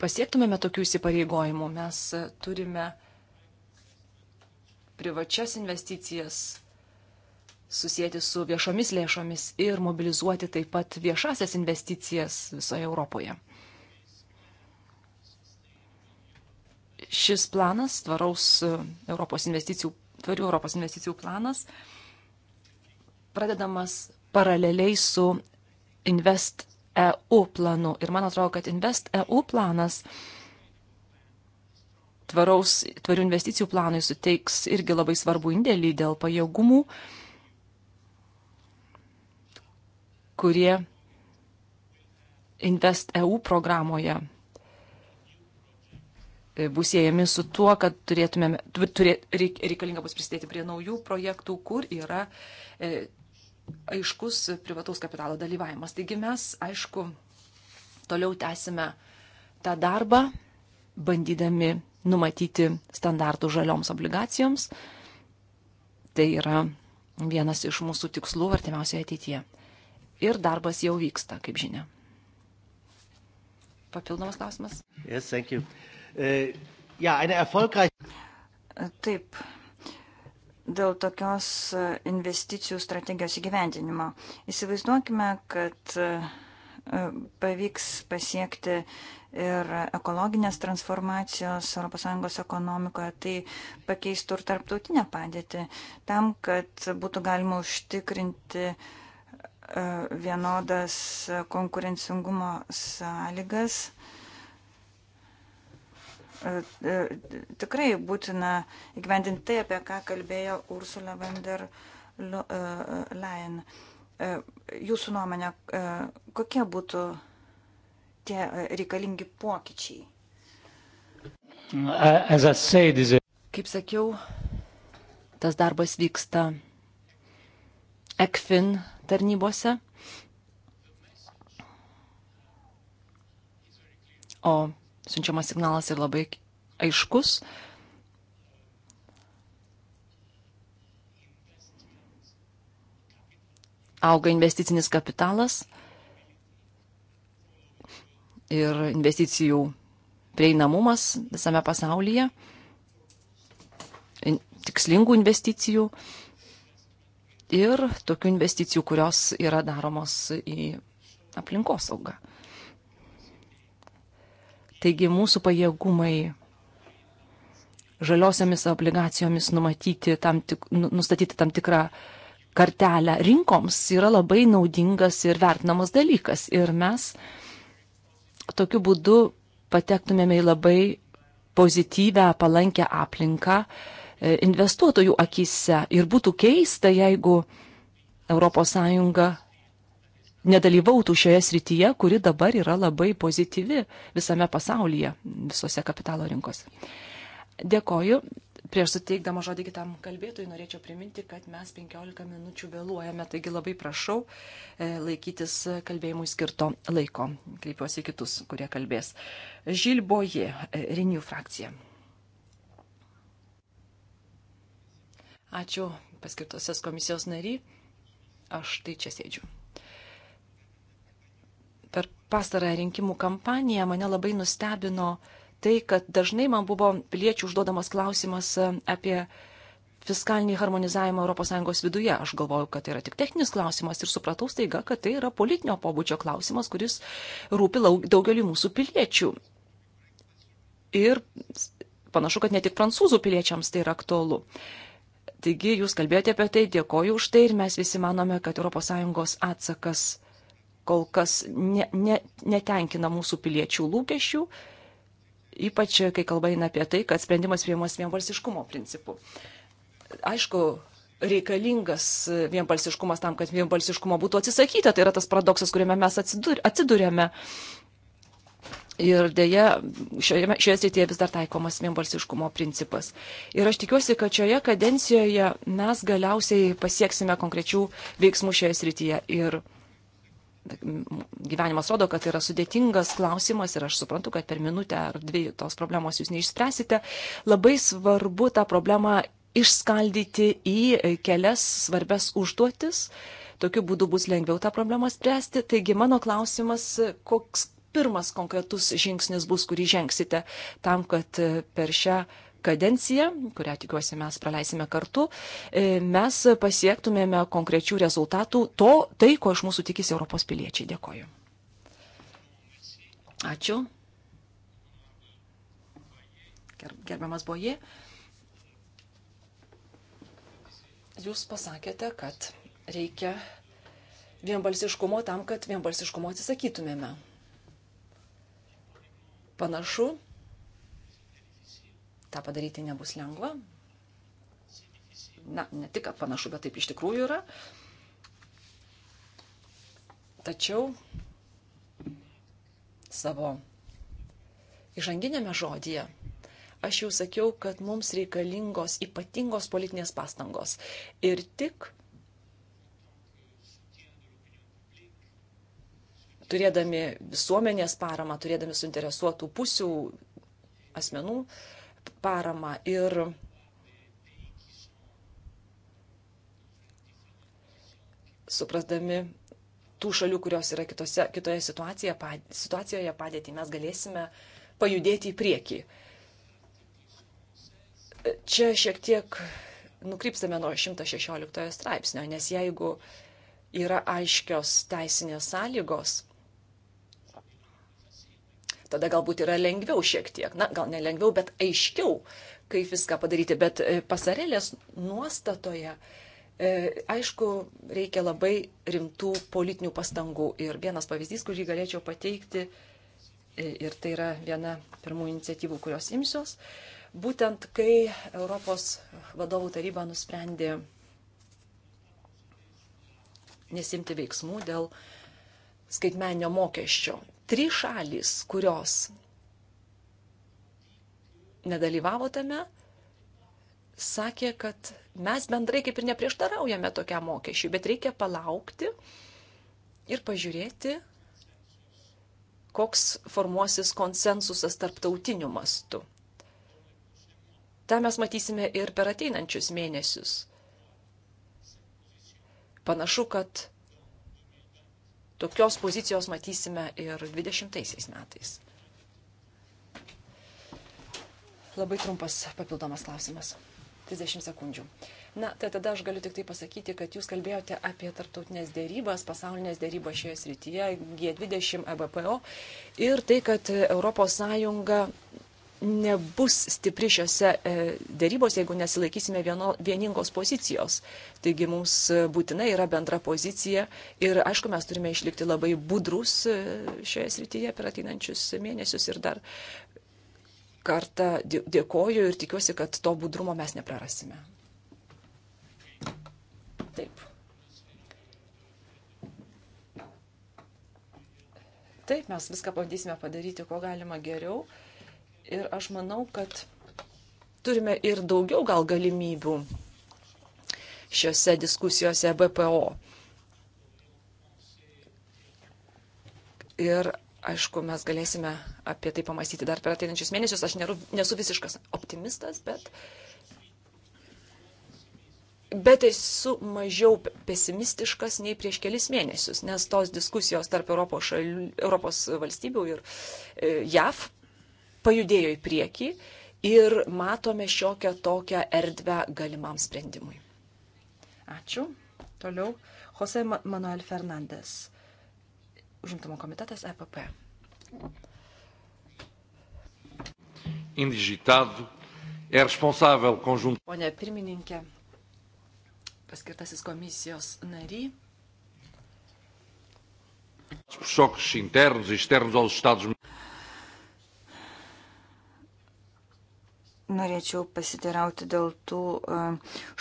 pasiektumėme tokių įsipareigojimų, mes e, turime privačias investicijas susijęti su viešomis lėšomis ir mobilizuoti taip pat viešasias investicijas visoje Europoje. Šis planas, tvaraus e, Europos investicijų, tvarių Europos investicijų planas, pradedamas paraleliai su Invest EU planu. Ir man atrodo, kad Invest EU planas tvaraus, tvarių investicijų planui suteiks irgi labai svarbu indėlį dėl pajėgumų, kurie Invest EU programoje e, bus siejami su tuo, kad turėtumėme, turė, reik, reikalinga bus prisidėti prie naujų projektų, kur yra e, aiškus privataus kapitalo dalyvavimas. Taigi mes, aišku, toliau tęsime tą darbą, bandydami numatyti standartų žalioms obligacijoms. Tai yra vienas iš mūsų tikslų artimiausioje ateityje. Ir darbas jau vyksta, kaip žinia. Papildomas klausimas? Yes, thank you. Uh, ja, eine erfolgreich... Taip, dėl tokios e, investicijų strategijos įgyvendinimo. Įsivaizduokime, kad e, e, pavyks pasiekti ir ekologinės transformacijos ES ekonomikoje, tai pakeistų ir tarptautinę padėtį, tam, kad būtų galima užtikrinti vienodas konkurencingumo sąlygas E, e, tikrai būtina įgyvendinti tai, apie ką kalbėjo Ursula von der e, Leyen. Jūsų nuomonė, kokie būtų tie reikalingi pokyčiai? Kaip sakiau, tas darbas vyksta ECFIN tarnybose. O siunčiamas signalas ir labai aiškus. Auga investicinis kapitalas ir investicijų prieinamumas visame pasaulyje, tikslingų investicijų ir tokių investicijų, kurios yra daromos į aplinkosaugą. Taigi mūsų pajėgumai žaliosiamis obligacijomis numatyti tam tik, nu, nustatyti tam tikrą kartelę rinkoms yra labai naudingas ir vertinamas dalykas. Ir mes tokiu būdu patektumėme į labai pozityvę, palankę aplinką e, investuotojų akise. Ir būtų keista, jeigu ES nedalyvautų šioje srityje, kuri dabar yra labai pozityvi visame pasaulyje, visose kapitalo rinkose. Dėkoju. Prieš suteikdama žodį kitam kalbėtojui norėčiau priminti, kad mes 15 minučių vėluojame, taigi labai prašau e, laikytis kalbėjimui skirto laiko. Kreipiuosi kitus, kurie kalbės. Žilboji, e, Renijų frakcija. Ačiū paskirtosios komisijos nary. Aš tai čia sėdžiu per pastarąją rinkimų kampaniją mane labai nustebino tai, kad dažnai man buvo piliečių užduodamas klausimas e, apie fiskalinį harmonizavimą ES viduje. Aš galvojau, kad tai yra tik techninis klausimas ir supratau staiga, kad tai yra politinio pobūdžio klausimas, kuris rūpi daugeliu mūsų piliečių. Ir panašu, kad ne tik prancūzų piliečiams tai yra aktualu. Taigi jūs kalbėjote apie tai, dėkoju už tai ir mes visi manome, kad ES atsakas kol kas ne, ne, netenkina mūsų piliečių lūkesčių, ypač kai kalba eina apie tai, kad sprendimas priimamas vienbalsiškumo principu. Aišku, reikalingas vienbalsiškumas tam, kad vienbalsiškumo būtų atsisakyta, tai yra tas paradoksas, kuriame mes atsidūrėme. Ir dėja, šioje, šioje srityje vis dar taikomas vienbalsiškumo principas. Ir aš tikiuosi, kad šioje kadencijoje mes galiausiai pasieksime konkrečių veiksmų šioje srityje. Ir gyvenimas rodo, kad tai yra sudėtingas klausimas ir aš suprantu, kad per minutę ar dvi tos problemos jūs neišspręsite. Labai svarbu tą problemą išskaldyti į kelias svarbias užduotis. Tokiu būdu bus lengviau tą problemą spręsti. Taigi mano klausimas, koks pirmas konkretus žingsnis bus, kurį žengsite tam, kad per šią kadenciją, kurią tikiuosi mes praleisime kartu, e, mes pasiektumėme konkrečių rezultatų to, tai, ko iš mūsų tikisi Europos piliečiai. Dėkoju. Ačiū. Gerbiamas Boji, jūs pasakėte, kad reikia vienbalsiškumo tam, kad vienbalsiškumo atsisakytumėme. Panašu, tą padaryti nebus lengva. Na, ne tik, kad panašu, bet taip iš tikrųjų yra. Tačiau savo įžanginėme žodėje aš jau sakiau, kad mums reikalingos ypatingos politinės pastangos. Ir tik turėdami visuomenės paramą, turėdami suinteresuotų pusių asmenų paramą ir suprasdami tų šalių, kurios yra kitose, kitoje situacijoje, pad, situacijoje padėti, mes galėsime pajudėti į priekį. Čia šiek tiek nukrypstame nuo 116 straipsnio, nes jeigu yra aiškios teisinės sąlygos, tada galbūt yra lengviau šiek tiek, na gal ne lengviau, bet aiškiau, kaip viską padaryti. Bet e, pasarelės nuostatoje, e, aišku, reikia labai rimtų politinių pastangų. Ir vienas pavyzdys, kurį galėčiau pateikti, e, ir tai yra viena pirmųjų iniciatyvų, kurios imsiuos, būtent kai Europos vadovų taryba nusprendė nesimti veiksmų dėl skaitmenio mokesčio trys šalys, kurios nedalyvavo tame, sakė, kad mes bendrai kaip ir neprieštaraujame tokiam mokesčiui, bet reikia palaukti ir pažiūrėti, koks formuosis konsensusas tarptautiniu mastu. Ta mes matysime ir per ateinančius mėnesius. Panašu, kad tokios pozicijos matysime ir 20 metais. Labai trumpas papildomas klausimas. 30 sekundžių. Na, tai tada aš galiu tik tai pasakyti, kad jūs kalbėjote apie tarptautinės dėrybas, pasaulinės dėrybas šioje srityje, G20, EBPO ir tai, kad ES nebus stipri šiuose e, dėrybose, jeigu nesilaikysime vieno, vieningos pozicijos. Taigi mums būtinai yra bendra pozicija ir, aišku, mes turime išlikti labai budrus e, šioje srityje per ateinančius mėnesius ir dar kartą dėkoju ir tikiuosi, kad to budrumo mes neprarasime. Taip. Taip, mes viską bandysime padaryti, ko galima geriau. Ir aš manau, kad turime ir daugiau gal galimybių šiuose diskusijose BPO. Ir aišku, mes galėsime apie tai pamastyti dar per ateinančius mėnesius. Aš neru, nesu visiškas optimistas, bet, bet esu mažiau pesimistiškas nei prieš kelis mėnesius, nes tos diskusijos tarp Europos, šalių, Europos valstybių ir e, JAV pajudėjo į priekį ir matome šiokią tokią erdvę galimam sprendimui. Ačiū. Toliau Jose Manuel Fernandes, užimtumo komitetas EPP. Indigitado é responsável conjunto. Pone pirmininkė, paskirtasis komisijos nary. Choques internos e externos aos Estados norėčiau pasiteirauti dėl tų e,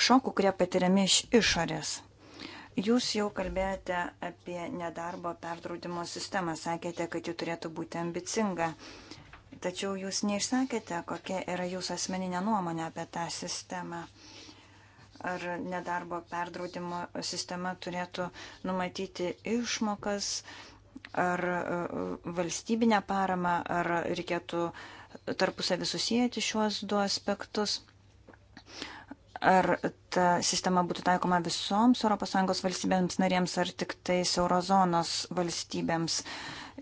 šokų, kurie patiriami iš išorės. Jūs jau kalbėjote apie nedarbo perdraudimo sistemą, sakėte, kad ji turėtų būti ambicinga. Tačiau jūs neišsakėte, kokia yra jūsų asmeninė nuomonė apie tą sistemą. Ar nedarbo perdraudimo sistema turėtų numatyti išmokas, ar e, valstybinę paramą, ar reikėtų uh, tarpusavį susijęti šiuos du aspektus? Ar ta sistema būtų taikoma visoms ES valstybėms narėms ar tik tais eurozonos valstybėms?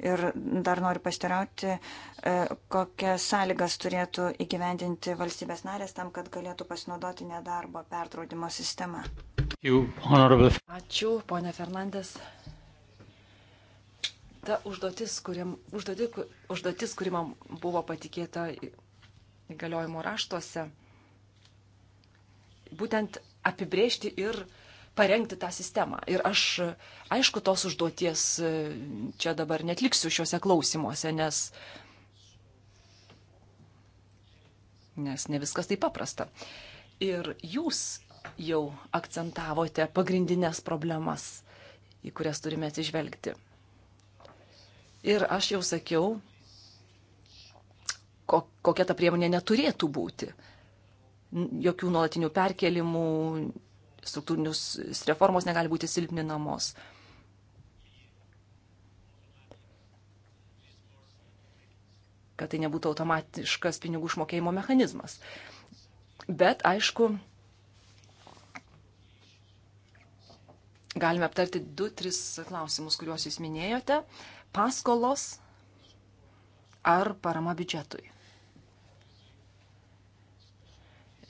Ir dar noriu pastirauti, e, kokias sąlygas turėtų įgyvendinti valstybės narės tam, kad galėtų pasinaudoti nedarbo pertraudimo sistemą. Ačiū, ponė Fernandes ta užduotis, kuriam, užduoti, užduotis kuri man buvo patikėta įgaliojimo raštuose, būtent apibrėžti ir parengti tą sistemą. Ir aš, aišku, tos užduoties e, čia dabar netliksiu šiuose klausimuose, nes, nes ne viskas taip paprasta. Ir jūs jau akcentavote pagrindinės problemas, į kurias turime atsižvelgti. Ir aš jau sakiau, ko, kokia ta priemonė neturėtų būti. Jokių nuolatinių perkelimų, struktūrinius reformos negali būti silpninamos. Kad tai nebūtų automatiškas pinigų išmokėjimo mechanizmas. Bet, aišku, galime aptarti 2-3 klausimus, kuriuos jūs minėjote. Uh, paskolos ar parama biudžetui.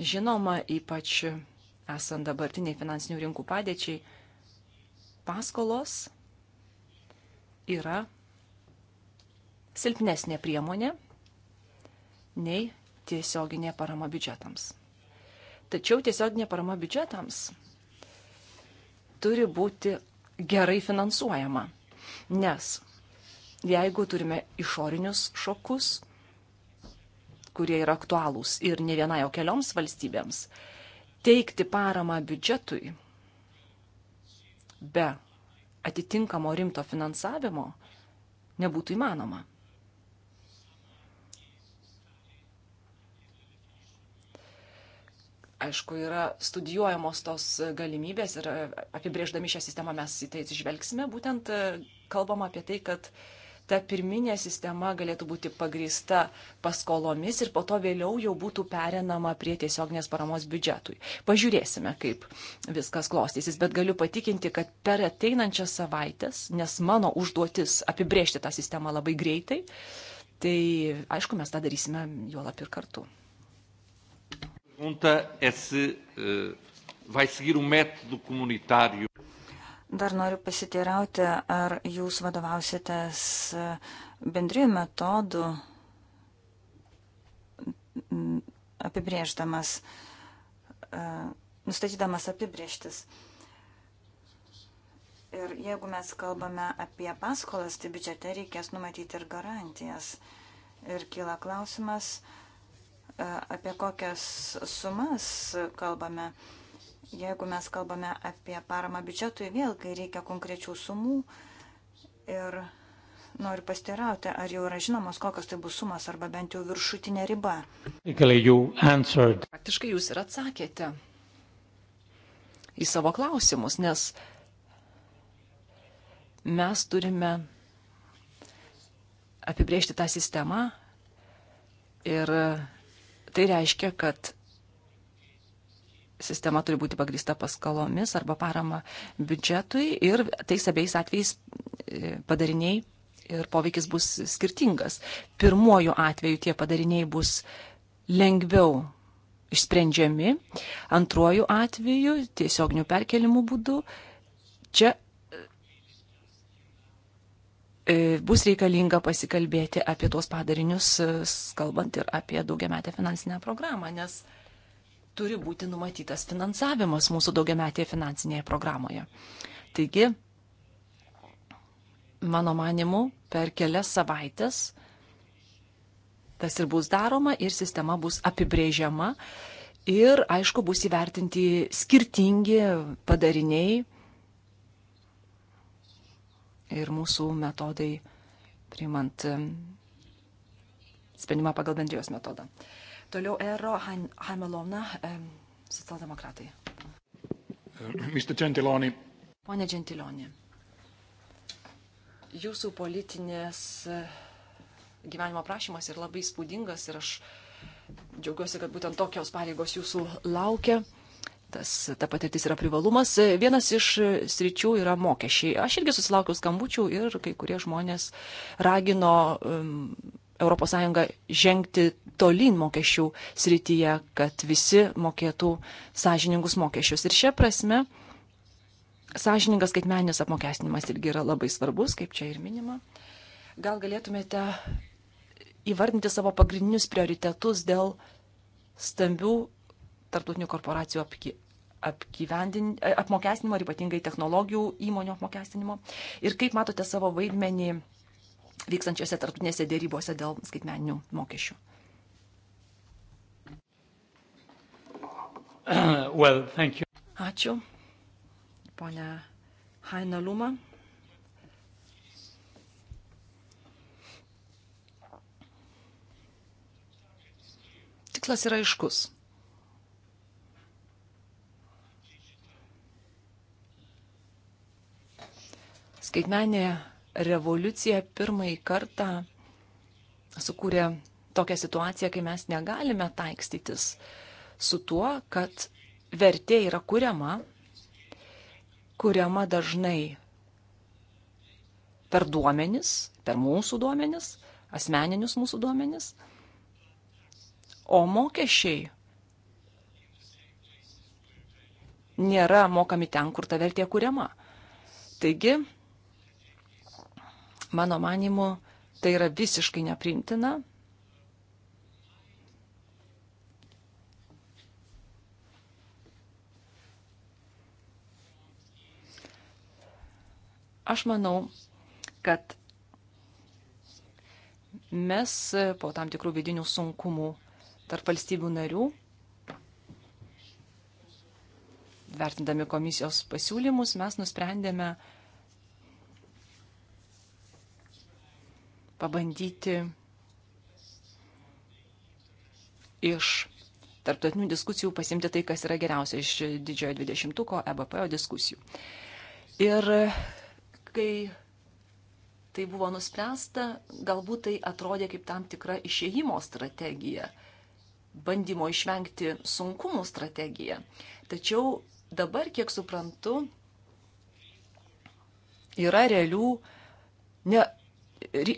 Žinoma, ypač esant dabartiniai finansinių rinkų padėčiai, paskolos yra silpnesnė priemonė nei tiesioginė parama biudžetams. Tačiau tiesioginė parama biudžetams turi būti gerai finansuojama, nes jeigu turime išorinius šokus, kurie yra aktualūs ir ne vienai, o kelioms valstybėms, teikti paramą biudžetui be atitinkamo rimto finansavimo nebūtų įmanoma. Aišku, yra studijuojamos tos galimybės ir apibrėždami šią sistemą mes į tai atsižvelgsime. Būtent e, kalbama apie tai, kad uh, ta pirminė sistema galėtų būti pagrįsta paskolomis ir po to vėliau jau būtų perinama prie tiesioginės paramos biudžetui. Pažiūrėsime, kaip viskas klostysis, bet galiu patikinti, kad per ateinančias savaitės, nes mano užduotis apibriežti tą sistemą labai greitai, tai aišku, mes tą darysime juolap ir kartu. Pergunta é se uh, vai seguir o método comunitário. Dar noriu pasiteirauti, ar jūs vadovausitės e, bendrijų metodų apibrėždamas, e, nustatydamas apibrėžtis. Ir jeigu mes kalbame apie paskolas, tai biudžete reikės numatyti ir garantijas. Ir kyla klausimas, e, apie kokias sumas kalbame. Jeigu mes kalbame apie paramą biudžetui, vėlgi reikia konkrečių sumų ir noriu pastirauti, ar jau yra žinomos, kokios tai bus sumas arba bent jau viršutinė riba. Praktiškai jūs ir atsakėte į savo klausimus, nes mes turime apibriežti tą sistemą ir tai reiškia, kad sistema turi būti pagrįsta paskalomis arba parama biudžetui ir tais abiejais atvejais e, padariniai ir poveikis bus skirtingas. Pirmuoju atveju tie padariniai bus lengviau išsprendžiami, antruoju atveju tiesioginių perkelimų būdu čia e, bus reikalinga pasikalbėti apie tuos padarinius, e, kalbant ir apie daugiametę finansinę programą, nes uh, turi būti numatytas finansavimas mūsų daugiametėje finansinėje programoje. Taigi, mano manimu, per kelias savaitės tas ir bus daroma ir sistema bus apibrėžiama ir, aišku, bus įvertinti skirtingi padariniai ir mūsų metodai priimant e, sprendimą pagal bendrijos metodą. Uh, Toliau Ero Hamelona, socialdemokratai. Mr. Gentiloni. Pone Gentiloni, jūsų politinės e, gyvenimo prašymas yra labai spūdingas ir aš džiaugiuosi, kad būtent tokios pareigos jūsų laukia. Tas, ta patirtis yra privalumas. E, vienas iš e, sričių yra mokesčiai. Aš irgi susilaukiau skambučių ir kai kurie žmonės ragino um, ES žengti tolyn mokesčių srityje, kad visi mokėtų sąžiningus mokesčius. Ir šia prasme, sąžiningas skaitmeninis apmokestinimas irgi yra labai svarbus, kaip čia ir minima. Gal galėtumėte įvardinti savo pagrindinius prioritetus dėl stambių tarptautinių korporacijų apki, apmokestinimo ir ypatingai technologijų įmonių apmokestinimo. Ir kaip matote savo vaidmenį vykstančiose tarptautinėse dėrybose dėl skaitmeninių mokesčių. well, Ačiū, ponia Haina Luma. Tikslas yra aiškus. Skaitmenė revoliucija pirmąjį kartą sukūrė tokią situaciją, kai mes negalime taikstytis uh, su tuo, kad vertė yra kuriama, kuriama dažnai per duomenis, per mūsų duomenis, asmeninius mūsų duomenis, o mokesčiai nėra mokami ten, kur ta vertė kuriama. Taigi, mano manimu, tai yra visiškai neprimtina Aš manau, kad mes e, po tam tikrų vidinių sunkumų tarp valstybių narių, vertindami komisijos pasiūlymus, mes nusprendėme pabandyti iš tarptautinių diskusijų pasimti tai, kas yra geriausia iš didžiojo dvidešimtuko EBPO diskusijų. Ir kai tai buvo nuspręsta, galbūt tai atrodė kaip tam tikra išėjimo strategija, bandymo išvengti sunkumų strategija. Tačiau dabar, kiek suprantu, yra realių, ne,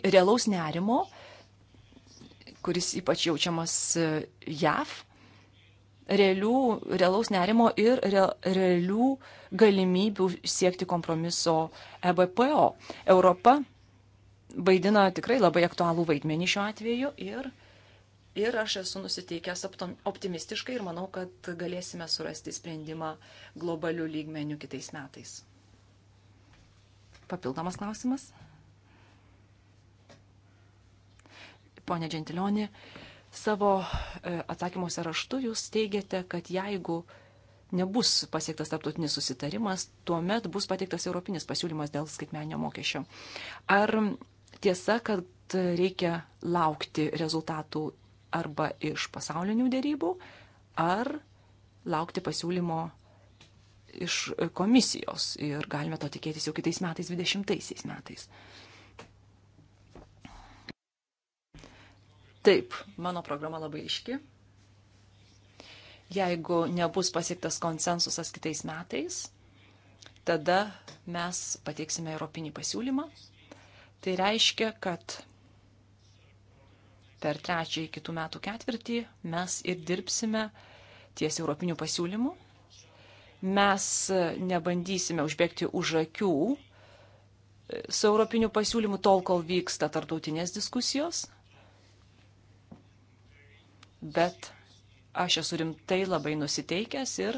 realaus nerimo, kuris ypač jaučiamas e, JAV realių, realaus nerimo ir realių galimybių siekti kompromiso EBPO. Europa vaidina tikrai labai aktualų vaidmenį šiuo atveju ir, ir aš esu nusiteikęs optimistiškai ir manau, kad galėsime surasti sprendimą globalių lygmenių kitais metais. Papildomas klausimas? Pone Džentilionė, uh, Savo e, atsakymuose raštu jūs teigiate, kad jeigu nebus pasiektas tarptautinis susitarimas, tuomet bus pateiktas europinis pasiūlymas dėl skaitmenio mokesčio. Ar tiesa, kad reikia laukti rezultatų arba iš pasaulinių dėrybų, ar laukti pasiūlymo iš komisijos ir galime to tikėtis jau kitais metais, 20 metais? Taip, mano programa labai iški. Jeigu nebus pasiektas konsensusas kitais metais, tada mes pateiksime europinį pasiūlymą. Tai reiškia, kad per trečiąjį kitų metų ketvirtį mes ir dirbsime ties europinių pasiūlymų. Mes nebandysime užbėgti už akių su europiniu pasiūlymu tol, kol vyksta tartautinės diskusijos, bet aš esu rimtai labai nusiteikęs ir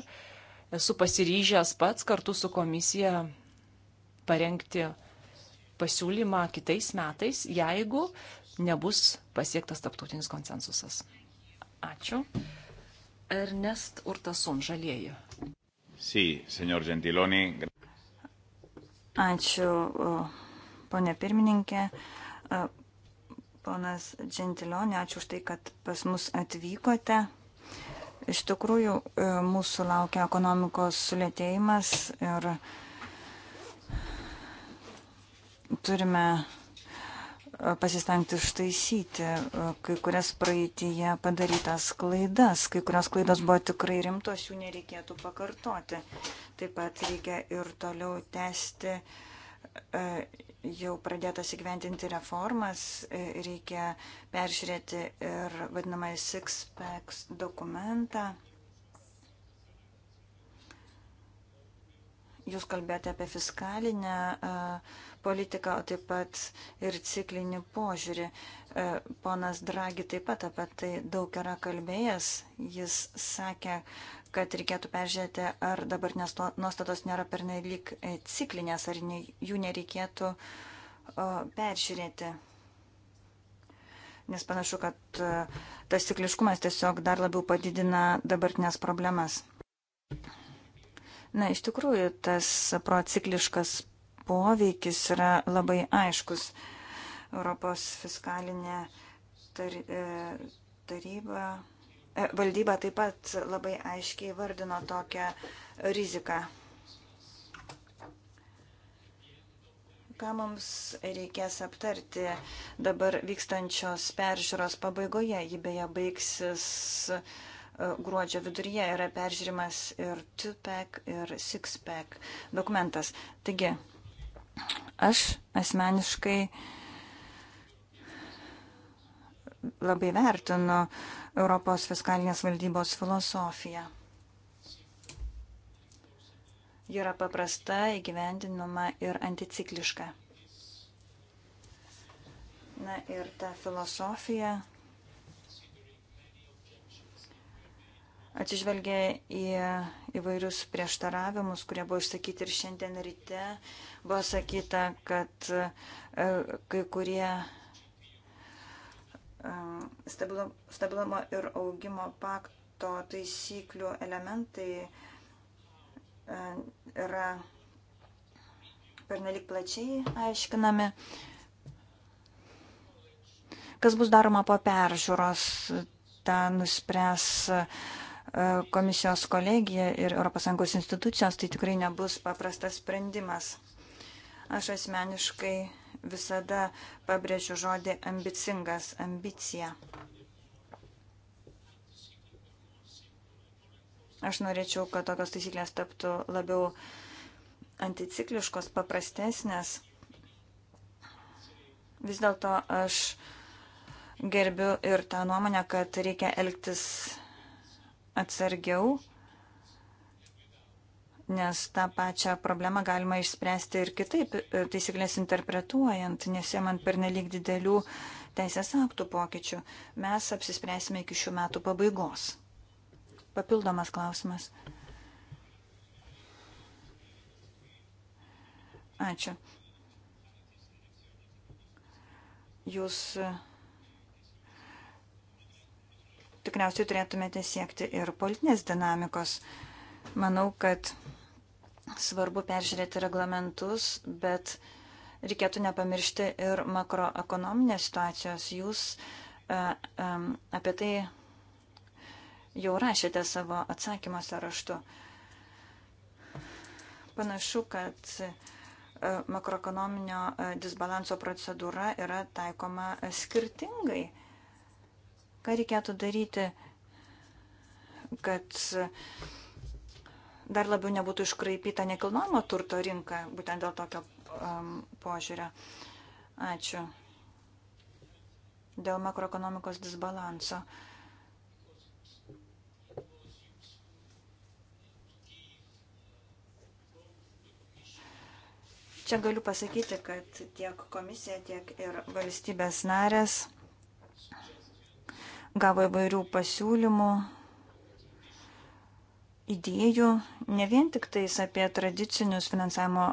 esu pasiryžęs pats kartu su komisija parengti pasiūlymą kitais metais, jeigu nebus pasiektas tarptautinis konsensusas. Ačiū. Ernest Urtasun, žalieji. Sí, senor Gentiloni. Ačiū, ponė pirmininkė ponas Džentilionė, ačiū už tai, kad pas mus atvykote. Iš tikrųjų, e, mūsų laukia ekonomikos sulėtėjimas ir turime e, pasistengti ištaisyti e, kai kurias praeitįje padarytas klaidas. Kai kurios klaidos buvo tikrai rimtos, jų nereikėtų pakartoti. Taip pat reikia ir toliau tęsti jau pradėtas įgyventinti reformas, e, reikia peržiūrėti ir vadinamąjį SIXPEX dokumentą. Jūs kalbėjote apie fiskalinę e, politiką, o taip pat ir ciklinį požiūrį. E, ponas Dragi taip pat apie tai daug yra kalbėjęs. Jis sakė, kad reikėtų peržiūrėti, ar dabartinės nuostatos nėra pernelyg e, ciklinės, ar ne, jų nereikėtų peržiūrėti. Nes panašu, kad e, tas cikliškumas tiesiog dar labiau padidina dabartinės problemas. Na, iš tikrųjų, tas procikliškas poveikis yra labai aiškus. Europos fiskalinė tar, e, taryba E, valdyba taip pat labai aiškiai vardino tokią riziką. Ką mums reikės aptarti dabar vykstančios peržiūros pabaigoje, ji beje baigsis e, gruodžio viduryje, yra peržiūrimas ir 2-pack, ir 6-pack dokumentas. Taigi, aš asmeniškai labai vertinu uh, Europos fiskalinės valdybos filosofija. Ji yra paprasta, įgyvendinama ir anticikliška. Na ir ta filosofija atsižvelgia į įvairius prieštaravimus, kurie buvo išsakyti ir šiandien ryte. Buvo sakyta, kad e, kai kurie stabilumo ir augimo pakto taisyklių elementai yra pernelik plačiai aiškinami. Kas bus daroma po peržiūros, tą nuspręs komisijos kolegija ir ES institucijos, tai tikrai nebus paprastas sprendimas. Aš asmeniškai visada pabrėžiu žodį ambicingas, ambicija. Aš norėčiau, kad tokios taisyklės taptų labiau anticikliškos, paprastesnės. Vis dėlto aš gerbiu ir tą nuomonę, kad reikia elgtis atsargiau nes tą pačią problemą galima išspręsti ir kitaip, e, taisyklės interpretuojant, nesieman per nelik didelių teisės aktų pokyčių. Mes apsispręsime iki šių metų pabaigos. Papildomas klausimas. Ačiū. Jūs e, tikriausiai turėtumėte siekti ir politinės dinamikos. Manau, kad Svarbu peržiūrėti reglamentus, bet reikėtų nepamiršti ir makroekonominės situacijos. Jūs e, e, apie tai jau rašėte savo atsakymuose raštu. Panašu, kad e, makroekonominio disbalanso procedūra yra taikoma skirtingai. Ką reikėtų daryti, kad dar labiau nebūtų iškraipyta nekilnojamo turto rinka, būtent dėl tokio um, požiūrio. Ačiū. Dėl makroekonomikos disbalanso. Čia galiu pasakyti, kad tiek komisija, tiek ir valstybės narės gavo įvairių pasiūlymų idėjų ne vien tik tais apie tradicinius finansavimo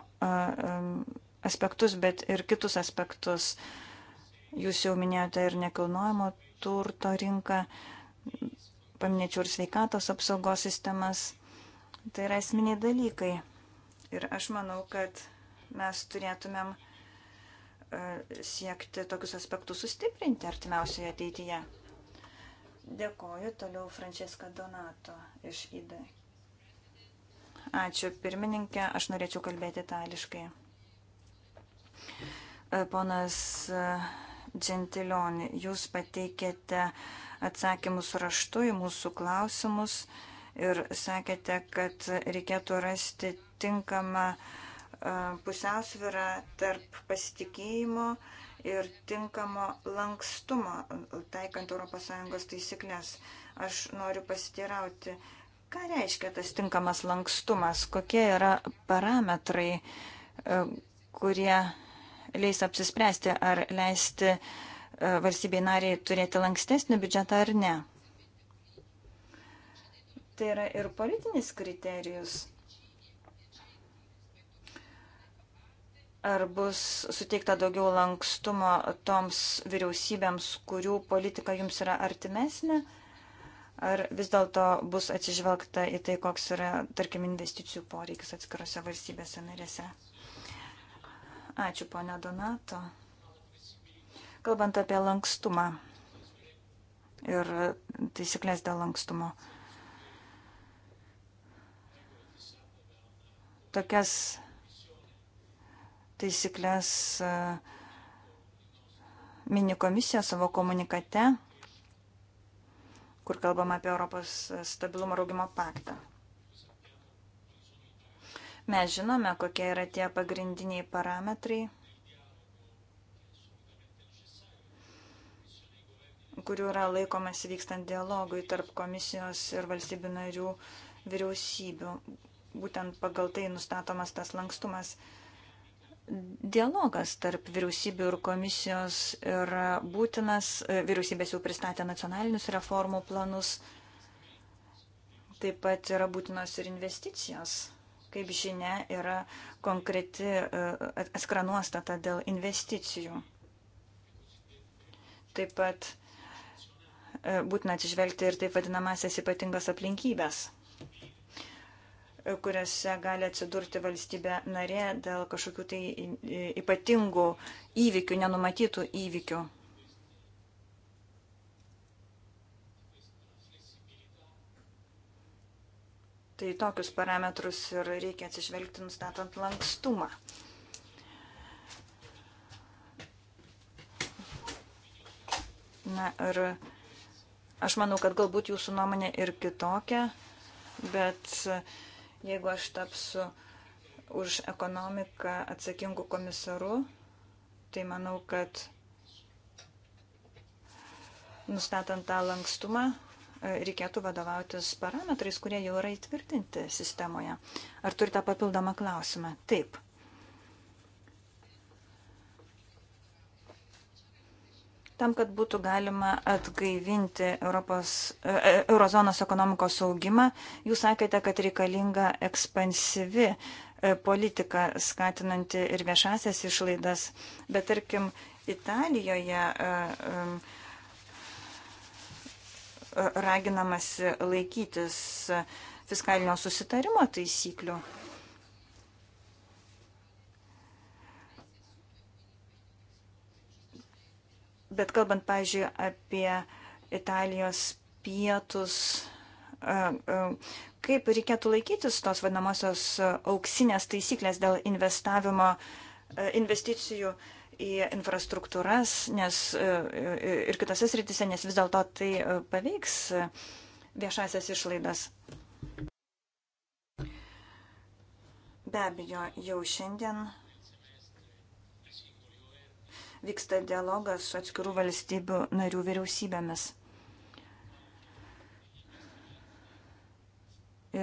aspektus, bet ir kitus aspektus. Jūs jau minėjote ir nekilnojamo turto rinką, paminėčiau ir sveikatos apsaugos sistemas. Tai yra esminiai dalykai. Ir aš manau, kad mes turėtumėm siekti tokius aspektus sustiprinti artimiausioje ateityje. Dėkoju toliau Franceska Donato iš IDEC. Ačiū pirmininkė, aš norėčiau kalbėti itališkai. E, ponas Džentilionį, e, jūs pateikėte atsakymus raštu į mūsų klausimus ir sakėte, kad reikėtų rasti tinkamą e, pusiausvyrą tarp pasitikėjimo ir tinkamo lankstumo taikant ES taisyklės. Aš noriu pasitirauti, Ką reiškia tas tinkamas lankstumas? Kokie yra parametrai, e, kurie leis apsispręsti, ar leisti e, valstybei nariai turėti lankstesnį biudžetą ar ne? Tai yra ir politinis kriterijus. Ar bus suteikta daugiau lankstumo toms vyriausybėms, kurių politika jums yra artimesnė? Ar vis dėlto bus atsižvelgta į tai, koks yra, tarkim, investicijų poreikis atskirose valstybėse narėse? Ačiū, ponia Donato. Kalbant apie lankstumą ir taisyklės dėl lankstumo. Tokias taisyklės e, mini komisija savo komunikate kur kalbama apie Europos stabilumo raugimo paktą. Mes žinome, kokie yra tie pagrindiniai parametrai, kurių yra laikomas vykstant dialogui tarp komisijos ir valstybių narių vyriausybių. Būtent pagal tai nustatomas tas lankstumas. Dialogas tarp vyriausybių ir komisijos yra būtinas. Vyriausybės jau pristatė nacionalinius reformų planus. Taip pat yra būtinos ir investicijos. Kaip žinia, yra konkreti e, atskira nuostata dėl investicijų. Taip pat e, būtina atsižvelgti ir taip vadinamasias ypatingas aplinkybės kuriuose gali atsidurti valstybė narė dėl kažkokių tai ypatingų įvykių, nenumatytų įvykių. Tai tokius parametrus ir reikia atsižvelgti nustatant lankstumą. Na ir aš manau, kad galbūt jūsų nuomonė ir kitokia, bet uh, Jeigu aš tapsiu už ekonomiką atsakingų komisarų, tai manau, kad nustatant tą lankstumą e, reikėtų vadovautis parametrais, kurie jau yra įtvirtinti sistemoje. Ar turite papildomą klausimą? Taip. tam, kad būtų galima atgaivinti Europos, e, e, eurozonos ekonomikos augimą. Jūs sakėte, kad reikalinga ekspansyvi e, politika skatinanti ir viešasias išlaidas, bet tarkim, Italijoje raginamasi laikytis fiskalinio susitarimo taisyklių. Bet kalbant, pavyzdžiui, apie Italijos pietus, kaip reikėtų laikytis tos vadinamosios auksinės taisyklės dėl investavimo, investicijų į infrastruktūras nes, ir kitose srityse, nes vis dėlto tai paveiks viešasias išlaidas. Be abejo, jau šiandien vyksta dialogas su atskirų valstybių narių vyriausybėmis.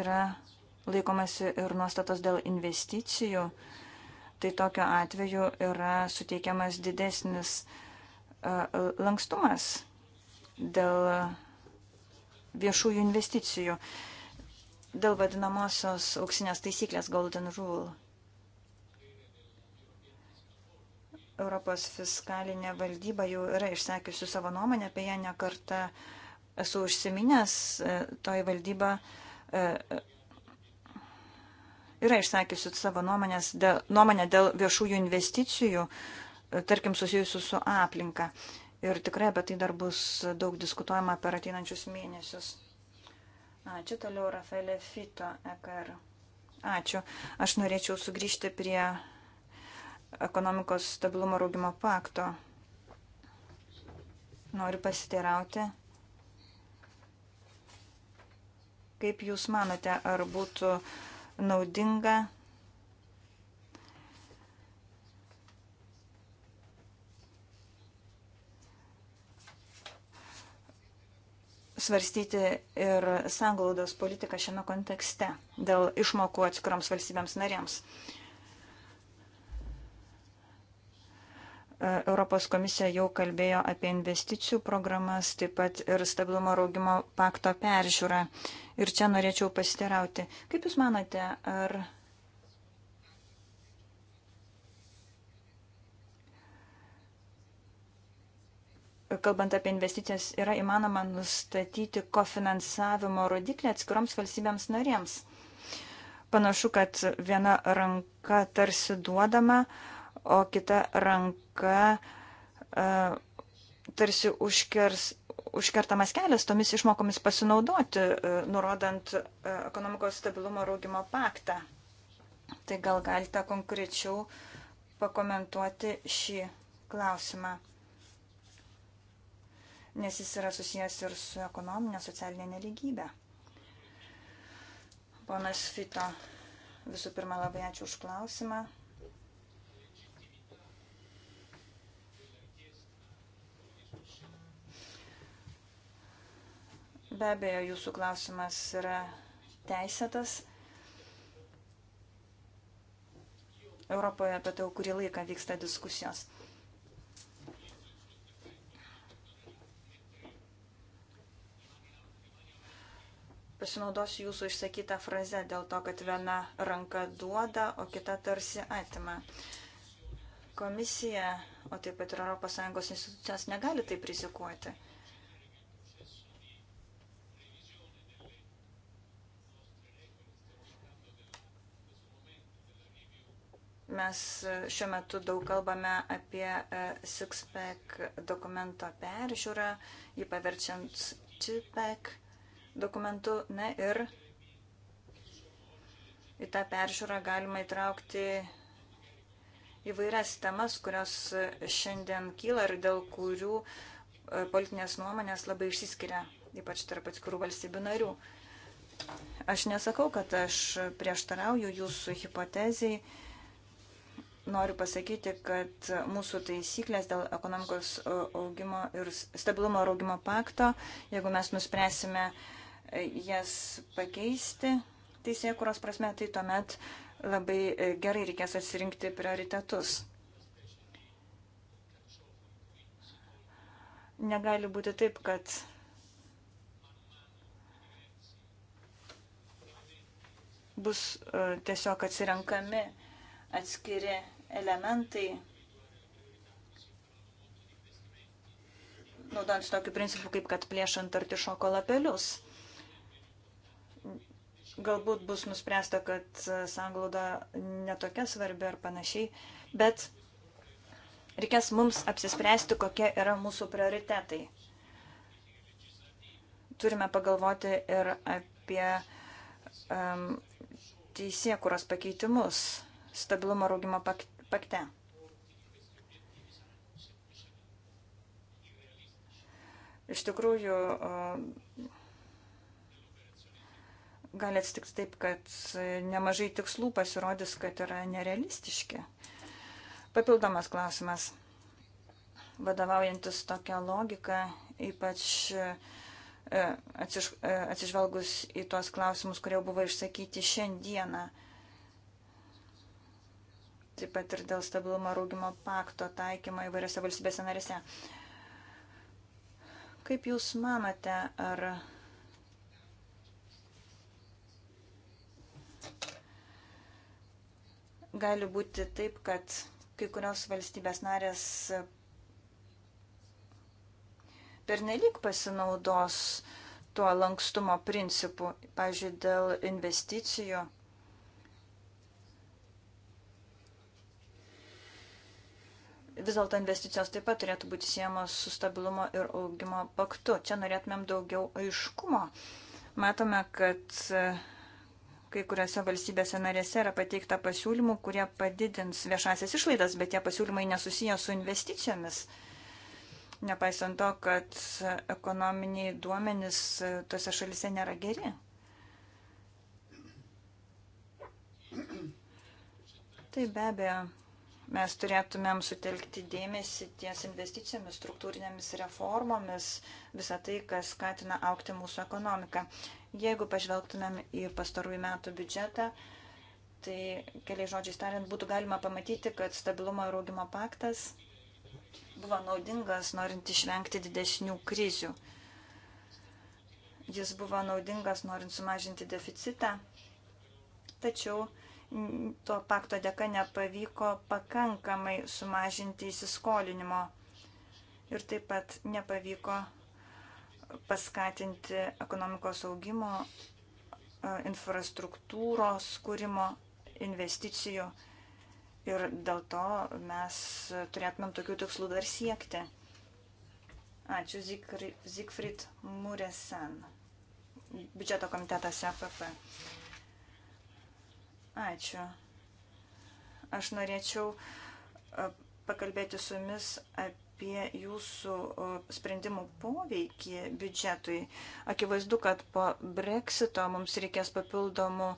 Yra laikomasi ir nuostatos dėl investicijų, tai tokiu atveju yra suteikiamas didesnis e, lankstumas dėl viešųjų investicijų, dėl vadinamosios auksinės taisyklės Golden Rule. Europos fiskalinė valdyba jau yra išsakiusi savo nuomonę, apie ją nekartą esu užsiminęs, e, toji valdyba e, e, yra išsakiusi savo nuomonės, dėl, nuomonę dėl viešųjų investicijų, tarkim, susijusių su aplinka. Ir tikrai apie tai dar bus daug diskutuojama per ateinančius mėnesius. Ačiū toliau, Rafaelė Fito, EKR. Ačiū. Aš norėčiau sugrįžti prie ekonomikos stabilumo raugimo pakto. Noriu pasiteirauti, kaip Jūs manote, ar būtų naudinga svarstyti ir sanglaudos politiką šiame kontekste dėl išmokų atskiroms valstybėms narėms. Uh, E, Europos komisija jau kalbėjo apie investicijų programas, taip pat ir stabilumo raugimo pakto peržiūrą. Ir čia norėčiau pasiterauti. Kaip Jūs manote, ar. Kalbant apie investicijas, yra įmanoma nustatyti kofinansavimo rodiklį atskiroms valstybėms narėms. Panašu, kad viena ranka tarsi duodama, uh, o kita ranka e, tarsi užkers, užkertamas kelias tomis išmokomis pasinaudoti, e, nurodant e, ekonomikos stabilumo raugimo paktą. Tai gal galite konkrečiau pakomentuoti šį klausimą, nes jis yra susijęs ir su ekonominė, socialinė neligybė. Ponas Fito, visų pirma, labai ačiū už klausimą. Be abejo, jūsų klausimas yra teisėtas. Europoje apie tai jau kurį laiką vyksta diskusijos. Pasinaudosiu jūsų išsakytą frazę dėl to, kad viena ranka duoda, o kita tarsi atima. Komisija, o taip pat ir ES institucijos negali taip rizikuoti. Mes e, šiuo metu daug kalbame apie e, SIXPEC dokumento peržiūrą, jį paverčiant CHIPEC dokumentu. Na ir į tą peržiūrą galima įtraukti įvairias temas, kurios šiandien kyla ir dėl kurių e, politinės nuomonės labai išsiskiria, ypač tarp atskirų valstybių narių. Aš nesakau, kad aš prieštarauju jūsų hipotezijai noriu pasakyti, kad mūsų taisyklės dėl ekonomikos e, augimo ir stabilumo ir augimo pakto, jeigu mes nuspręsime e, jas pakeisti teisėjų kuros prasme, tai tuomet labai e, gerai reikės atsirinkti prioritetus. Negali būti taip, kad bus tiesiog atsirenkami uh, atskiri elementai, naudojant tokiu principu, kaip kad plėšant artišoko lapelius. Galbūt bus nuspręsta, kad sanglauda netokia svarbi ar panašiai, bet reikės mums apsispręsti, kokie yra mūsų prioritetai. Turime pagalvoti ir apie um, teisėkuros pakeitimus stabilumo raugimo pakte. Iš tikrųjų, gali atsitikti taip, kad nemažai tikslų pasirodys, kad yra nerealistiški. Papildomas klausimas. Vadovaujantis tokią logiką, ypač e, e, atsižvelgus į tuos klausimus, kurie buvo išsakyti šiandieną taip pat ir dėl stabilumo rūgimo pakto taikymo įvairiose valstybėse narėse. Kaip Jūs manote, ar gali būti taip, kad kai kurios valstybės narės pernelyg pasinaudos tuo lankstumo principu, pavyzdžiui, dėl investicijų vis dėlto investicijos taip pat turėtų būti siejamos su stabilumo ir augimo paktu. Čia norėtumėm daugiau aiškumo. Matome, kad e, kai kuriuose valstybėse narėse yra pateikta pasiūlymų, kurie padidins viešasias išlaidas, bet tie pasiūlymai nesusiję su investicijomis. Nepaisant to, kad ekonominiai duomenys e, tose šalise nėra geri. Tai be abejo Mes turėtumėm sutelkti dėmesį ties investicijomis, struktūrinėmis reformomis, visą tai, kas skatina aukti mūsų ekonomiką. Jeigu pažvelgtumėm į pastarųjų metų biudžetą, tai keliai žodžiais tariant būtų galima pamatyti, kad stabilumo ir augimo paktas buvo naudingas, norint išvengti didesnių krizių jis buvo naudingas norint sumažinti deficitą, tačiau to pakto dėka nepavyko pakankamai sumažinti įsiskolinimo ir taip pat nepavyko paskatinti ekonomikos augimo, e, infrastruktūros kūrimo, investicijų ir dėl to mes turėtumėm tokių tikslų dar siekti. Ačiū Zikfrid Muresan, biudžeto komitetas EPP. Ačiū. Aš norėčiau e, pakalbėti su jumis apie jūsų e, sprendimų poveikį biudžetui. Akivaizdu, kad po breksito mums reikės papildomų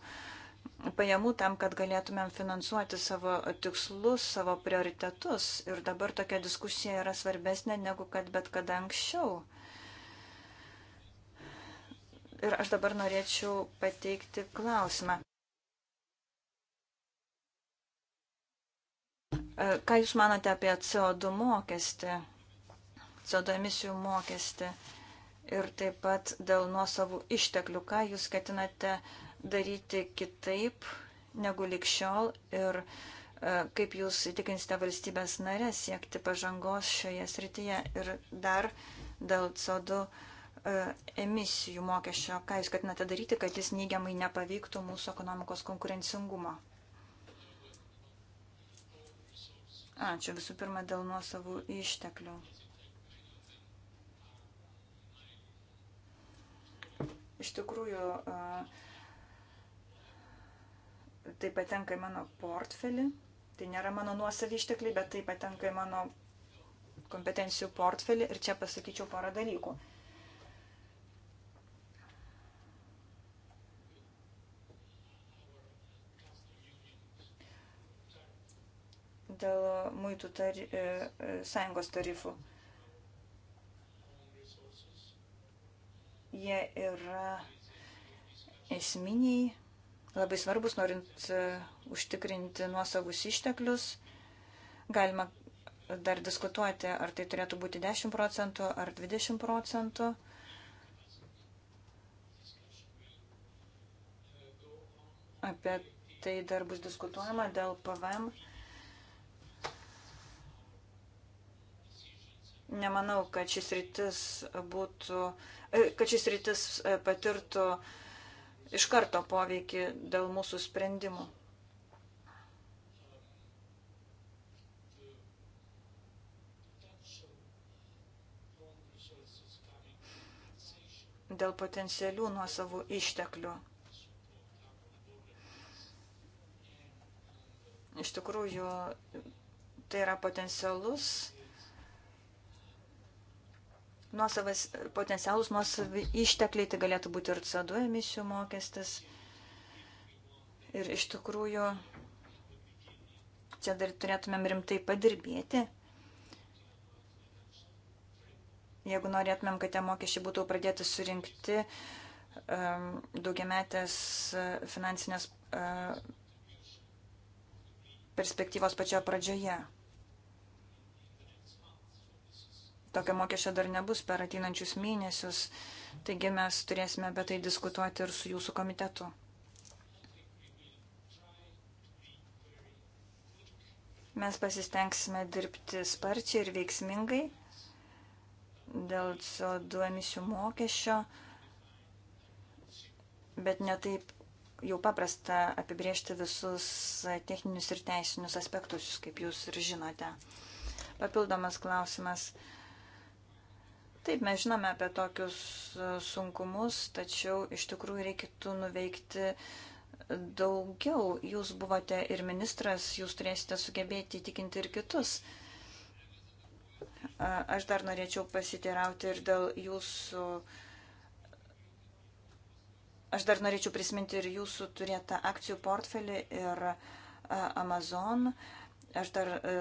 pajamų tam, kad galėtumėm finansuoti savo tikslus, savo prioritetus. Ir dabar tokia diskusija yra svarbesnė negu kad bet kada anksčiau. Ir aš dabar norėčiau pateikti klausimą. E, ką Jūs manote apie CO2 mokestį, CO2 emisijų mokestį ir taip pat dėl nuosavų išteklių? Ką Jūs ketinate daryti kitaip negu likščiol ir e, kaip Jūs įtikinsite valstybės narės siekti pažangos šioje srityje ir dar dėl CO2 e, emisijų mokesčio? Ką Jūs ketinate daryti, kad jis neigiamai nepaveiktų mūsų ekonomikos konkurencingumo? Ačiū visų pirma dėl nuosavų išteklių. Iš tikrųjų, tai patenka į mano portfelį. Tai nėra mano nuosavi ištekliai, bet tai patenka į mano kompetencijų portfelį ir čia pasakyčiau porą dalykų. dėl muitų tari, e, e, sąjungos tarifų. Jie yra esminiai, labai svarbus, norint e, užtikrinti nuosavus išteklius. Galima dar diskutuoti, ar tai turėtų būti 10 procentų ar 20 procentų. Apie tai dar bus diskutuojama dėl PVM. Nemanau, kad šis rytis būtų, e, kad šis rytis e, patirtų iš karto poveikį dėl mūsų sprendimų. Dėl potencialių nuosavų išteklių. Iš tikrųjų, tai yra potencialus nuosavas potencialus, nuosavi ištekliai, tai galėtų būti ir CO2 emisijų mokestis. Ir iš tikrųjų, čia dar turėtumėm rimtai padirbėti. Jeigu norėtumėm, kad tie mokesčiai būtų pradėti surinkti um, daugiametės uh, finansinės uh, perspektyvos pačioje pradžioje. Tokio mokesčio dar nebus per ateinančius mėnesius, taigi mes turėsime apie tai diskutuoti ir su jūsų komitetu. Mes pasistengsime dirbti sparčiai ir veiksmingai dėl CO2 emisijų mokesčio, bet netaip jau paprasta apibriežti visus techninius ir teisinius aspektus, kaip jūs ir žinote. Papildomas klausimas. Taip, mes žinome apie tokius e, sunkumus, tačiau iš tikrųjų reikėtų nuveikti daugiau. Jūs buvote ir ministras, jūs turėsite sugebėti įtikinti ir kitus. Aš dar norėčiau pasiteirauti ir dėl jūsų. Aš dar norėčiau prisiminti ir jūsų turėtą akcijų portfelį ir Amazon. Aš dar e,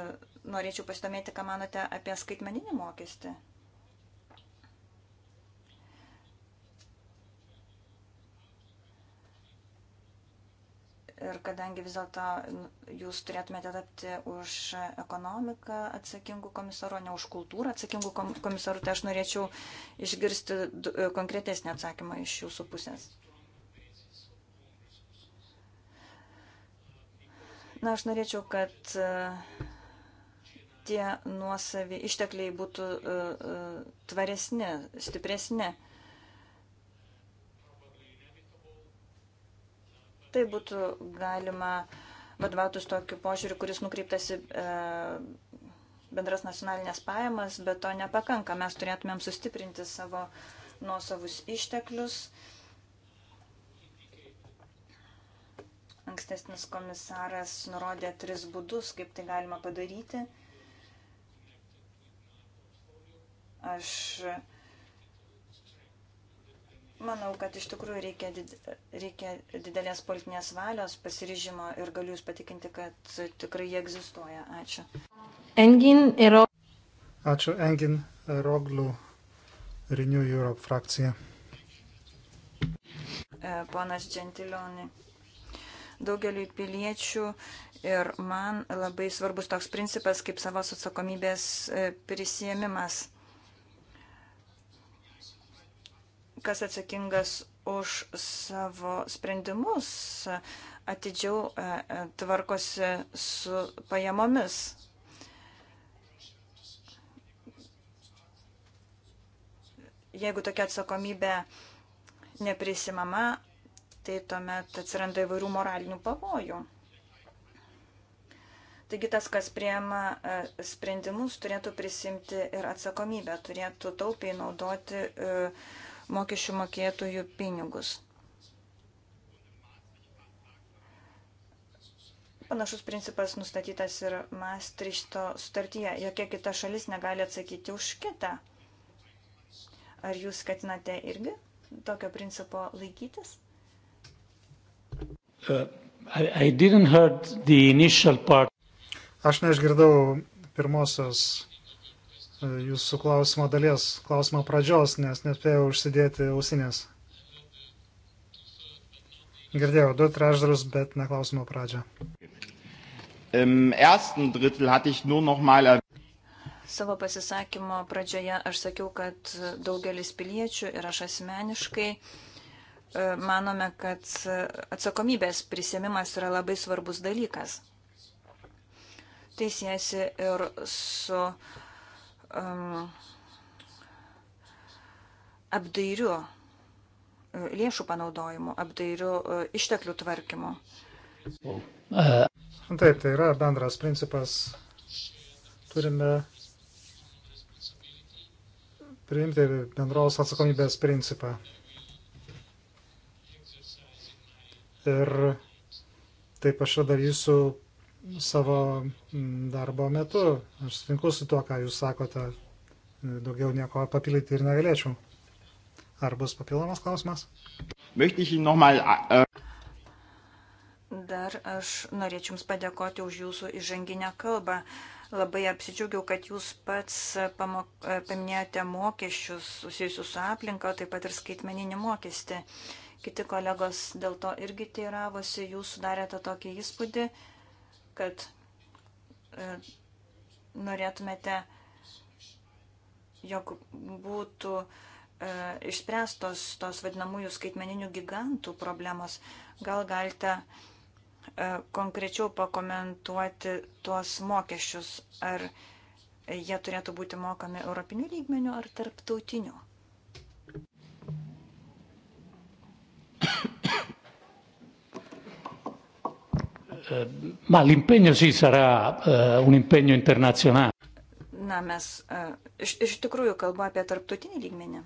norėčiau pasidomėti, ką manote apie skaitmeninį mokestį. Ir kadangi vis dėlto jūs turėtumėte tapti už ekonomiką atsakingų komisarų, ne už kultūrą atsakingų komisarų, tai aš norėčiau išgirsti e, konkretesnį atsakymą iš jūsų pusės. Na, aš norėčiau, kad e, tie nuosavi ištekliai būtų e, tvaresni, stipresni. tai būtų galima vadovautis tokiu požiūriu, kuris nukreiptasi e, bendras nacionalinės pajamas, bet to nepakanka. Mes turėtumėm sustiprinti savo nuosavus išteklius. Ankstesnis komisaras nurodė tris būdus, kaip tai galima padaryti. Aš Manau, kad iš tikrųjų reikia, did, reikia didelės politinės valios, pasiryžimo ir galiu Jūs patikinti, kad tikrai jie egzistuoja. Ačiū. Engin Ero... Ačiū Engin Roglių Renew Europe frakcija. E, ponas Gentiloni. Daugeliu piliečių ir man labai svarbus toks principas kaip savos atsakomybės e, prisėmimas kas atsakingas už savo sprendimus, atidžiau e, e, tvarkosi su pajamomis. Jeigu tokia atsakomybė neprisimama, tai tuomet atsiranda įvairių moralinių pavojų. Taigi tas, kas priema e, sprendimus, turėtų prisimti ir atsakomybę, turėtų taupiai naudoti mokesčių mokėtojų pinigus. Panašus principas nustatytas ir Maastrichto sutartyje. Jokia kita šalis negali atsakyti už kitą. Ar jūs skatinate irgi tokio principo laikytis? Uh, I, I Aš neišgirdau pirmosios E, jūsų klausimo dalies, klausimo pradžios, nes nespėjau užsidėti ausinės. Girdėjau du trešdalius, bet ne klausimo pradžią. Savo pasisakymo pradžioje aš sakiau, kad daugelis piliečių ir aš asmeniškai e, manome, kad atsakomybės prisėmimas yra labai svarbus dalykas. Tai siejasi ir su uh, um, apdairiu lėšų panaudojimu, apdairiu išteklių tvarkymu. Taip, tai yra bendras principas. Turime priimti bendros atsakomybės principą. Ir taip aš darysiu savo mm, darbo metu. Aš sutinku su tuo, ką jūs sakote. Daugiau nieko papildyti ir negalėčiau. Ar bus papildomas klausimas? Äh, Dar aš norėčiau Jums padėkoti už Jūsų įžanginę kalbą. Labai apsidžiaugiau, kad Jūs pats pamok, e, paminėjote mokesčius susijusius su aplinka, taip pat ir skaitmeninį mokestį. Kiti kolegos dėl to irgi teiravosi, Jūs sudarėte tokį įspūdį, kad e, norėtumėte, jog būtų e, išspręstos tos vadinamųjų skaitmeninių gigantų problemos. Gal galite e, konkrečiau pakomentuoti tuos mokesčius, ar jie turėtų būti mokami europinių lygmenių ar tarptautinių? Eh, ma l'impegno sì sarà eh, un impegno internazionale. Na, mes eh, iš, iš tikrųjų kalbu apie tarptautinį lygmenį.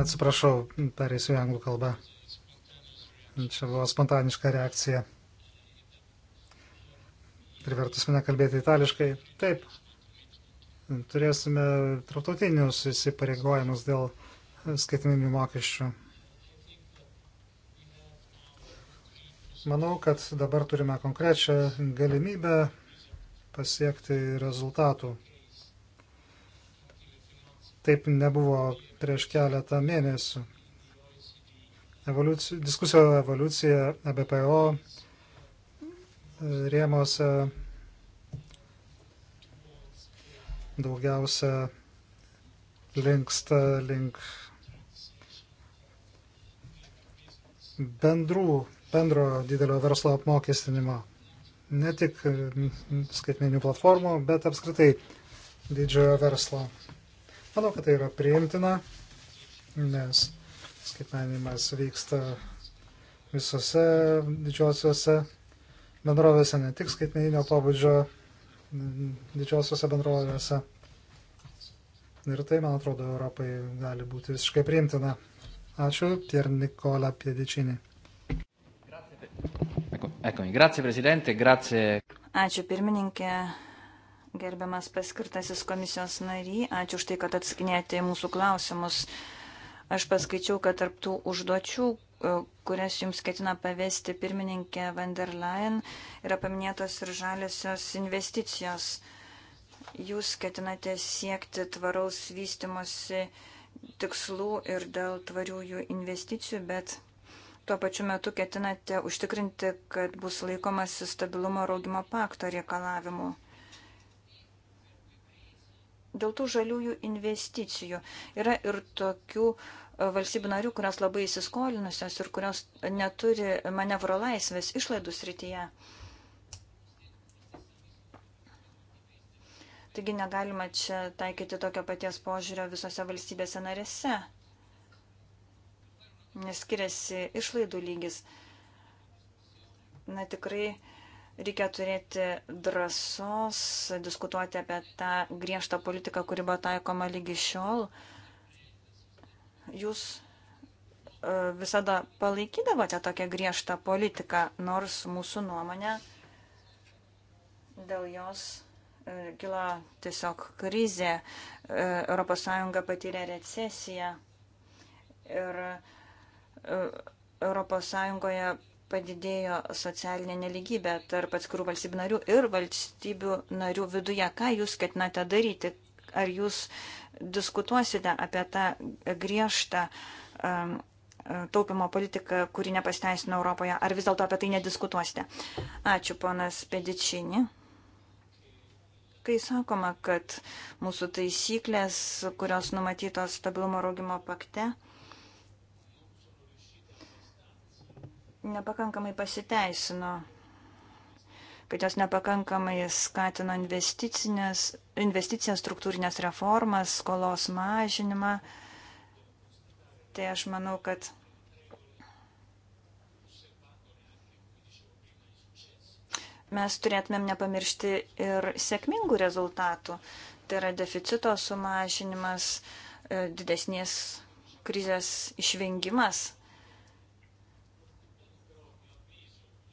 Atsiprašau, perėsiu į anglų kalbą. Čia buvo spontaniška reakcija. Privertus mane kalbėti itališkai. Taip, turėsime tarptautinius įsipareigojimus dėl skaitmeninių mokesčių. Manau, kad dabar turime konkrečią galimybę pasiekti rezultatų. Taip nebuvo prieš keletą mėnesių. Evoliuci... Diskusijų evoliucija EBPO rėmose daugiausia linksta link bendrų bendro didelio verslo apmokestinimo. Ne tik e, skaitmeninių platformų, bet apskritai didžiojo verslo. Manau, kad tai yra priimtina, nes skaitmeninimas vyksta visose didžiosiuose bendrovėse, ne tik skaitmeninio pobūdžio didžiosiuose bendrovėse. Ir tai, man atrodo, Europai gali būti visiškai priimtina. Ačiū, Pier Nikola Piedičinį. Grazie, prezidente, grazie. Ačiū pirmininkė, gerbiamas paskirtasis komisijos nary, ačiū už tai, kad atsakinėjate į mūsų klausimus. Aš paskaičiau, kad tarptų užduočių, e, kurias jums ketina pavesti pirmininkė van der Leyen, yra paminėtos ir žaliosios investicijos. Jūs ketinate siekti tvaraus vystimosi tikslų ir dėl tvariųjų investicijų, bet tuo pačiu metu ketinate užtikrinti, kad bus laikomasi stabilumo ir augimo pakto reikalavimų? Dėl tų žaliųjų investicijų yra ir tokių e, valstybių narių, kurios labai įsiskolinusios ir kurios neturi manevro laisvės išlaidų srityje. Taigi negalima čia taikyti tokio paties požiūrio visose valstybėse narėse nes skiriasi išlaidų lygis. Na tikrai reikia turėti drąsos diskutuoti apie tą griežtą politiką, kuri buvo taikoma lygi šiol. Jūs e, visada palaikydavote tokią griežtą politiką, nors mūsų nuomonė dėl jos e, kilo tiesiog krizė, ES patyrė recesiją ir ES padidėjo socialinė neligybė tarp atskirų valstybių narių ir valstybių narių viduje. Ką jūs ketinate daryti? Ar jūs diskutuosite apie tą griežtą um, taupimo politiką, kuri nepasteisino Europoje, ar vis dėlto apie tai nediskutuosite? Ačiū, ponas Pedičini. Kai sakoma, kad mūsų taisyklės, kurios numatytos stabilumo raugimo pakte, uh, nepakankamai pasiteisino, kad jos nepakankamai skatino investicijas, struktūrinės reformas, skolos mažinimą. Tai aš manau, kad mes turėtumėm nepamiršti ir sėkmingų rezultatų. Tai yra deficito sumažinimas, e, didesnės krizės išvengimas.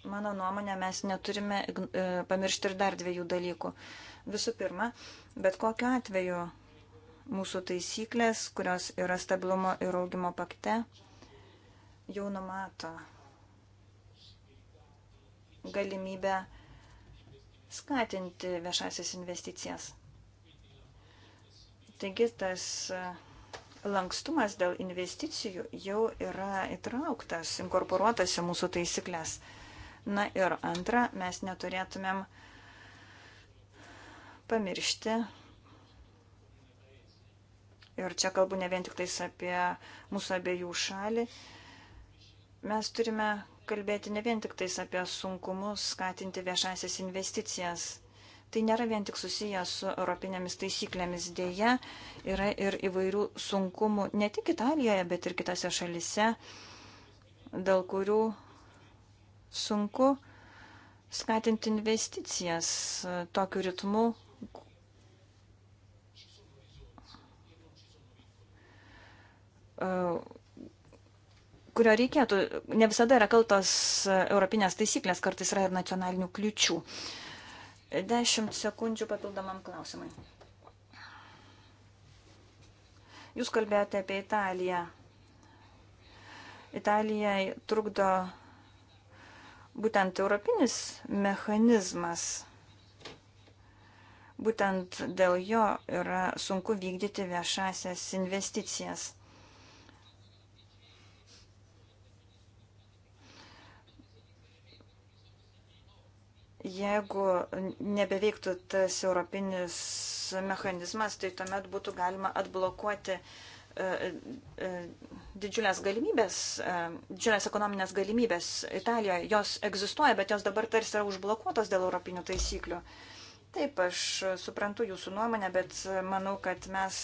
Mano nuomonė, mes neturime e, pamiršti ir dar dviejų dalykų. Visų pirma, bet kokiu atveju mūsų taisyklės, kurios yra stabilumo ir augimo pakte, jau numato galimybę skatinti viešasias investicijas. Taigi tas e, lankstumas dėl investicijų jau yra įtrauktas, inkorporuotas į mūsų taisyklės. Na ir antra, mes neturėtumėm pamiršti. Ir čia kalbu ne vien tik tais apie mūsų abiejų šalį. Mes turime kalbėti ne vien tik tais apie sunkumus skatinti viešasias investicijas. Tai nėra vien tik susijęs su europinėmis taisyklėmis dėje, yra ir įvairių sunkumų ne tik Italijoje, bet ir kitose šalise, dėl kurių sunku skatinti investicijas e, tokiu ritmu, e, kurio reikėtų. Ne visada yra kaltos europinės taisyklės, kartais yra ir nacionalinių kliučių. Dešimt sekundžių papildomam klausimui. Jūs kalbėjote apie Italiją. Italijai trukdo būtent europinis mechanizmas. Būtent dėl jo yra sunku vykdyti viešasias investicijas. Jeigu nebeveiktų tas europinis mechanizmas, tai tuomet būtų galima atblokuoti uh, E, e, didžiulės galimybės, e, didžiulės ekonominės galimybės Italijoje. Jos egzistuoja, bet jos dabar tarsi yra užblokuotos dėl europinių taisyklių. Taip, aš suprantu jūsų nuomonę, bet manau, kad mes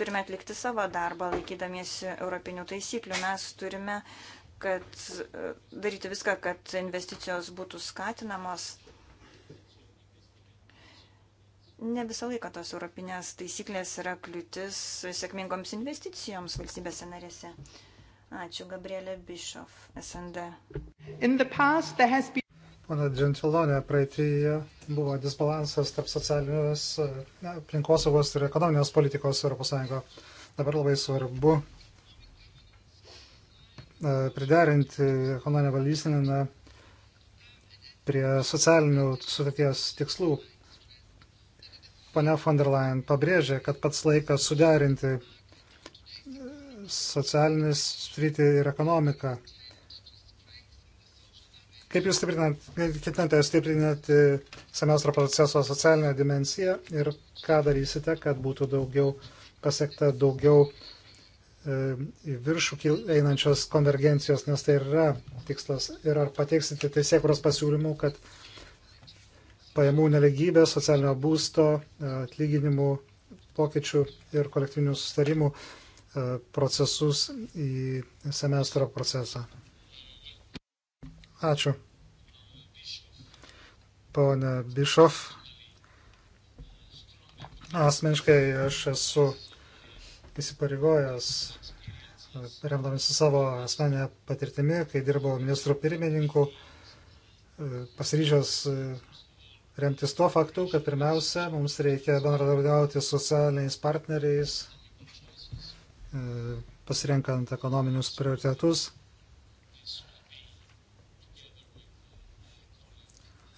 turime atlikti savo darbą laikydamiesi europinių taisyklių. Mes turime kad daryti viską, kad investicijos būtų skatinamos Ne visą laiką tos europinės taisyklės yra kliūtis sėkmingoms investicijoms valstybėse narėse. Ačiū, Gabrielė Bišov, SND. Been... Pana Džentilonė, praeitėje buvo disbalansas tarp socialinės e, aplinkosaugos ir ekonominės politikos ES. Dabar labai svarbu e, priderinti ekonominę valdysiną prie socialinių sutarties tikslų Pane von der Leyen pabrėžė, kad pats laikas suderinti e, socialinis sritį ir ekonomiką. Kaip jūs ketinate stiprinti semestro proceso socialinę dimensiją ir ką darysite, kad būtų daugiau pasiekta daugiau e, į e, viršų einančios konvergencijos, nes tai yra tikslas. Ir ar pateiksite teisėkuros pasiūlymų, kad pajamų neligybę, socialinio būsto, e, atlyginimų pokyčių ir kolektyvinių sustarimų e, procesus į semestro procesą. Ačiū. Pone Bišov, asmeniškai aš esu įsipareigojęs, e, remdamasi savo asmenę patirtimi, kai dirbau ministru pirmininku, pasiryžęs remtis tuo faktu, kad pirmiausia, mums reikia bendradarbiauti su socialiniais partneriais, e, pasirenkant ekonominius prioritetus.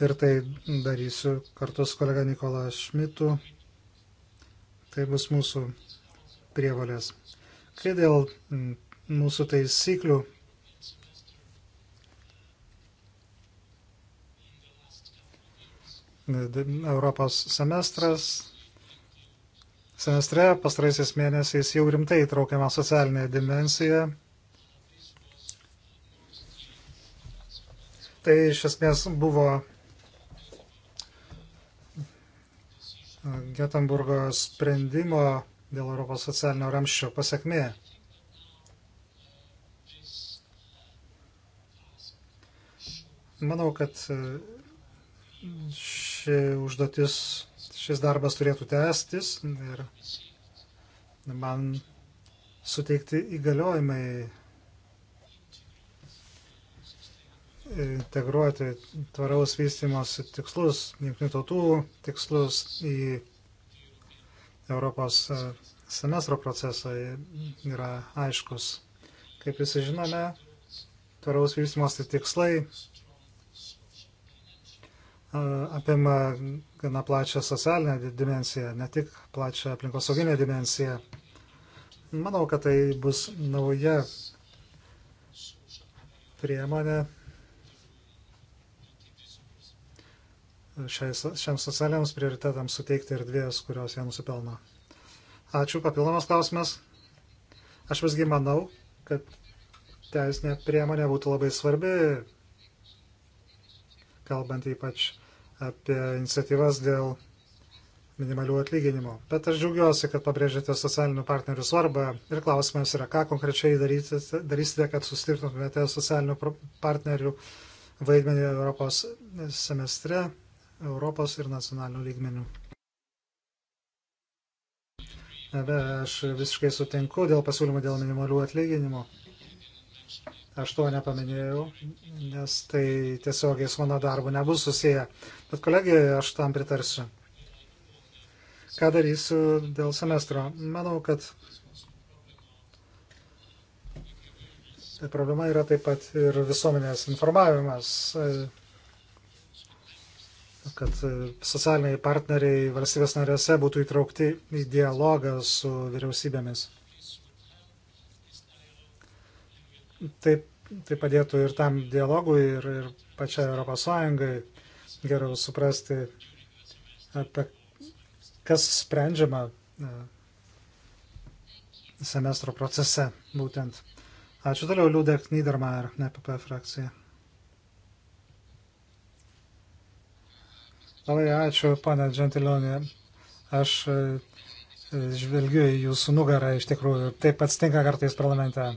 Ir tai darysiu kartu su kolega Nikola Šmitu. Tai bus mūsų prievalės. Kai dėl mūsų taisyklių Europos semestras. Semestre pastaraisiais mėnesiais jau rimtai įtraukiama socialinė dimensija. Tai iš esmės buvo e, Getenburgo sprendimo dėl Europos socialinio ramščio pasiekmė. Manau, kad e, ši užduotis, šis darbas turėtų tęstis ir man suteikti įgaliojimai integruoti tvaraus vystimosi tikslus, jungtinių tautų tikslus į Europos e, semestro procesą yra aiškus. Kaip visi žinome, tvaraus vystimosi tikslai apima gana plačią socialinę dimensiją, ne tik plačią aplinkosauginę dimensiją. Manau, kad tai bus nauja priemonė šiems socialiniams prioritetams suteikti erdvės, kurios jie nusipelno. Ačiū, papildomas klausimas. Aš visgi manau, kad teisinė priemonė būtų labai svarbi, kalbant ypač apie iniciatyvas dėl minimalių atlyginimų. Bet aš džiaugiuosi, kad pabrėžėte socialinių partnerių svarbą ir klausimas yra, ką konkrečiai daryti, darysite, kad sustiprintumėte socialinių partnerių vaidmenį Europos semestre, Europos ir nacionalinių lygmenių. Be, aš visiškai sutinku dėl pasiūlymų dėl minimalių atlyginimų. Aš to nepaminėjau, nes tai tiesiogiai su mano darbu nebus susiję. Bet kolegijoje aš tam pritarsiu. Ką darysiu dėl semestro? Manau, kad tai problema yra taip pat ir visuomenės informavimas, kad socialiniai partneriai valstybės narėse būtų įtraukti į dialogą su vyriausybėmis. Taip, tai padėtų ir tam dialogui, ir, ir pačiai Europos Sąjungai geriau suprasti, apie kas sprendžiama e, semestro procese būtent. Ačiū toliau Liūdek Niedermayer, NPP frakcija. Labai ačiū, pana Džentilionė. Aš e, žvelgiu į jūsų nugarą iš tikrųjų. Taip atsitinka kartais parlamente.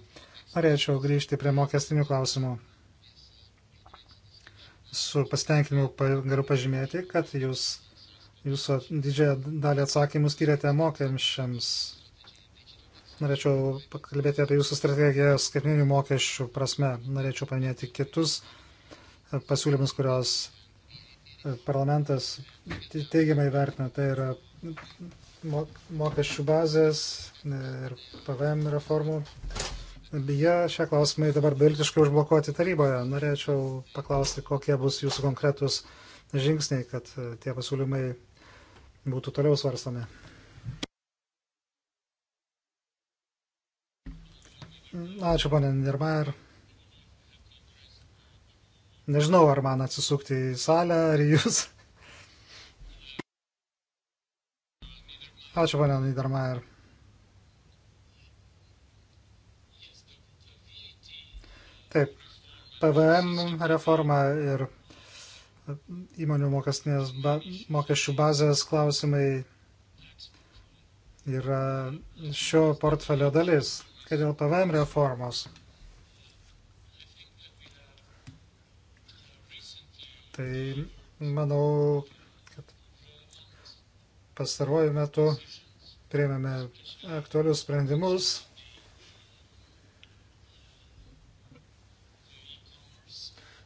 Norėčiau grįžti prie mokestinių klausimų. Su pasitenkinimu galiu pažymėti, kad jūs, jūsų didžiąją dalį atsakymų skiriate mokesčiams. Norėčiau pakalbėti apie jūsų strategiją skaitmeninių mokesčių prasme. Norėčiau paminėti kitus pasiūlymus, kurios parlamentas teigiamai vertina. Tai yra mokesčių bazės ir PVM reformų Beje, šie klausimai dabar beviltiškai užblokuoti taryboje. Norėčiau paklausti, kokie bus jūsų konkretus žingsniai, kad e, tie pasiūlymai būtų toliau svarstami. Ačiū, ponė Nirmair. Nežinau, ar man atsisukti į salę, ar jūs. Ačiū, ponė Nirmair. Taip, PVM reforma ir įmonių ba, mokesčių bazės klausimai yra šio portfelio dalis. Kai dėl PVM reformos, tai manau, kad pastaruoju metu priėmėme aktualius sprendimus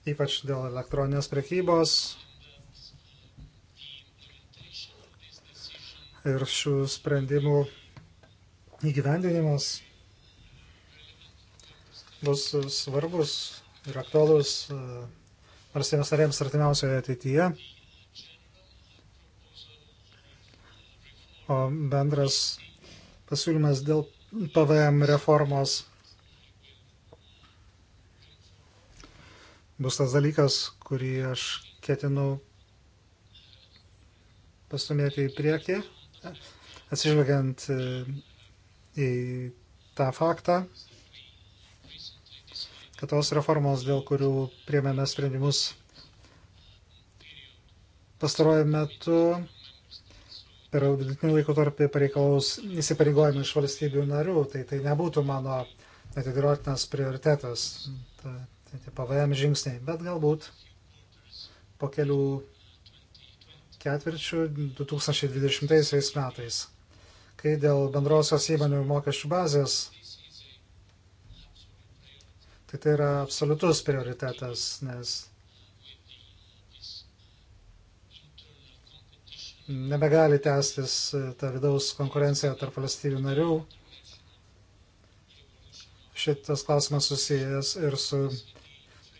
ypač dėl elektroninės prekybos ir šių sprendimų įgyvendinimas bus svarbus ir aktualus e, valstybės narėms artimiausioje ateityje. O bendras pasiūlymas dėl PVM reformos bus tas dalykas, kurį aš ketinu pastumėti į priekį, atsižvelgiant e, į tą faktą, kad tos reformos, dėl kurių priemėme sprendimus pastaruoju metu, per vidutinį laikotarpį pareikalaus įsipareigojimų iš valstybių narių, tai tai nebūtų mano atidirotinas prioritetas. Ta, tai PVM žingsniai, bet galbūt po kelių ketvirčių 2020 metais, kai dėl bendrosios įmonių mokesčių bazės, tai tai yra absoliutus prioritetas, nes nebegali tęstis e, ta vidaus konkurencija tarp valstybių narių. Šitas klausimas susijęs ir su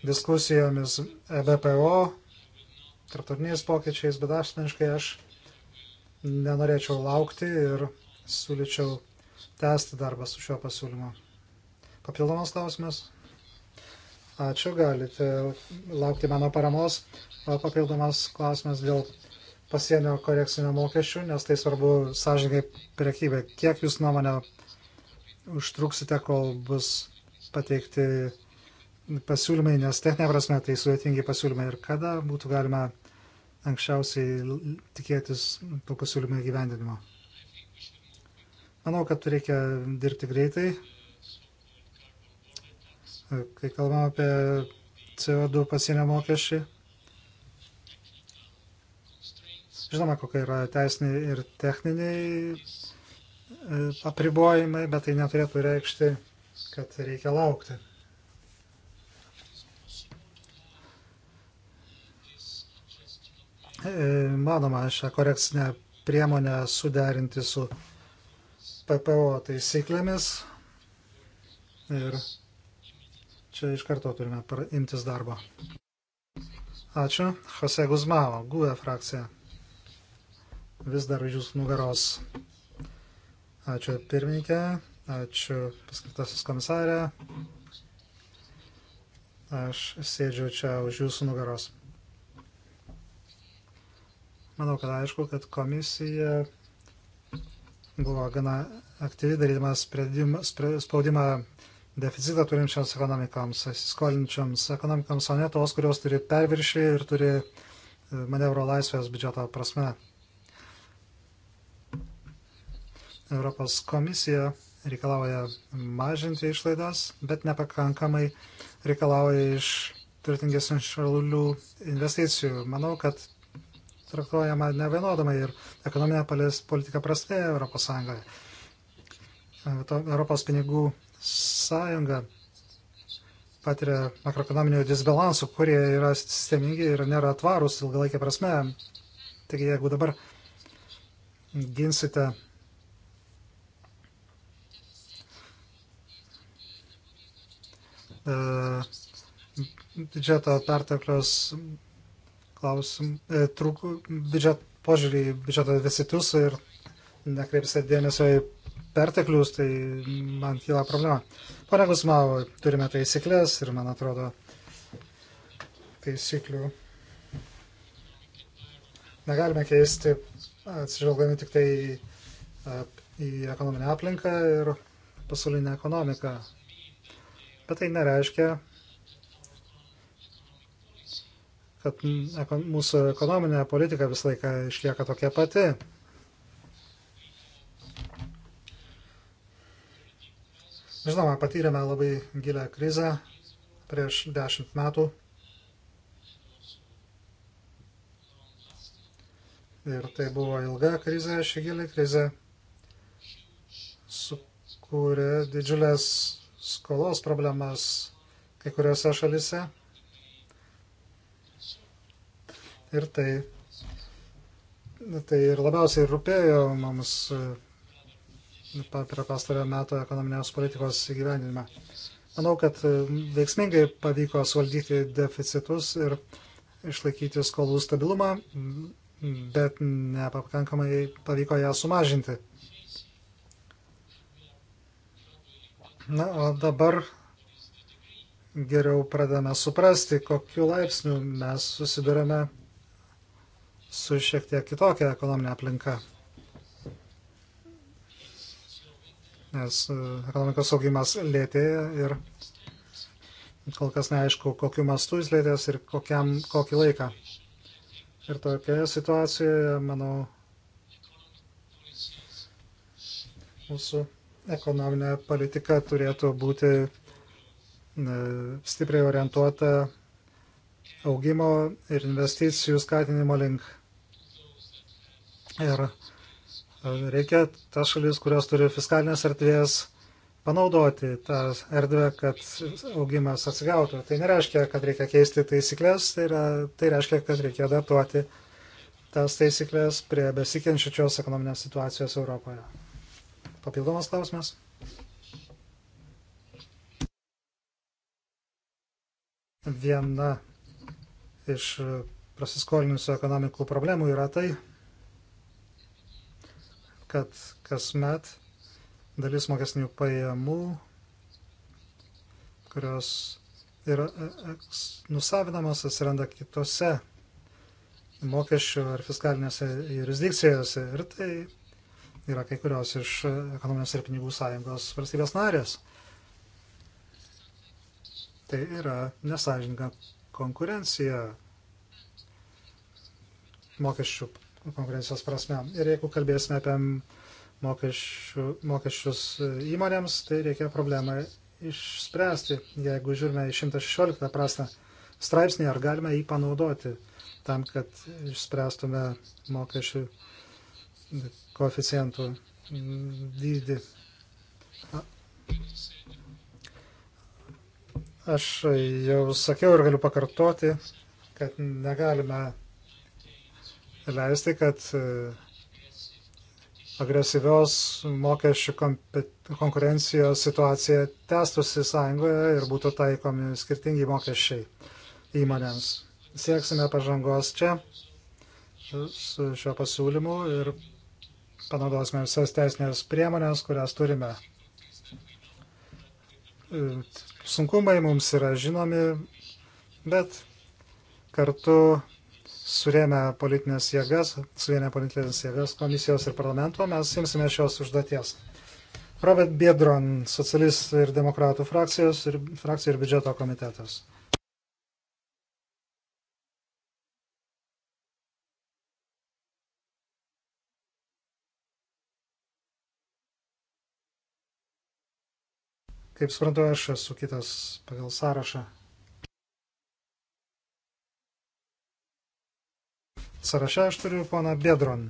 diskusijomis EBPO, tarptautiniais pokyčiais, bet asmeniškai aš nenorėčiau laukti ir siūlyčiau tęsti darbą su šiuo pasiūlymu. Papildomas klausimas? Ačiū, galite laukti mano paramos. O papildomas klausimas dėl pasienio korekcinio mokesčių, nes tai svarbu sąžininkai prekybai. Kiek jūs nuomonę užtruksite, kol bus pateikti pasiūlymai, nes techninė prasme tai sudėtingi pasiūlymai ir kada būtų galima anksčiausiai tikėtis to pasiūlymo įgyvendinimo. Manau, kad tai reikia dirbti greitai. Kai kalbam apie CO2 pasienio mokesčiai, žinoma, kokie yra teisiniai ir techniniai e, apribojimai, bet tai neturėtų reikšti, kad reikia laukti. E, manoma šią korekcinę priemonę suderinti su PPO taisyklėmis. Ir čia iš karto turime imtis darbo. Ačiū. Jose Guzmao, GUE frakcija. Vis dar jūs nugaros. Ačiū pirmininkė, ačiū paskirtasis komisarė. Aš sėdžiu čia už jūsų nugaros. Manau, kad aišku, kad komisija buvo gana aktyvi darydama spaudimą deficitą turinčioms ekonomikoms, įsiskolinčioms ekonomikoms, o ne tos, kurios turi perviršį ir turi e, manevro laisvės biudžeto prasme. Europos komisija reikalauja mažinti išlaidas, bet nepakankamai reikalauja iš turtingesnių šalių investicijų. Manau, kad traktuojama nevienodamai ir ekonominė politika prastėja Europos Sąjungoje. E, Europos pinigų sąjunga patiria makroekonominių disbalansų, kurie yra sistemingi ir nėra tvarūs ilgalaikė prasme. Taigi jeigu dabar ginsite e, biudžeto perteklius klausim, e, trūk, biudžet, požiūrį į biudžeto deficitus ir nekreipsite dėmesio į perteklius, tai man kyla problema. Pone Gusmavo, turime taisyklės ir man atrodo taisyklių negalime keisti, atsižvelgdami tik tai e, į ekonominę aplinką ir pasaulinę ekonomiką. Bet tai nereiškia, kad mūsų ekonominė politika visą laiką išlieka tokia pati. Žinoma, patyrėme labai gilę krizę prieš dešimt metų. Ir tai buvo ilga krizė, ši gili krizė sukūrė didžiulės skolos problemas kai kuriuose šalise. Ir tai, tai ir labiausiai rūpėjo mums e, per pastarę metų ekonominės politikos įgyvendinimą. Manau, kad e, veiksmingai pavyko suvaldyti deficitus ir išlaikyti skolų stabilumą, bet nepakankamai pavyko ją sumažinti. Na, o dabar geriau pradame suprasti, kokiu laipsniu mes susidurime su šiek tiek kitokia ekonominė aplinka. Nes e, ekonomikos augimas lėtėja ir kol kas neaišku, kokiu mastu jis lėtės ir kokiam, kokį laiką. Ir tokioje situacijoje, manau, mūsų ekonominė politika turėtų būti e, stipriai orientuota augimo ir investicijų skatinimo link. Ir e, reikia tas šalis, kurios turi fiskalinės erdvės, panaudoti tą erdvę, kad augimas atsigautų. Tai nereiškia, kad reikia keisti taisyklės, tai, yra, tai reiškia, kad reikia adaptuoti tas taisyklės prie besikenčiačios ekonominės situacijos Europoje. Papildomas klausimas? Viena iš prasiskolinusių ekonomikų problemų yra tai, kad kasmet dalis mokesnių pajamų, kurios yra e, e, nusavinamos, atsiranda kitose mokesčių ar fiskalinėse jurisdikcijose. Ir tai yra kai kurios iš ekonominės ir pinigų sąjungos valstybės narės. Tai yra nesažininga konkurencija mokesčių konkurencijos prasme. Ir jeigu kalbėsime apie mokesčių, mokesčius įmonėms, tai reikia problemą išspręsti. Jeigu žiūrime į 116 prastą straipsnį, ar galime jį panaudoti tam, kad išspręstume mokesčių koeficientų dydį. Aš jau sakiau ir galiu pakartoti, kad negalime leisti, kad e, agresyvios mokesčių konkurencijos situacija testusi sąjungoje ir būtų taikomi skirtingi mokesčiai įmonėms. Sieksime pažangos čia su šiuo pasiūlymu ir panaudosime visas teisinės priemonės, kurias turime. E, sunkumai mums yra žinomi, bet kartu surėmę politinės jėgas, suvienę politinės jėgas komisijos ir parlamento, mes imsime šios užduoties. Robert Biedron, socialistų ir demokratų frakcijos ir frakcijų ir biudžeto komitetas. Kaip suprantu, aš esu kitas pagal sąrašą. Sarašę aš turiu poną Bedron.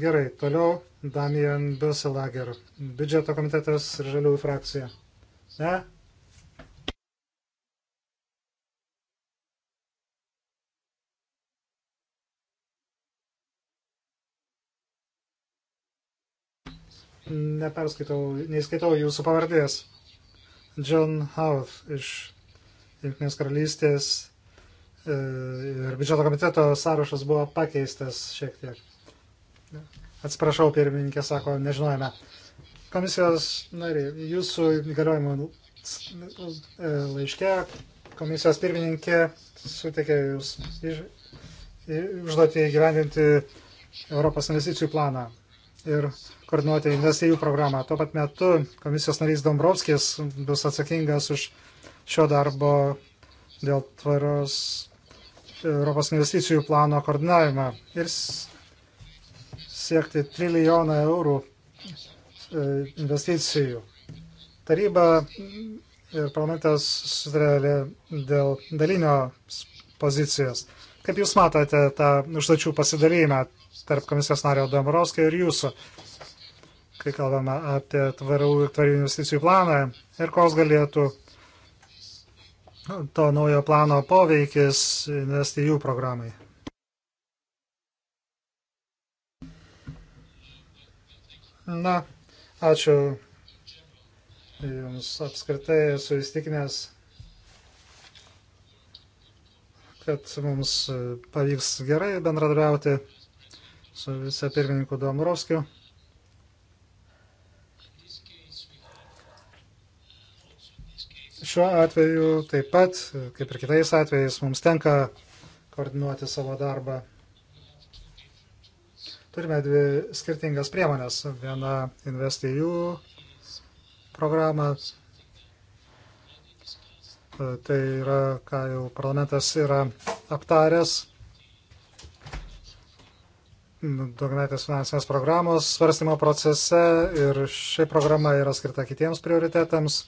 Gerai, toliau Damian Böselager, biudžeto komitetas ir žaliųjų frakcija. Ne? Neperskaitau, neįskaitau jūsų pavardės. John Howth iš Junktinės karalystės e, ir biudžeto komiteto sąrašas buvo pakeistas šiek tiek. Atsiprašau, pirmininkė sako, nežinojame. Komisijos nariai, jūsų įgaliojimų e, laiške komisijos pirmininkė sutikė jūs užduoti įgyvendinti Europos investicijų planą ir koordinuoti investijų programą. Tuo pat metu komisijos narys Dombrovskis bus atsakingas už šio darbo dėl tvaros Europos investicijų plano koordinavimą ir siekti trilijoną eurų e, investicijų. Taryba ir parlamentas sutarė dėl dalinio pozicijos. Kaip Jūs matote tą užduočių pasidalymą tarp komisijos nario Dombrovskio ir Jūsų, kai kalbame apie tvarų, tvarių investicijų planą ir koks galėtų to naujo plano poveikis investijų programai. Na, ačiū Jums apskritai esu įstikinęs, kad mums pavyks gerai bendradarbiauti su vice pirmininku Domorovskiu. Šiuo atveju taip pat, kaip ir kitais atvejais, mums tenka koordinuoti savo darbą. Turime dvi skirtingas priemonės. Viena investijų programa. Tai yra, ką jau parlamentas yra aptaręs. Dogmetės finansinės programos svarstymo procese ir ši programa yra skirta kitiems prioritetams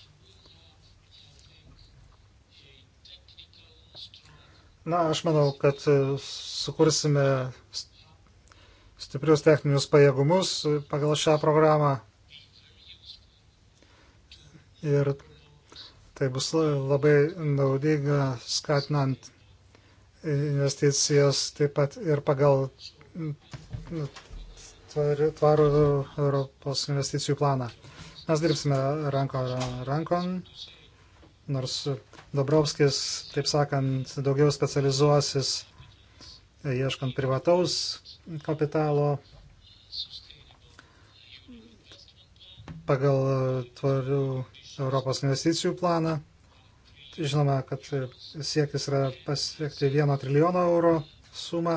Na, aš manau, kad e, sukursime stiprius techninius pajėgumus e, pagal šią programą. Ir tai bus labai naudinga skatinant investicijas taip pat ir pagal tvarų Europos investicijų planą. Mes dirbsime ranko rankon nors Dobrovskis, taip sakant, daugiau specializuosis e, ieškant privataus kapitalo pagal tvarių Europos investicijų planą. Žinome, kad siekis yra pasiekti 1 trilijono eurų sumą,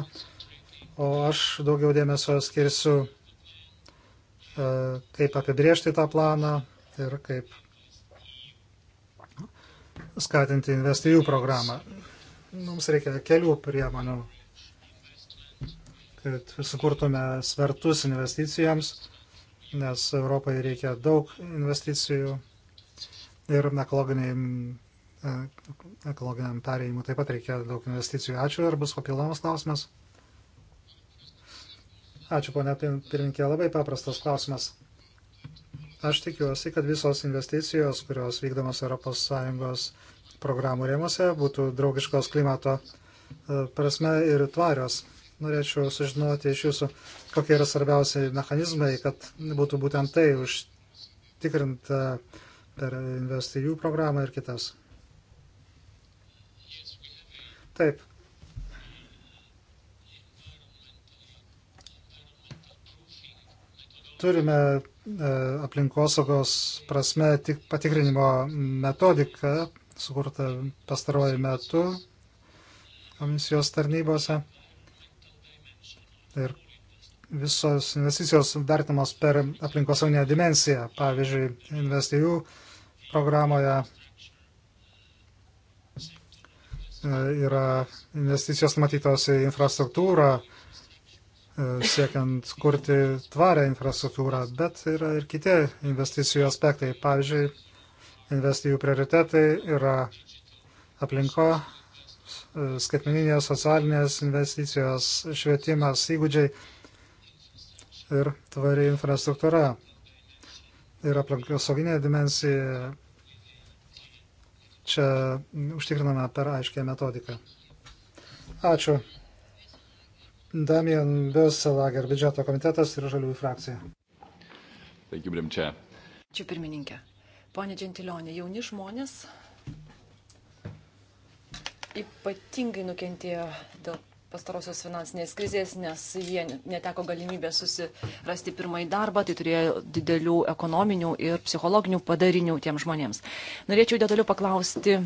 o aš daugiau dėmesio skirsiu, e, kaip apibriežti tą planą ir kaip skatinti investijų programą. Mums reikia kelių priemonių, kad sukurtume svertus investicijams, nes Europai reikia daug investicijų ir ekologiniam perėjimui taip pat reikia daug investicijų. Ačiū, ar bus papildomas klausimas? Ačiū, ponia pirminkė, labai paprastas klausimas. Aš tikiuosi, kad visos investicijos, kurios vykdomos ES programų rėmose, būtų draugiškos klimato e, prasme ir tvarios. Norėčiau sužinoti iš jūsų, kokie yra svarbiausi mechanizmai, kad būtų būtent tai užtikrinta e, per investijų programą ir kitas. Taip, turime e, aplinkosaugos prasme tik patikrinimo metodiką sukurtą pastaruoju metu komisijos tarnybose. Ir visos investicijos vertinamos per aplinkosauginę dimensiją. Pavyzdžiui, investijų programoje e, yra investicijos matytos į infrastruktūrą, E, siekiant kurti tvarę infrastruktūrą, bet yra ir kiti investicijų aspektai. Pavyzdžiui, investijų prioritetai yra aplinko, e, skaitmeninės, socialinės investicijos, švietimas, įgūdžiai ir tvari infrastruktūra. Ir aplinkosauginė dimensija čia užtikrinama per aiškę metodiką. Ačiū. Damien Böselager, biudžeto komitetas ir žaliųjų frakcija. Taigi, Brimčia. Čia pirmininkė. Pone Džentilionė, jauni žmonės ypatingai nukentėjo dėl pastarosios finansinės krizės, nes jie neteko galimybės susirasti pirmąjį darbą, tai turėjo didelių ekonominių ir psichologinių padarinių tiem žmonėms. Norėčiau detaliu paklausti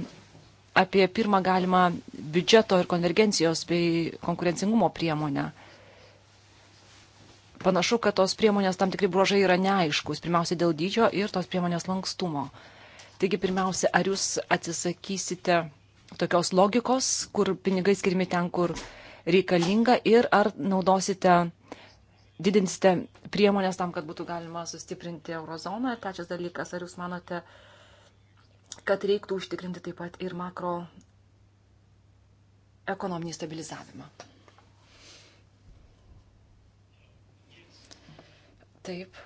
apie pirmą galimą biudžeto ir konvergencijos bei konkurencingumo priemonę. Panašu, kad tos priemonės tam tikri bruožai yra neaiškus, pirmiausia dėl dydžio ir tos priemonės lankstumo. Taigi, pirmiausia, ar jūs atsisakysite tokios logikos, kur pinigai skirimi ten, kur reikalinga ir ar naudosite, didinsite priemonės tam, kad būtų galima sustiprinti eurozoną. Trečias dalykas, ar jūs manote, uh, kad reiktų užtikrinti taip pat ir makro ekonominį stabilizavimą. Taip,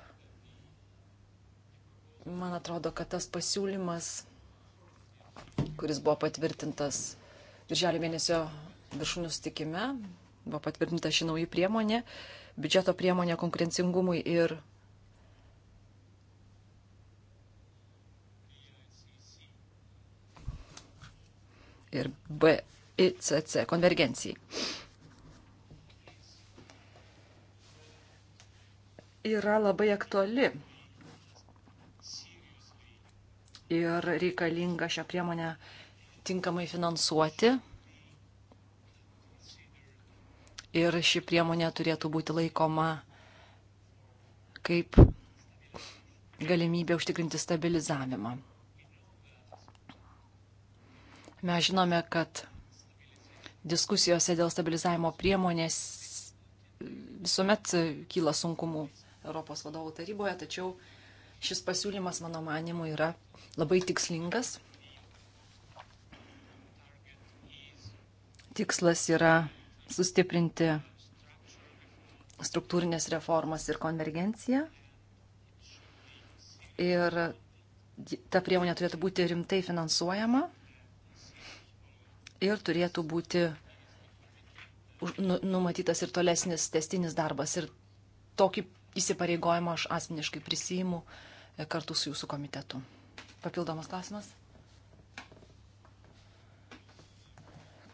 man atrodo, kad tas pasiūlymas, kuris buvo patvirtintas Birželio mėnesio viršūnių stikime, buvo patvirtinta ši nauja priemonė, biudžeto priemonė konkurencingumui ir ir BICC konvergencijai. Yra labai aktuali ir reikalinga šią priemonę tinkamai finansuoti. Ir ši priemonė turėtų būti laikoma kaip galimybė užtikrinti stabilizavimą Mes žinome, kad diskusijose dėl stabilizavimo priemonės visuomet kyla sunkumų Europos vadovų taryboje, tačiau šis pasiūlymas, mano manimu, yra labai tikslingas. Tikslas yra sustiprinti struktūrinės reformas ir konvergenciją. Ir ta priemonė turėtų būti rimtai finansuojama ir turėtų būti nu, numatytas ir tolesnis testinis darbas. Ir tokį įsipareigojimą aš asmeniškai prisijimu e, kartu su jūsų komitetu. Papildomas klausimas.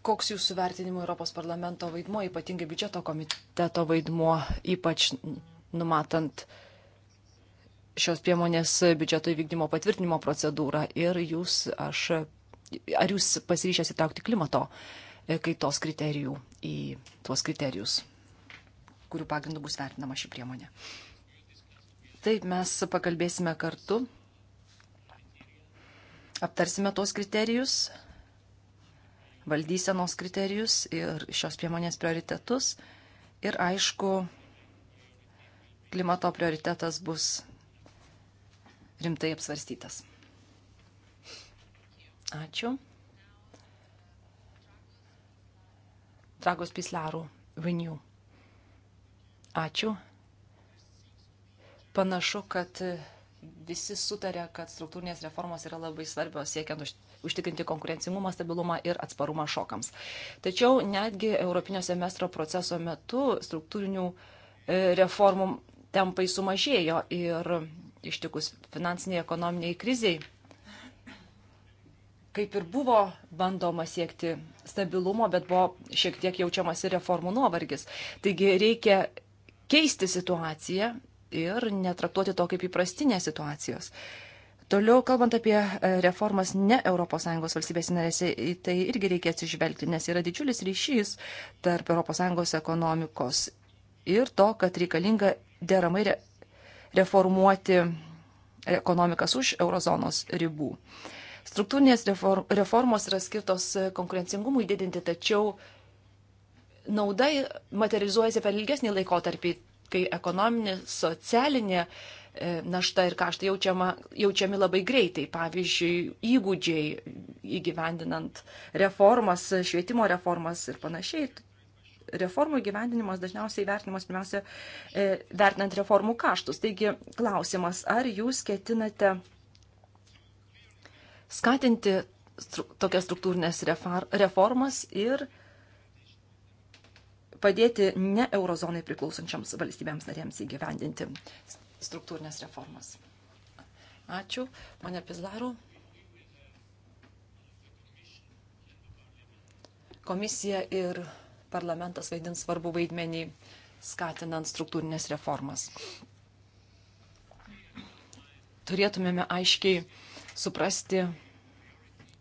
Koks jūsų vertinimo Europos parlamento vaidmuo, ypatingai biudžeto komiteto vaidmuo, ypač numatant šios priemonės biudžeto įvykdymo patvirtinimo procedūrą ir jūs, aš ar jūs pasiryšęs įtraukti klimato e, kaitos kriterijų į tuos kriterijus, kurių pagrindų bus vertinama ši priemonė. Taip, mes pakalbėsime kartu, aptarsime tuos kriterijus, valdysenos kriterijus ir šios priemonės prioritetus. Ir aišku, klimato prioritetas bus rimtai apsvarstytas. Ačiū. Dragos Pislarų, Renew. Ačiū. Panašu, kad e, visi sutarė, kad struktūrinės reformos yra labai svarbios siekiant užtikrinti konkurencingumą, stabilumą ir atsparumą šokams. Tačiau netgi Europinio semestro proceso metu struktūrinių e, reformų tempai sumažėjo ir ištikus finansiniai ekonominiai kriziai kaip ir buvo bandoma siekti stabilumo, bet buvo šiek tiek jaučiamas ir reformų nuovargis. Taigi reikia keisti situaciją ir netraktuoti to kaip įprastinės situacijos. Toliau, kalbant apie e, reformas ne ES valstybės narėse, tai irgi reikia atsižvelgti, nes yra didžiulis ryšys tarp ES ekonomikos ir to, kad reikalinga deramai re reformuoti ekonomikas už eurozonos ribų. Uh, Struktūrinės reformos yra skirtos e, konkurencingumui didinti, tačiau nauda materializuojasi per ilgesnį laikotarpį, kai ekonominė, socialinė e, našta ir kaštai jaučiama, jaučiami labai greitai. Pavyzdžiui, įgūdžiai įgyvendinant reformas, švietimo reformas ir panašiai. Reformų įgyvendinimas dažniausiai vertinimas pirmiausia e, vertinant reformų kaštus. Taigi klausimas, ar jūs ketinate skatinti stru tokias struktūrinės reformas ir padėti ne eurozonai priklausančiams valstybėms narėms įgyvendinti struktūrinės reformas. Ačiū, mane Pizdaru. Komisija ir parlamentas vaidins svarbu vaidmenį skatinant struktūrinės reformas. Turėtumėme aiškiai suprasti,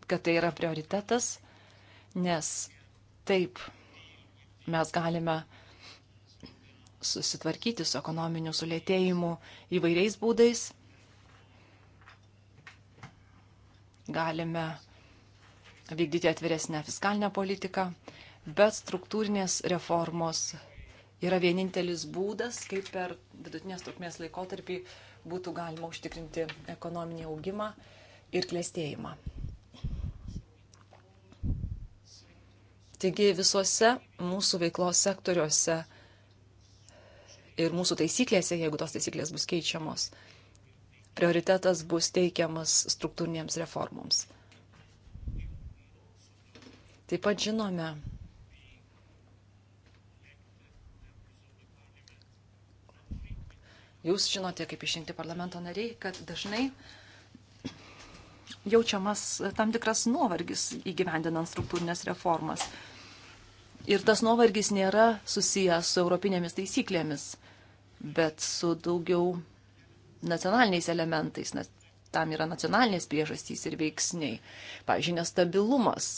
kad tai yra prioritetas, nes taip mes galime susitvarkyti su ekonominiu sulėtėjimu įvairiais būdais. Galime vykdyti atviresnę fiskalinę politiką, bet struktūrinės reformos yra vienintelis būdas, kaip per vidutinės trukmės laikotarpį būtų galima užtikrinti ekonominį augimą ir klėstėjimą. Taigi visuose mūsų veiklos sektoriuose ir mūsų taisyklėse, jeigu tos taisyklės bus keičiamos, prioritetas bus teikiamas struktūrinėms reformoms. Taip pat žinome, jūs žinote kaip išrinkti parlamento nariai, kad dažnai jaučiamas e, tam tikras nuovargis įgyvendinant struktūrinės reformas. Ir tas nuovargis nėra susijęs su europinėmis taisyklėmis, bet su daugiau nacionaliniais elementais, nes tam yra nacionalinės priežastys ir veiksniai. Pavyzdžiui, nestabilumas.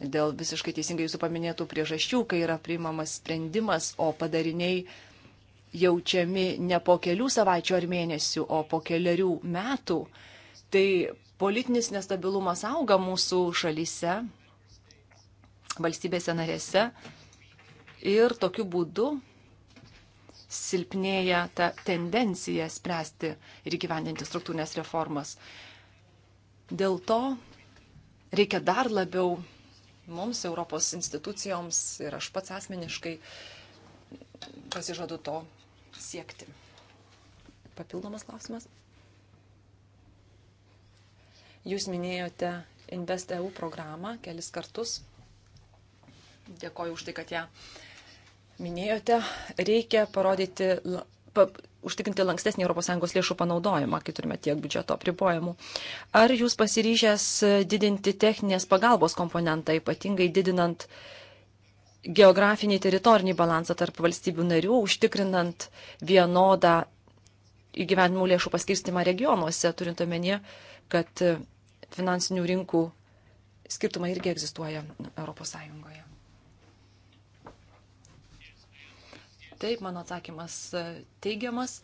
Dėl visiškai teisingai jūsų paminėtų priežasčių, kai yra priimamas sprendimas, o padariniai jaučiami ne po kelių savaičių ar mėnesių, o po keliarių metų, tai politinis nestabilumas auga mūsų šalyse, valstybėse narėse ir tokiu būdu silpnėja ta tendencija spręsti ir gyvendinti struktūrinės reformas. Dėl to reikia dar labiau mums, Europos institucijoms ir aš pats asmeniškai pasižadu to siekti. Papildomas klausimas. Jūs minėjote InvestEU programą kelis kartus. Dėkoju už tai, kad ją minėjote. Reikia parodyti, pa, užtikrinti lankstesnį ES lėšų panaudojimą, kai turime tiek biudžeto apribojimų. Ar jūs pasiryžęs didinti techninės pagalbos komponentą, ypatingai didinant uh, geografinį teritorinį balansą tarp valstybių narių, užtikrinant vienodą įgyvenimų lėšų paskirstimą regionuose, turint omenyje, kad e, finansinių rinkų skirtumai irgi egzistuoja ES. Taip, mano atsakymas e, teigiamas.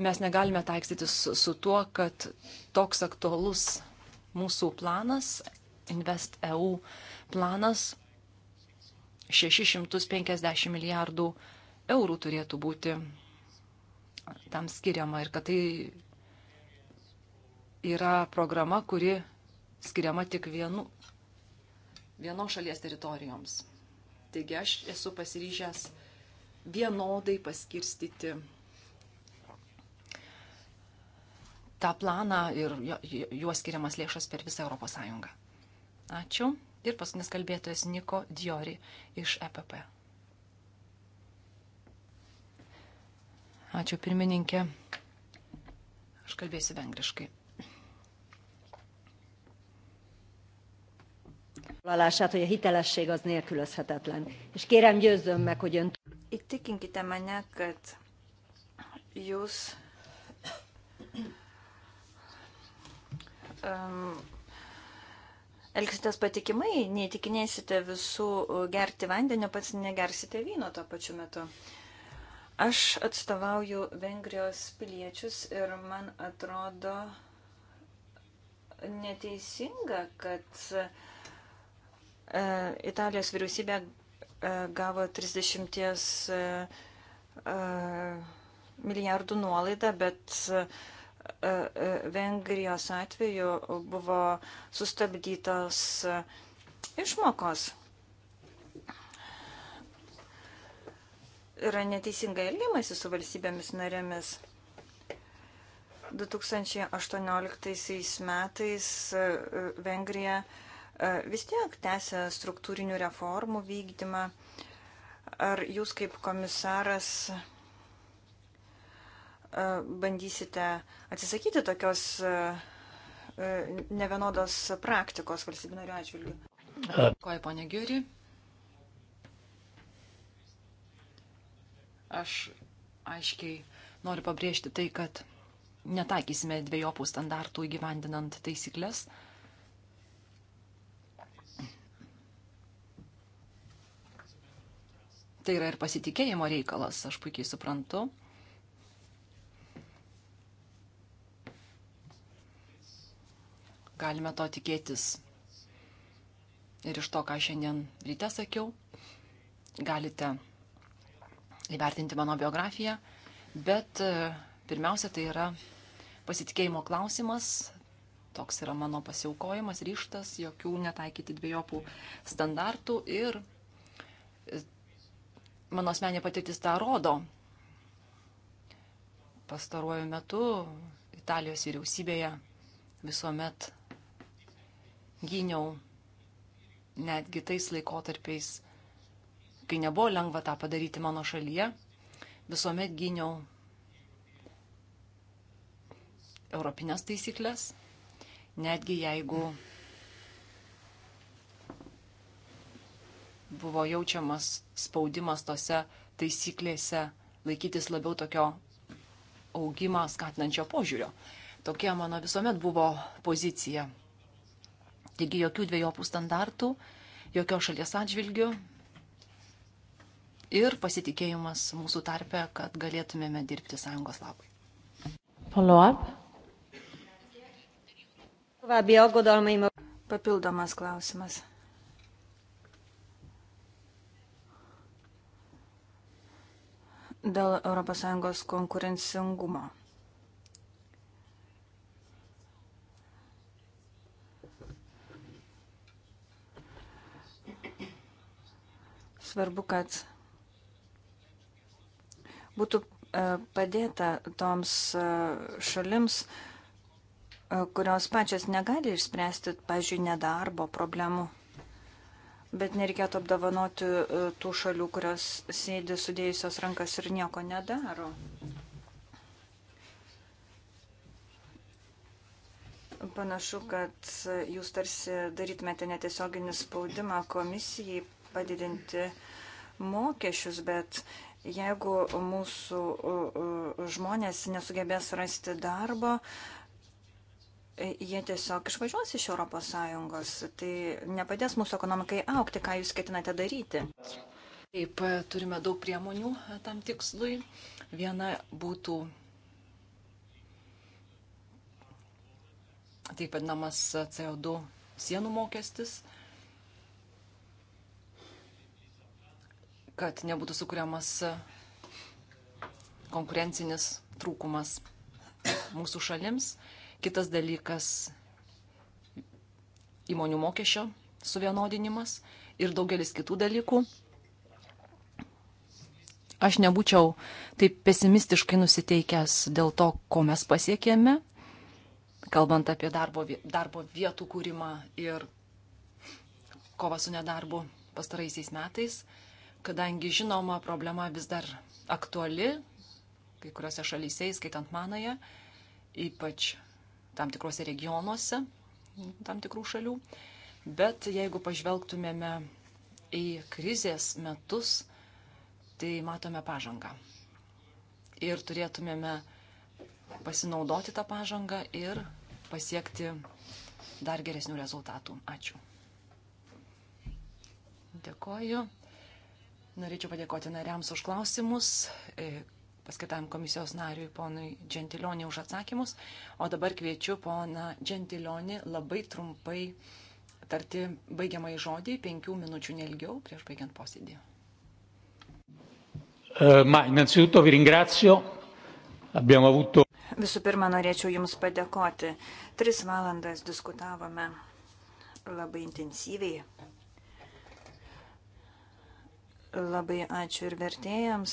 Mes negalime taikstytis su tuo, kad toks aktualus mūsų planas, InvestEU planas, 650 milijardų eurų turėtų būti tam skiriama ir kad tai yra programa, kuri skiriama tik vienu, vienos šalies teritorijoms. Taigi aš esu pasiryžęs vienodai paskirstyti tą planą ir juos skiriamas lėšas per visą ES. Ačiū. Ir paskutinis kalbėtojas Niko Diori iš EPP. Ačiū pirmininkė. Aš kalbėsiu vengriškai. Valását, hogy a hitelesség az nélkülözhetetlen. És kérem győzzön meg, hogy ön... Įtikinkite mane, kad jūs um, elgsitės patikimai, neįtikinėsite visų e, gerti vandenį, pats negersite vyno tuo pačiu metu. Aš atstovauju Vengrijos piliečius ir man atrodo neteisinga, kad e, Italijos vyriausybė e, gavo 30 e, e, milijardų nuolaidą, bet e, E, e, Vengrijos atveju buvo sustabdytos e, išmokos. Yra neteisingai elgiamasi su valstybėmis narėmis. 2018 metais Vengrija vis tiek tęsia struktūrinių reformų vykdymą. Ar jūs kaip komisaras bandysite atsisakyti tokios nevienodos praktikos valstybių narių atžvilgių? Koja, ponė Giuri. Aš aiškiai noriu pabrėžti tai, kad netakysime dviejopų standartų įgyvendinant taisyklės. Tai yra ir pasitikėjimo reikalas, aš puikiai suprantu. galime to tikėtis. Ir iš to, ką šiandien ryte sakiau, galite įvertinti mano biografiją, bet e, pirmiausia, tai yra pasitikėjimo klausimas, toks yra mano pasiaukojimas, ryštas, jokių netaikyti dviejopų standartų ir e, mano asmenė patirtis tą rodo. Pastaruoju metu Italijos vyriausybėje visuomet gyniau netgi tais laikotarpiais, kai nebuvo lengva tą padaryti mano šalyje, visuomet gyniau europinės taisyklės, netgi jeigu buvo jaučiamas spaudimas tose taisyklėse laikytis labiau tokio augimą skatinančio požiūrio. Tokia mano visuomet buvo pozicija Taigi jokių dviejopų standartų, jokio šalies atžvilgių ir pasitikėjimas mūsų tarpe, kad galėtumėme dirbti sąjungos labai. Follow up. Papildomas klausimas. Dėl ES konkurencingumo. Svarbu, kad būtų e, padėta toms e, šalims, e, kurios pačios negali išspręsti, pažiūrėjau, nedarbo problemų. Bet nereikėtų apdovanoti tų šalių, kurios sėdi sudėjusios rankas ir nieko nedaro. Panašu, kad jūs tarsi darytumėte netiesioginį spaudimą komisijai padidinti mokesčius, bet jeigu mūsų žmonės nesugebės rasti darbo, e, jie tiesiog išvažiuos iš ES. Tai nepadės mūsų ekonomikai aukti, ką jūs ketinate daryti. Taip, e, turime daug priemonių e, tam tikslui. Viena būtų taip vadinamas CO2 sienų mokestis. kad nebūtų sukūriamas konkurencinis trūkumas mūsų šalims. Kitas dalykas - įmonių mokesčio suvienodinimas ir daugelis kitų dalykų. Aš nebūčiau taip pesimistiškai nusiteikęs dėl to, ko mes pasiekėme, kalbant apie darbo, darbo vietų kūrimą ir kovą su nedarbu pastaraisiais metais kadangi žinoma problema vis dar aktuali, kai kuriuose šalyse, įskaitant manąją, ypač tam tikrose regionuose, tam tikrų šalių. Bet jeigu pažvelgtumėme į krizės metus, tai matome pažangą. Ir turėtumėme pasinaudoti tą pažangą ir pasiekti dar geresnių rezultatų. Ačiū. Dėkoju. Norėčiau padėkoti nariams už klausimus, e, paskaitam komisijos nariui ponui Gentilionį už atsakymus, o dabar kviečiu poną Gentilionį labai trumpai tarti baigiamąjį žodį, penkių minučių nelgiau prieš baigiant posėdį. E, ma, innanzitutto vi ringrazio. Abbiamo avuto. Visų pirma, norėčiau Jums padėkoti. Tris valandas diskutavome labai intensyviai. Labai ačiū ir vertėjams.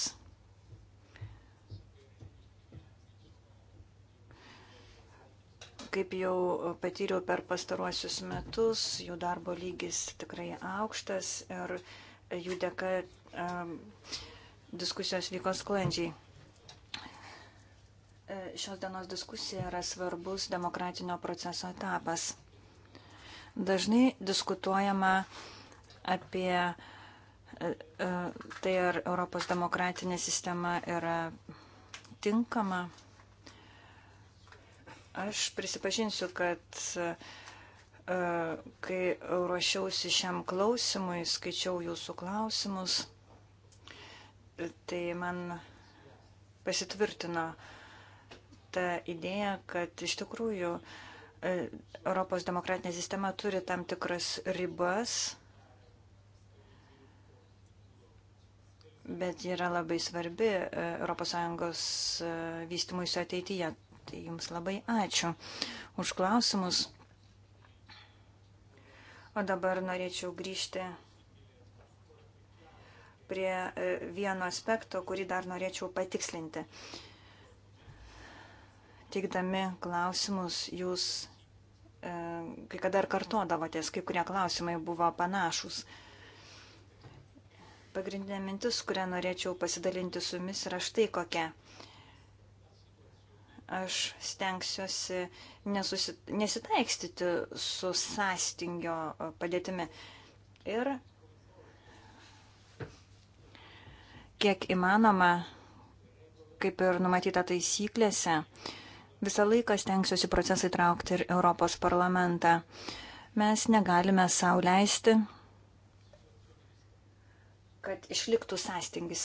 Kaip jau patyriau per pastaruosius metus, jų darbo lygis tikrai aukštas ir jų dėka um, diskusijos vyko sklandžiai. E, šios dienos diskusija yra svarbus demokratinio proceso etapas. Dažnai diskutuojama apie uh, tai ar Europos demokratinė sistema yra tinkama. Aš prisipažinsiu, kad e, kai ruošiausi šiam klausimui, skaičiau jūsų klausimus, tai man pasitvirtino ta idėja, kad iš tikrųjų e, Europos demokratinė sistema turi tam tikras ribas bet ji yra labai svarbi ES e, vystimuisi ateityje. Tai jums labai ačiū už klausimus. O dabar norėčiau grįžti prie e, vieno aspekto, kurį dar norėčiau patikslinti. Teikdami klausimus, jūs e, kai kada ir kartodavotės, kai kurie klausimai buvo panašus. Pagrindinė mintis, kurią norėčiau pasidalinti su jumis, yra štai kokia. Aš stengsiuosi nesusit... nesitaikstyti su sąstingio padėtimi. Ir kiek įmanoma, kaip ir numatyta taisyklėse, visą laiką stengsiuosi procesą įtraukti ir Europos parlamentą. Mes negalime sauliaisti kad išliktų sąstingis.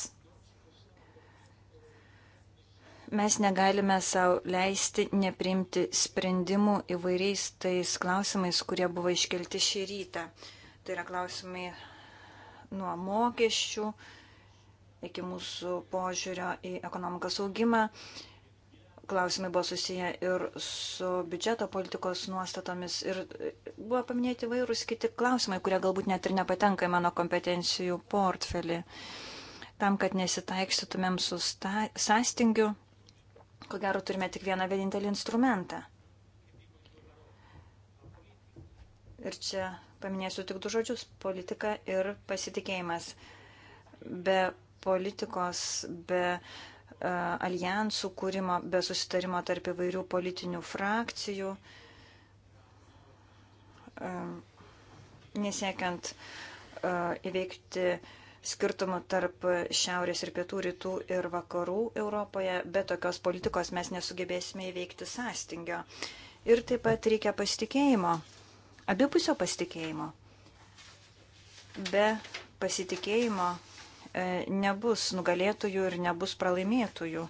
Mes negalime savo leisti nepriimti sprendimų įvairiais tais klausimais, kurie buvo iškelti šį rytą. Tai yra klausimai nuo mokesčių iki mūsų požiūrio į ekonomikos augimą, klausimai buvo susiję ir su biudžeto politikos nuostatomis ir buvo paminėti vairūs kiti klausimai, kurie galbūt net ir nepatenka į mano kompetencijų portfelį. Tam, kad nesitaikstytumėm su sąstingiu, ko gero turime tik vieną vienintelį instrumentą. Ir čia paminėsiu tik du žodžius - politika ir pasitikėjimas. Be politikos, be uh, E, alijansų kūrimo be susitarimo tarp įvairių politinių frakcijų, e, nesiekiant e, įveikti skirtumų tarp šiaurės ir pietų, rytų ir vakarų Europoje, bet tokios politikos mes nesugebėsime įveikti sąstingio. Ir taip pat reikia pasitikėjimo, abipusio pasitikėjimo. Be pasitikėjimo E, nebus nugalėtojų ir nebus pralaimėtojų.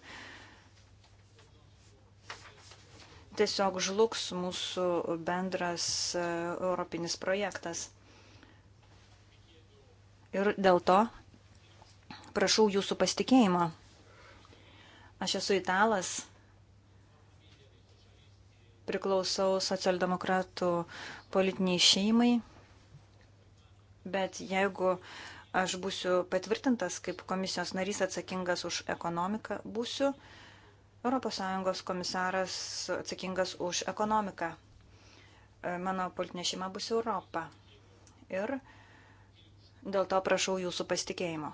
Tiesiog žlugs mūsų bendras e, europinis projektas. Ir dėl to prašau jūsų pasitikėjimo. Aš esu italas, priklausau socialdemokratų politiniai šeimai, bet jeigu uh, aš būsiu patvirtintas kaip komisijos narys atsakingas už ekonomiką, būsiu ES komisaras atsakingas už ekonomiką. E, mano politinė šeima bus Europa. Ir dėl to prašau jūsų pasitikėjimo.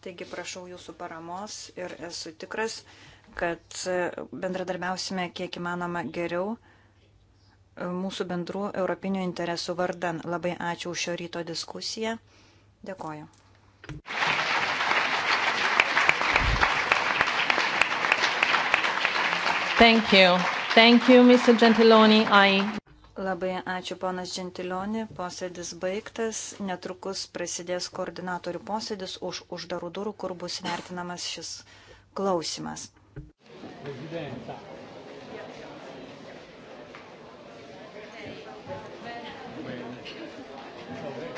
Taigi prašau jūsų paramos ir esu tikras, kad bendradarbiausime kiek įmanoma geriau mūsų bendrų europinių interesų vardan. Labai ačiū už šio ryto diskusiją. Dėkoju. Thank you. Thank you, Mr. Gentiloni. I... Labai ačiū, ponas Gentiloni. Posėdis baigtas. Netrukus prasidės koordinatorių posėdis už uždarų durų, kur bus vertinamas šis klausimas. Presidenta. Bene.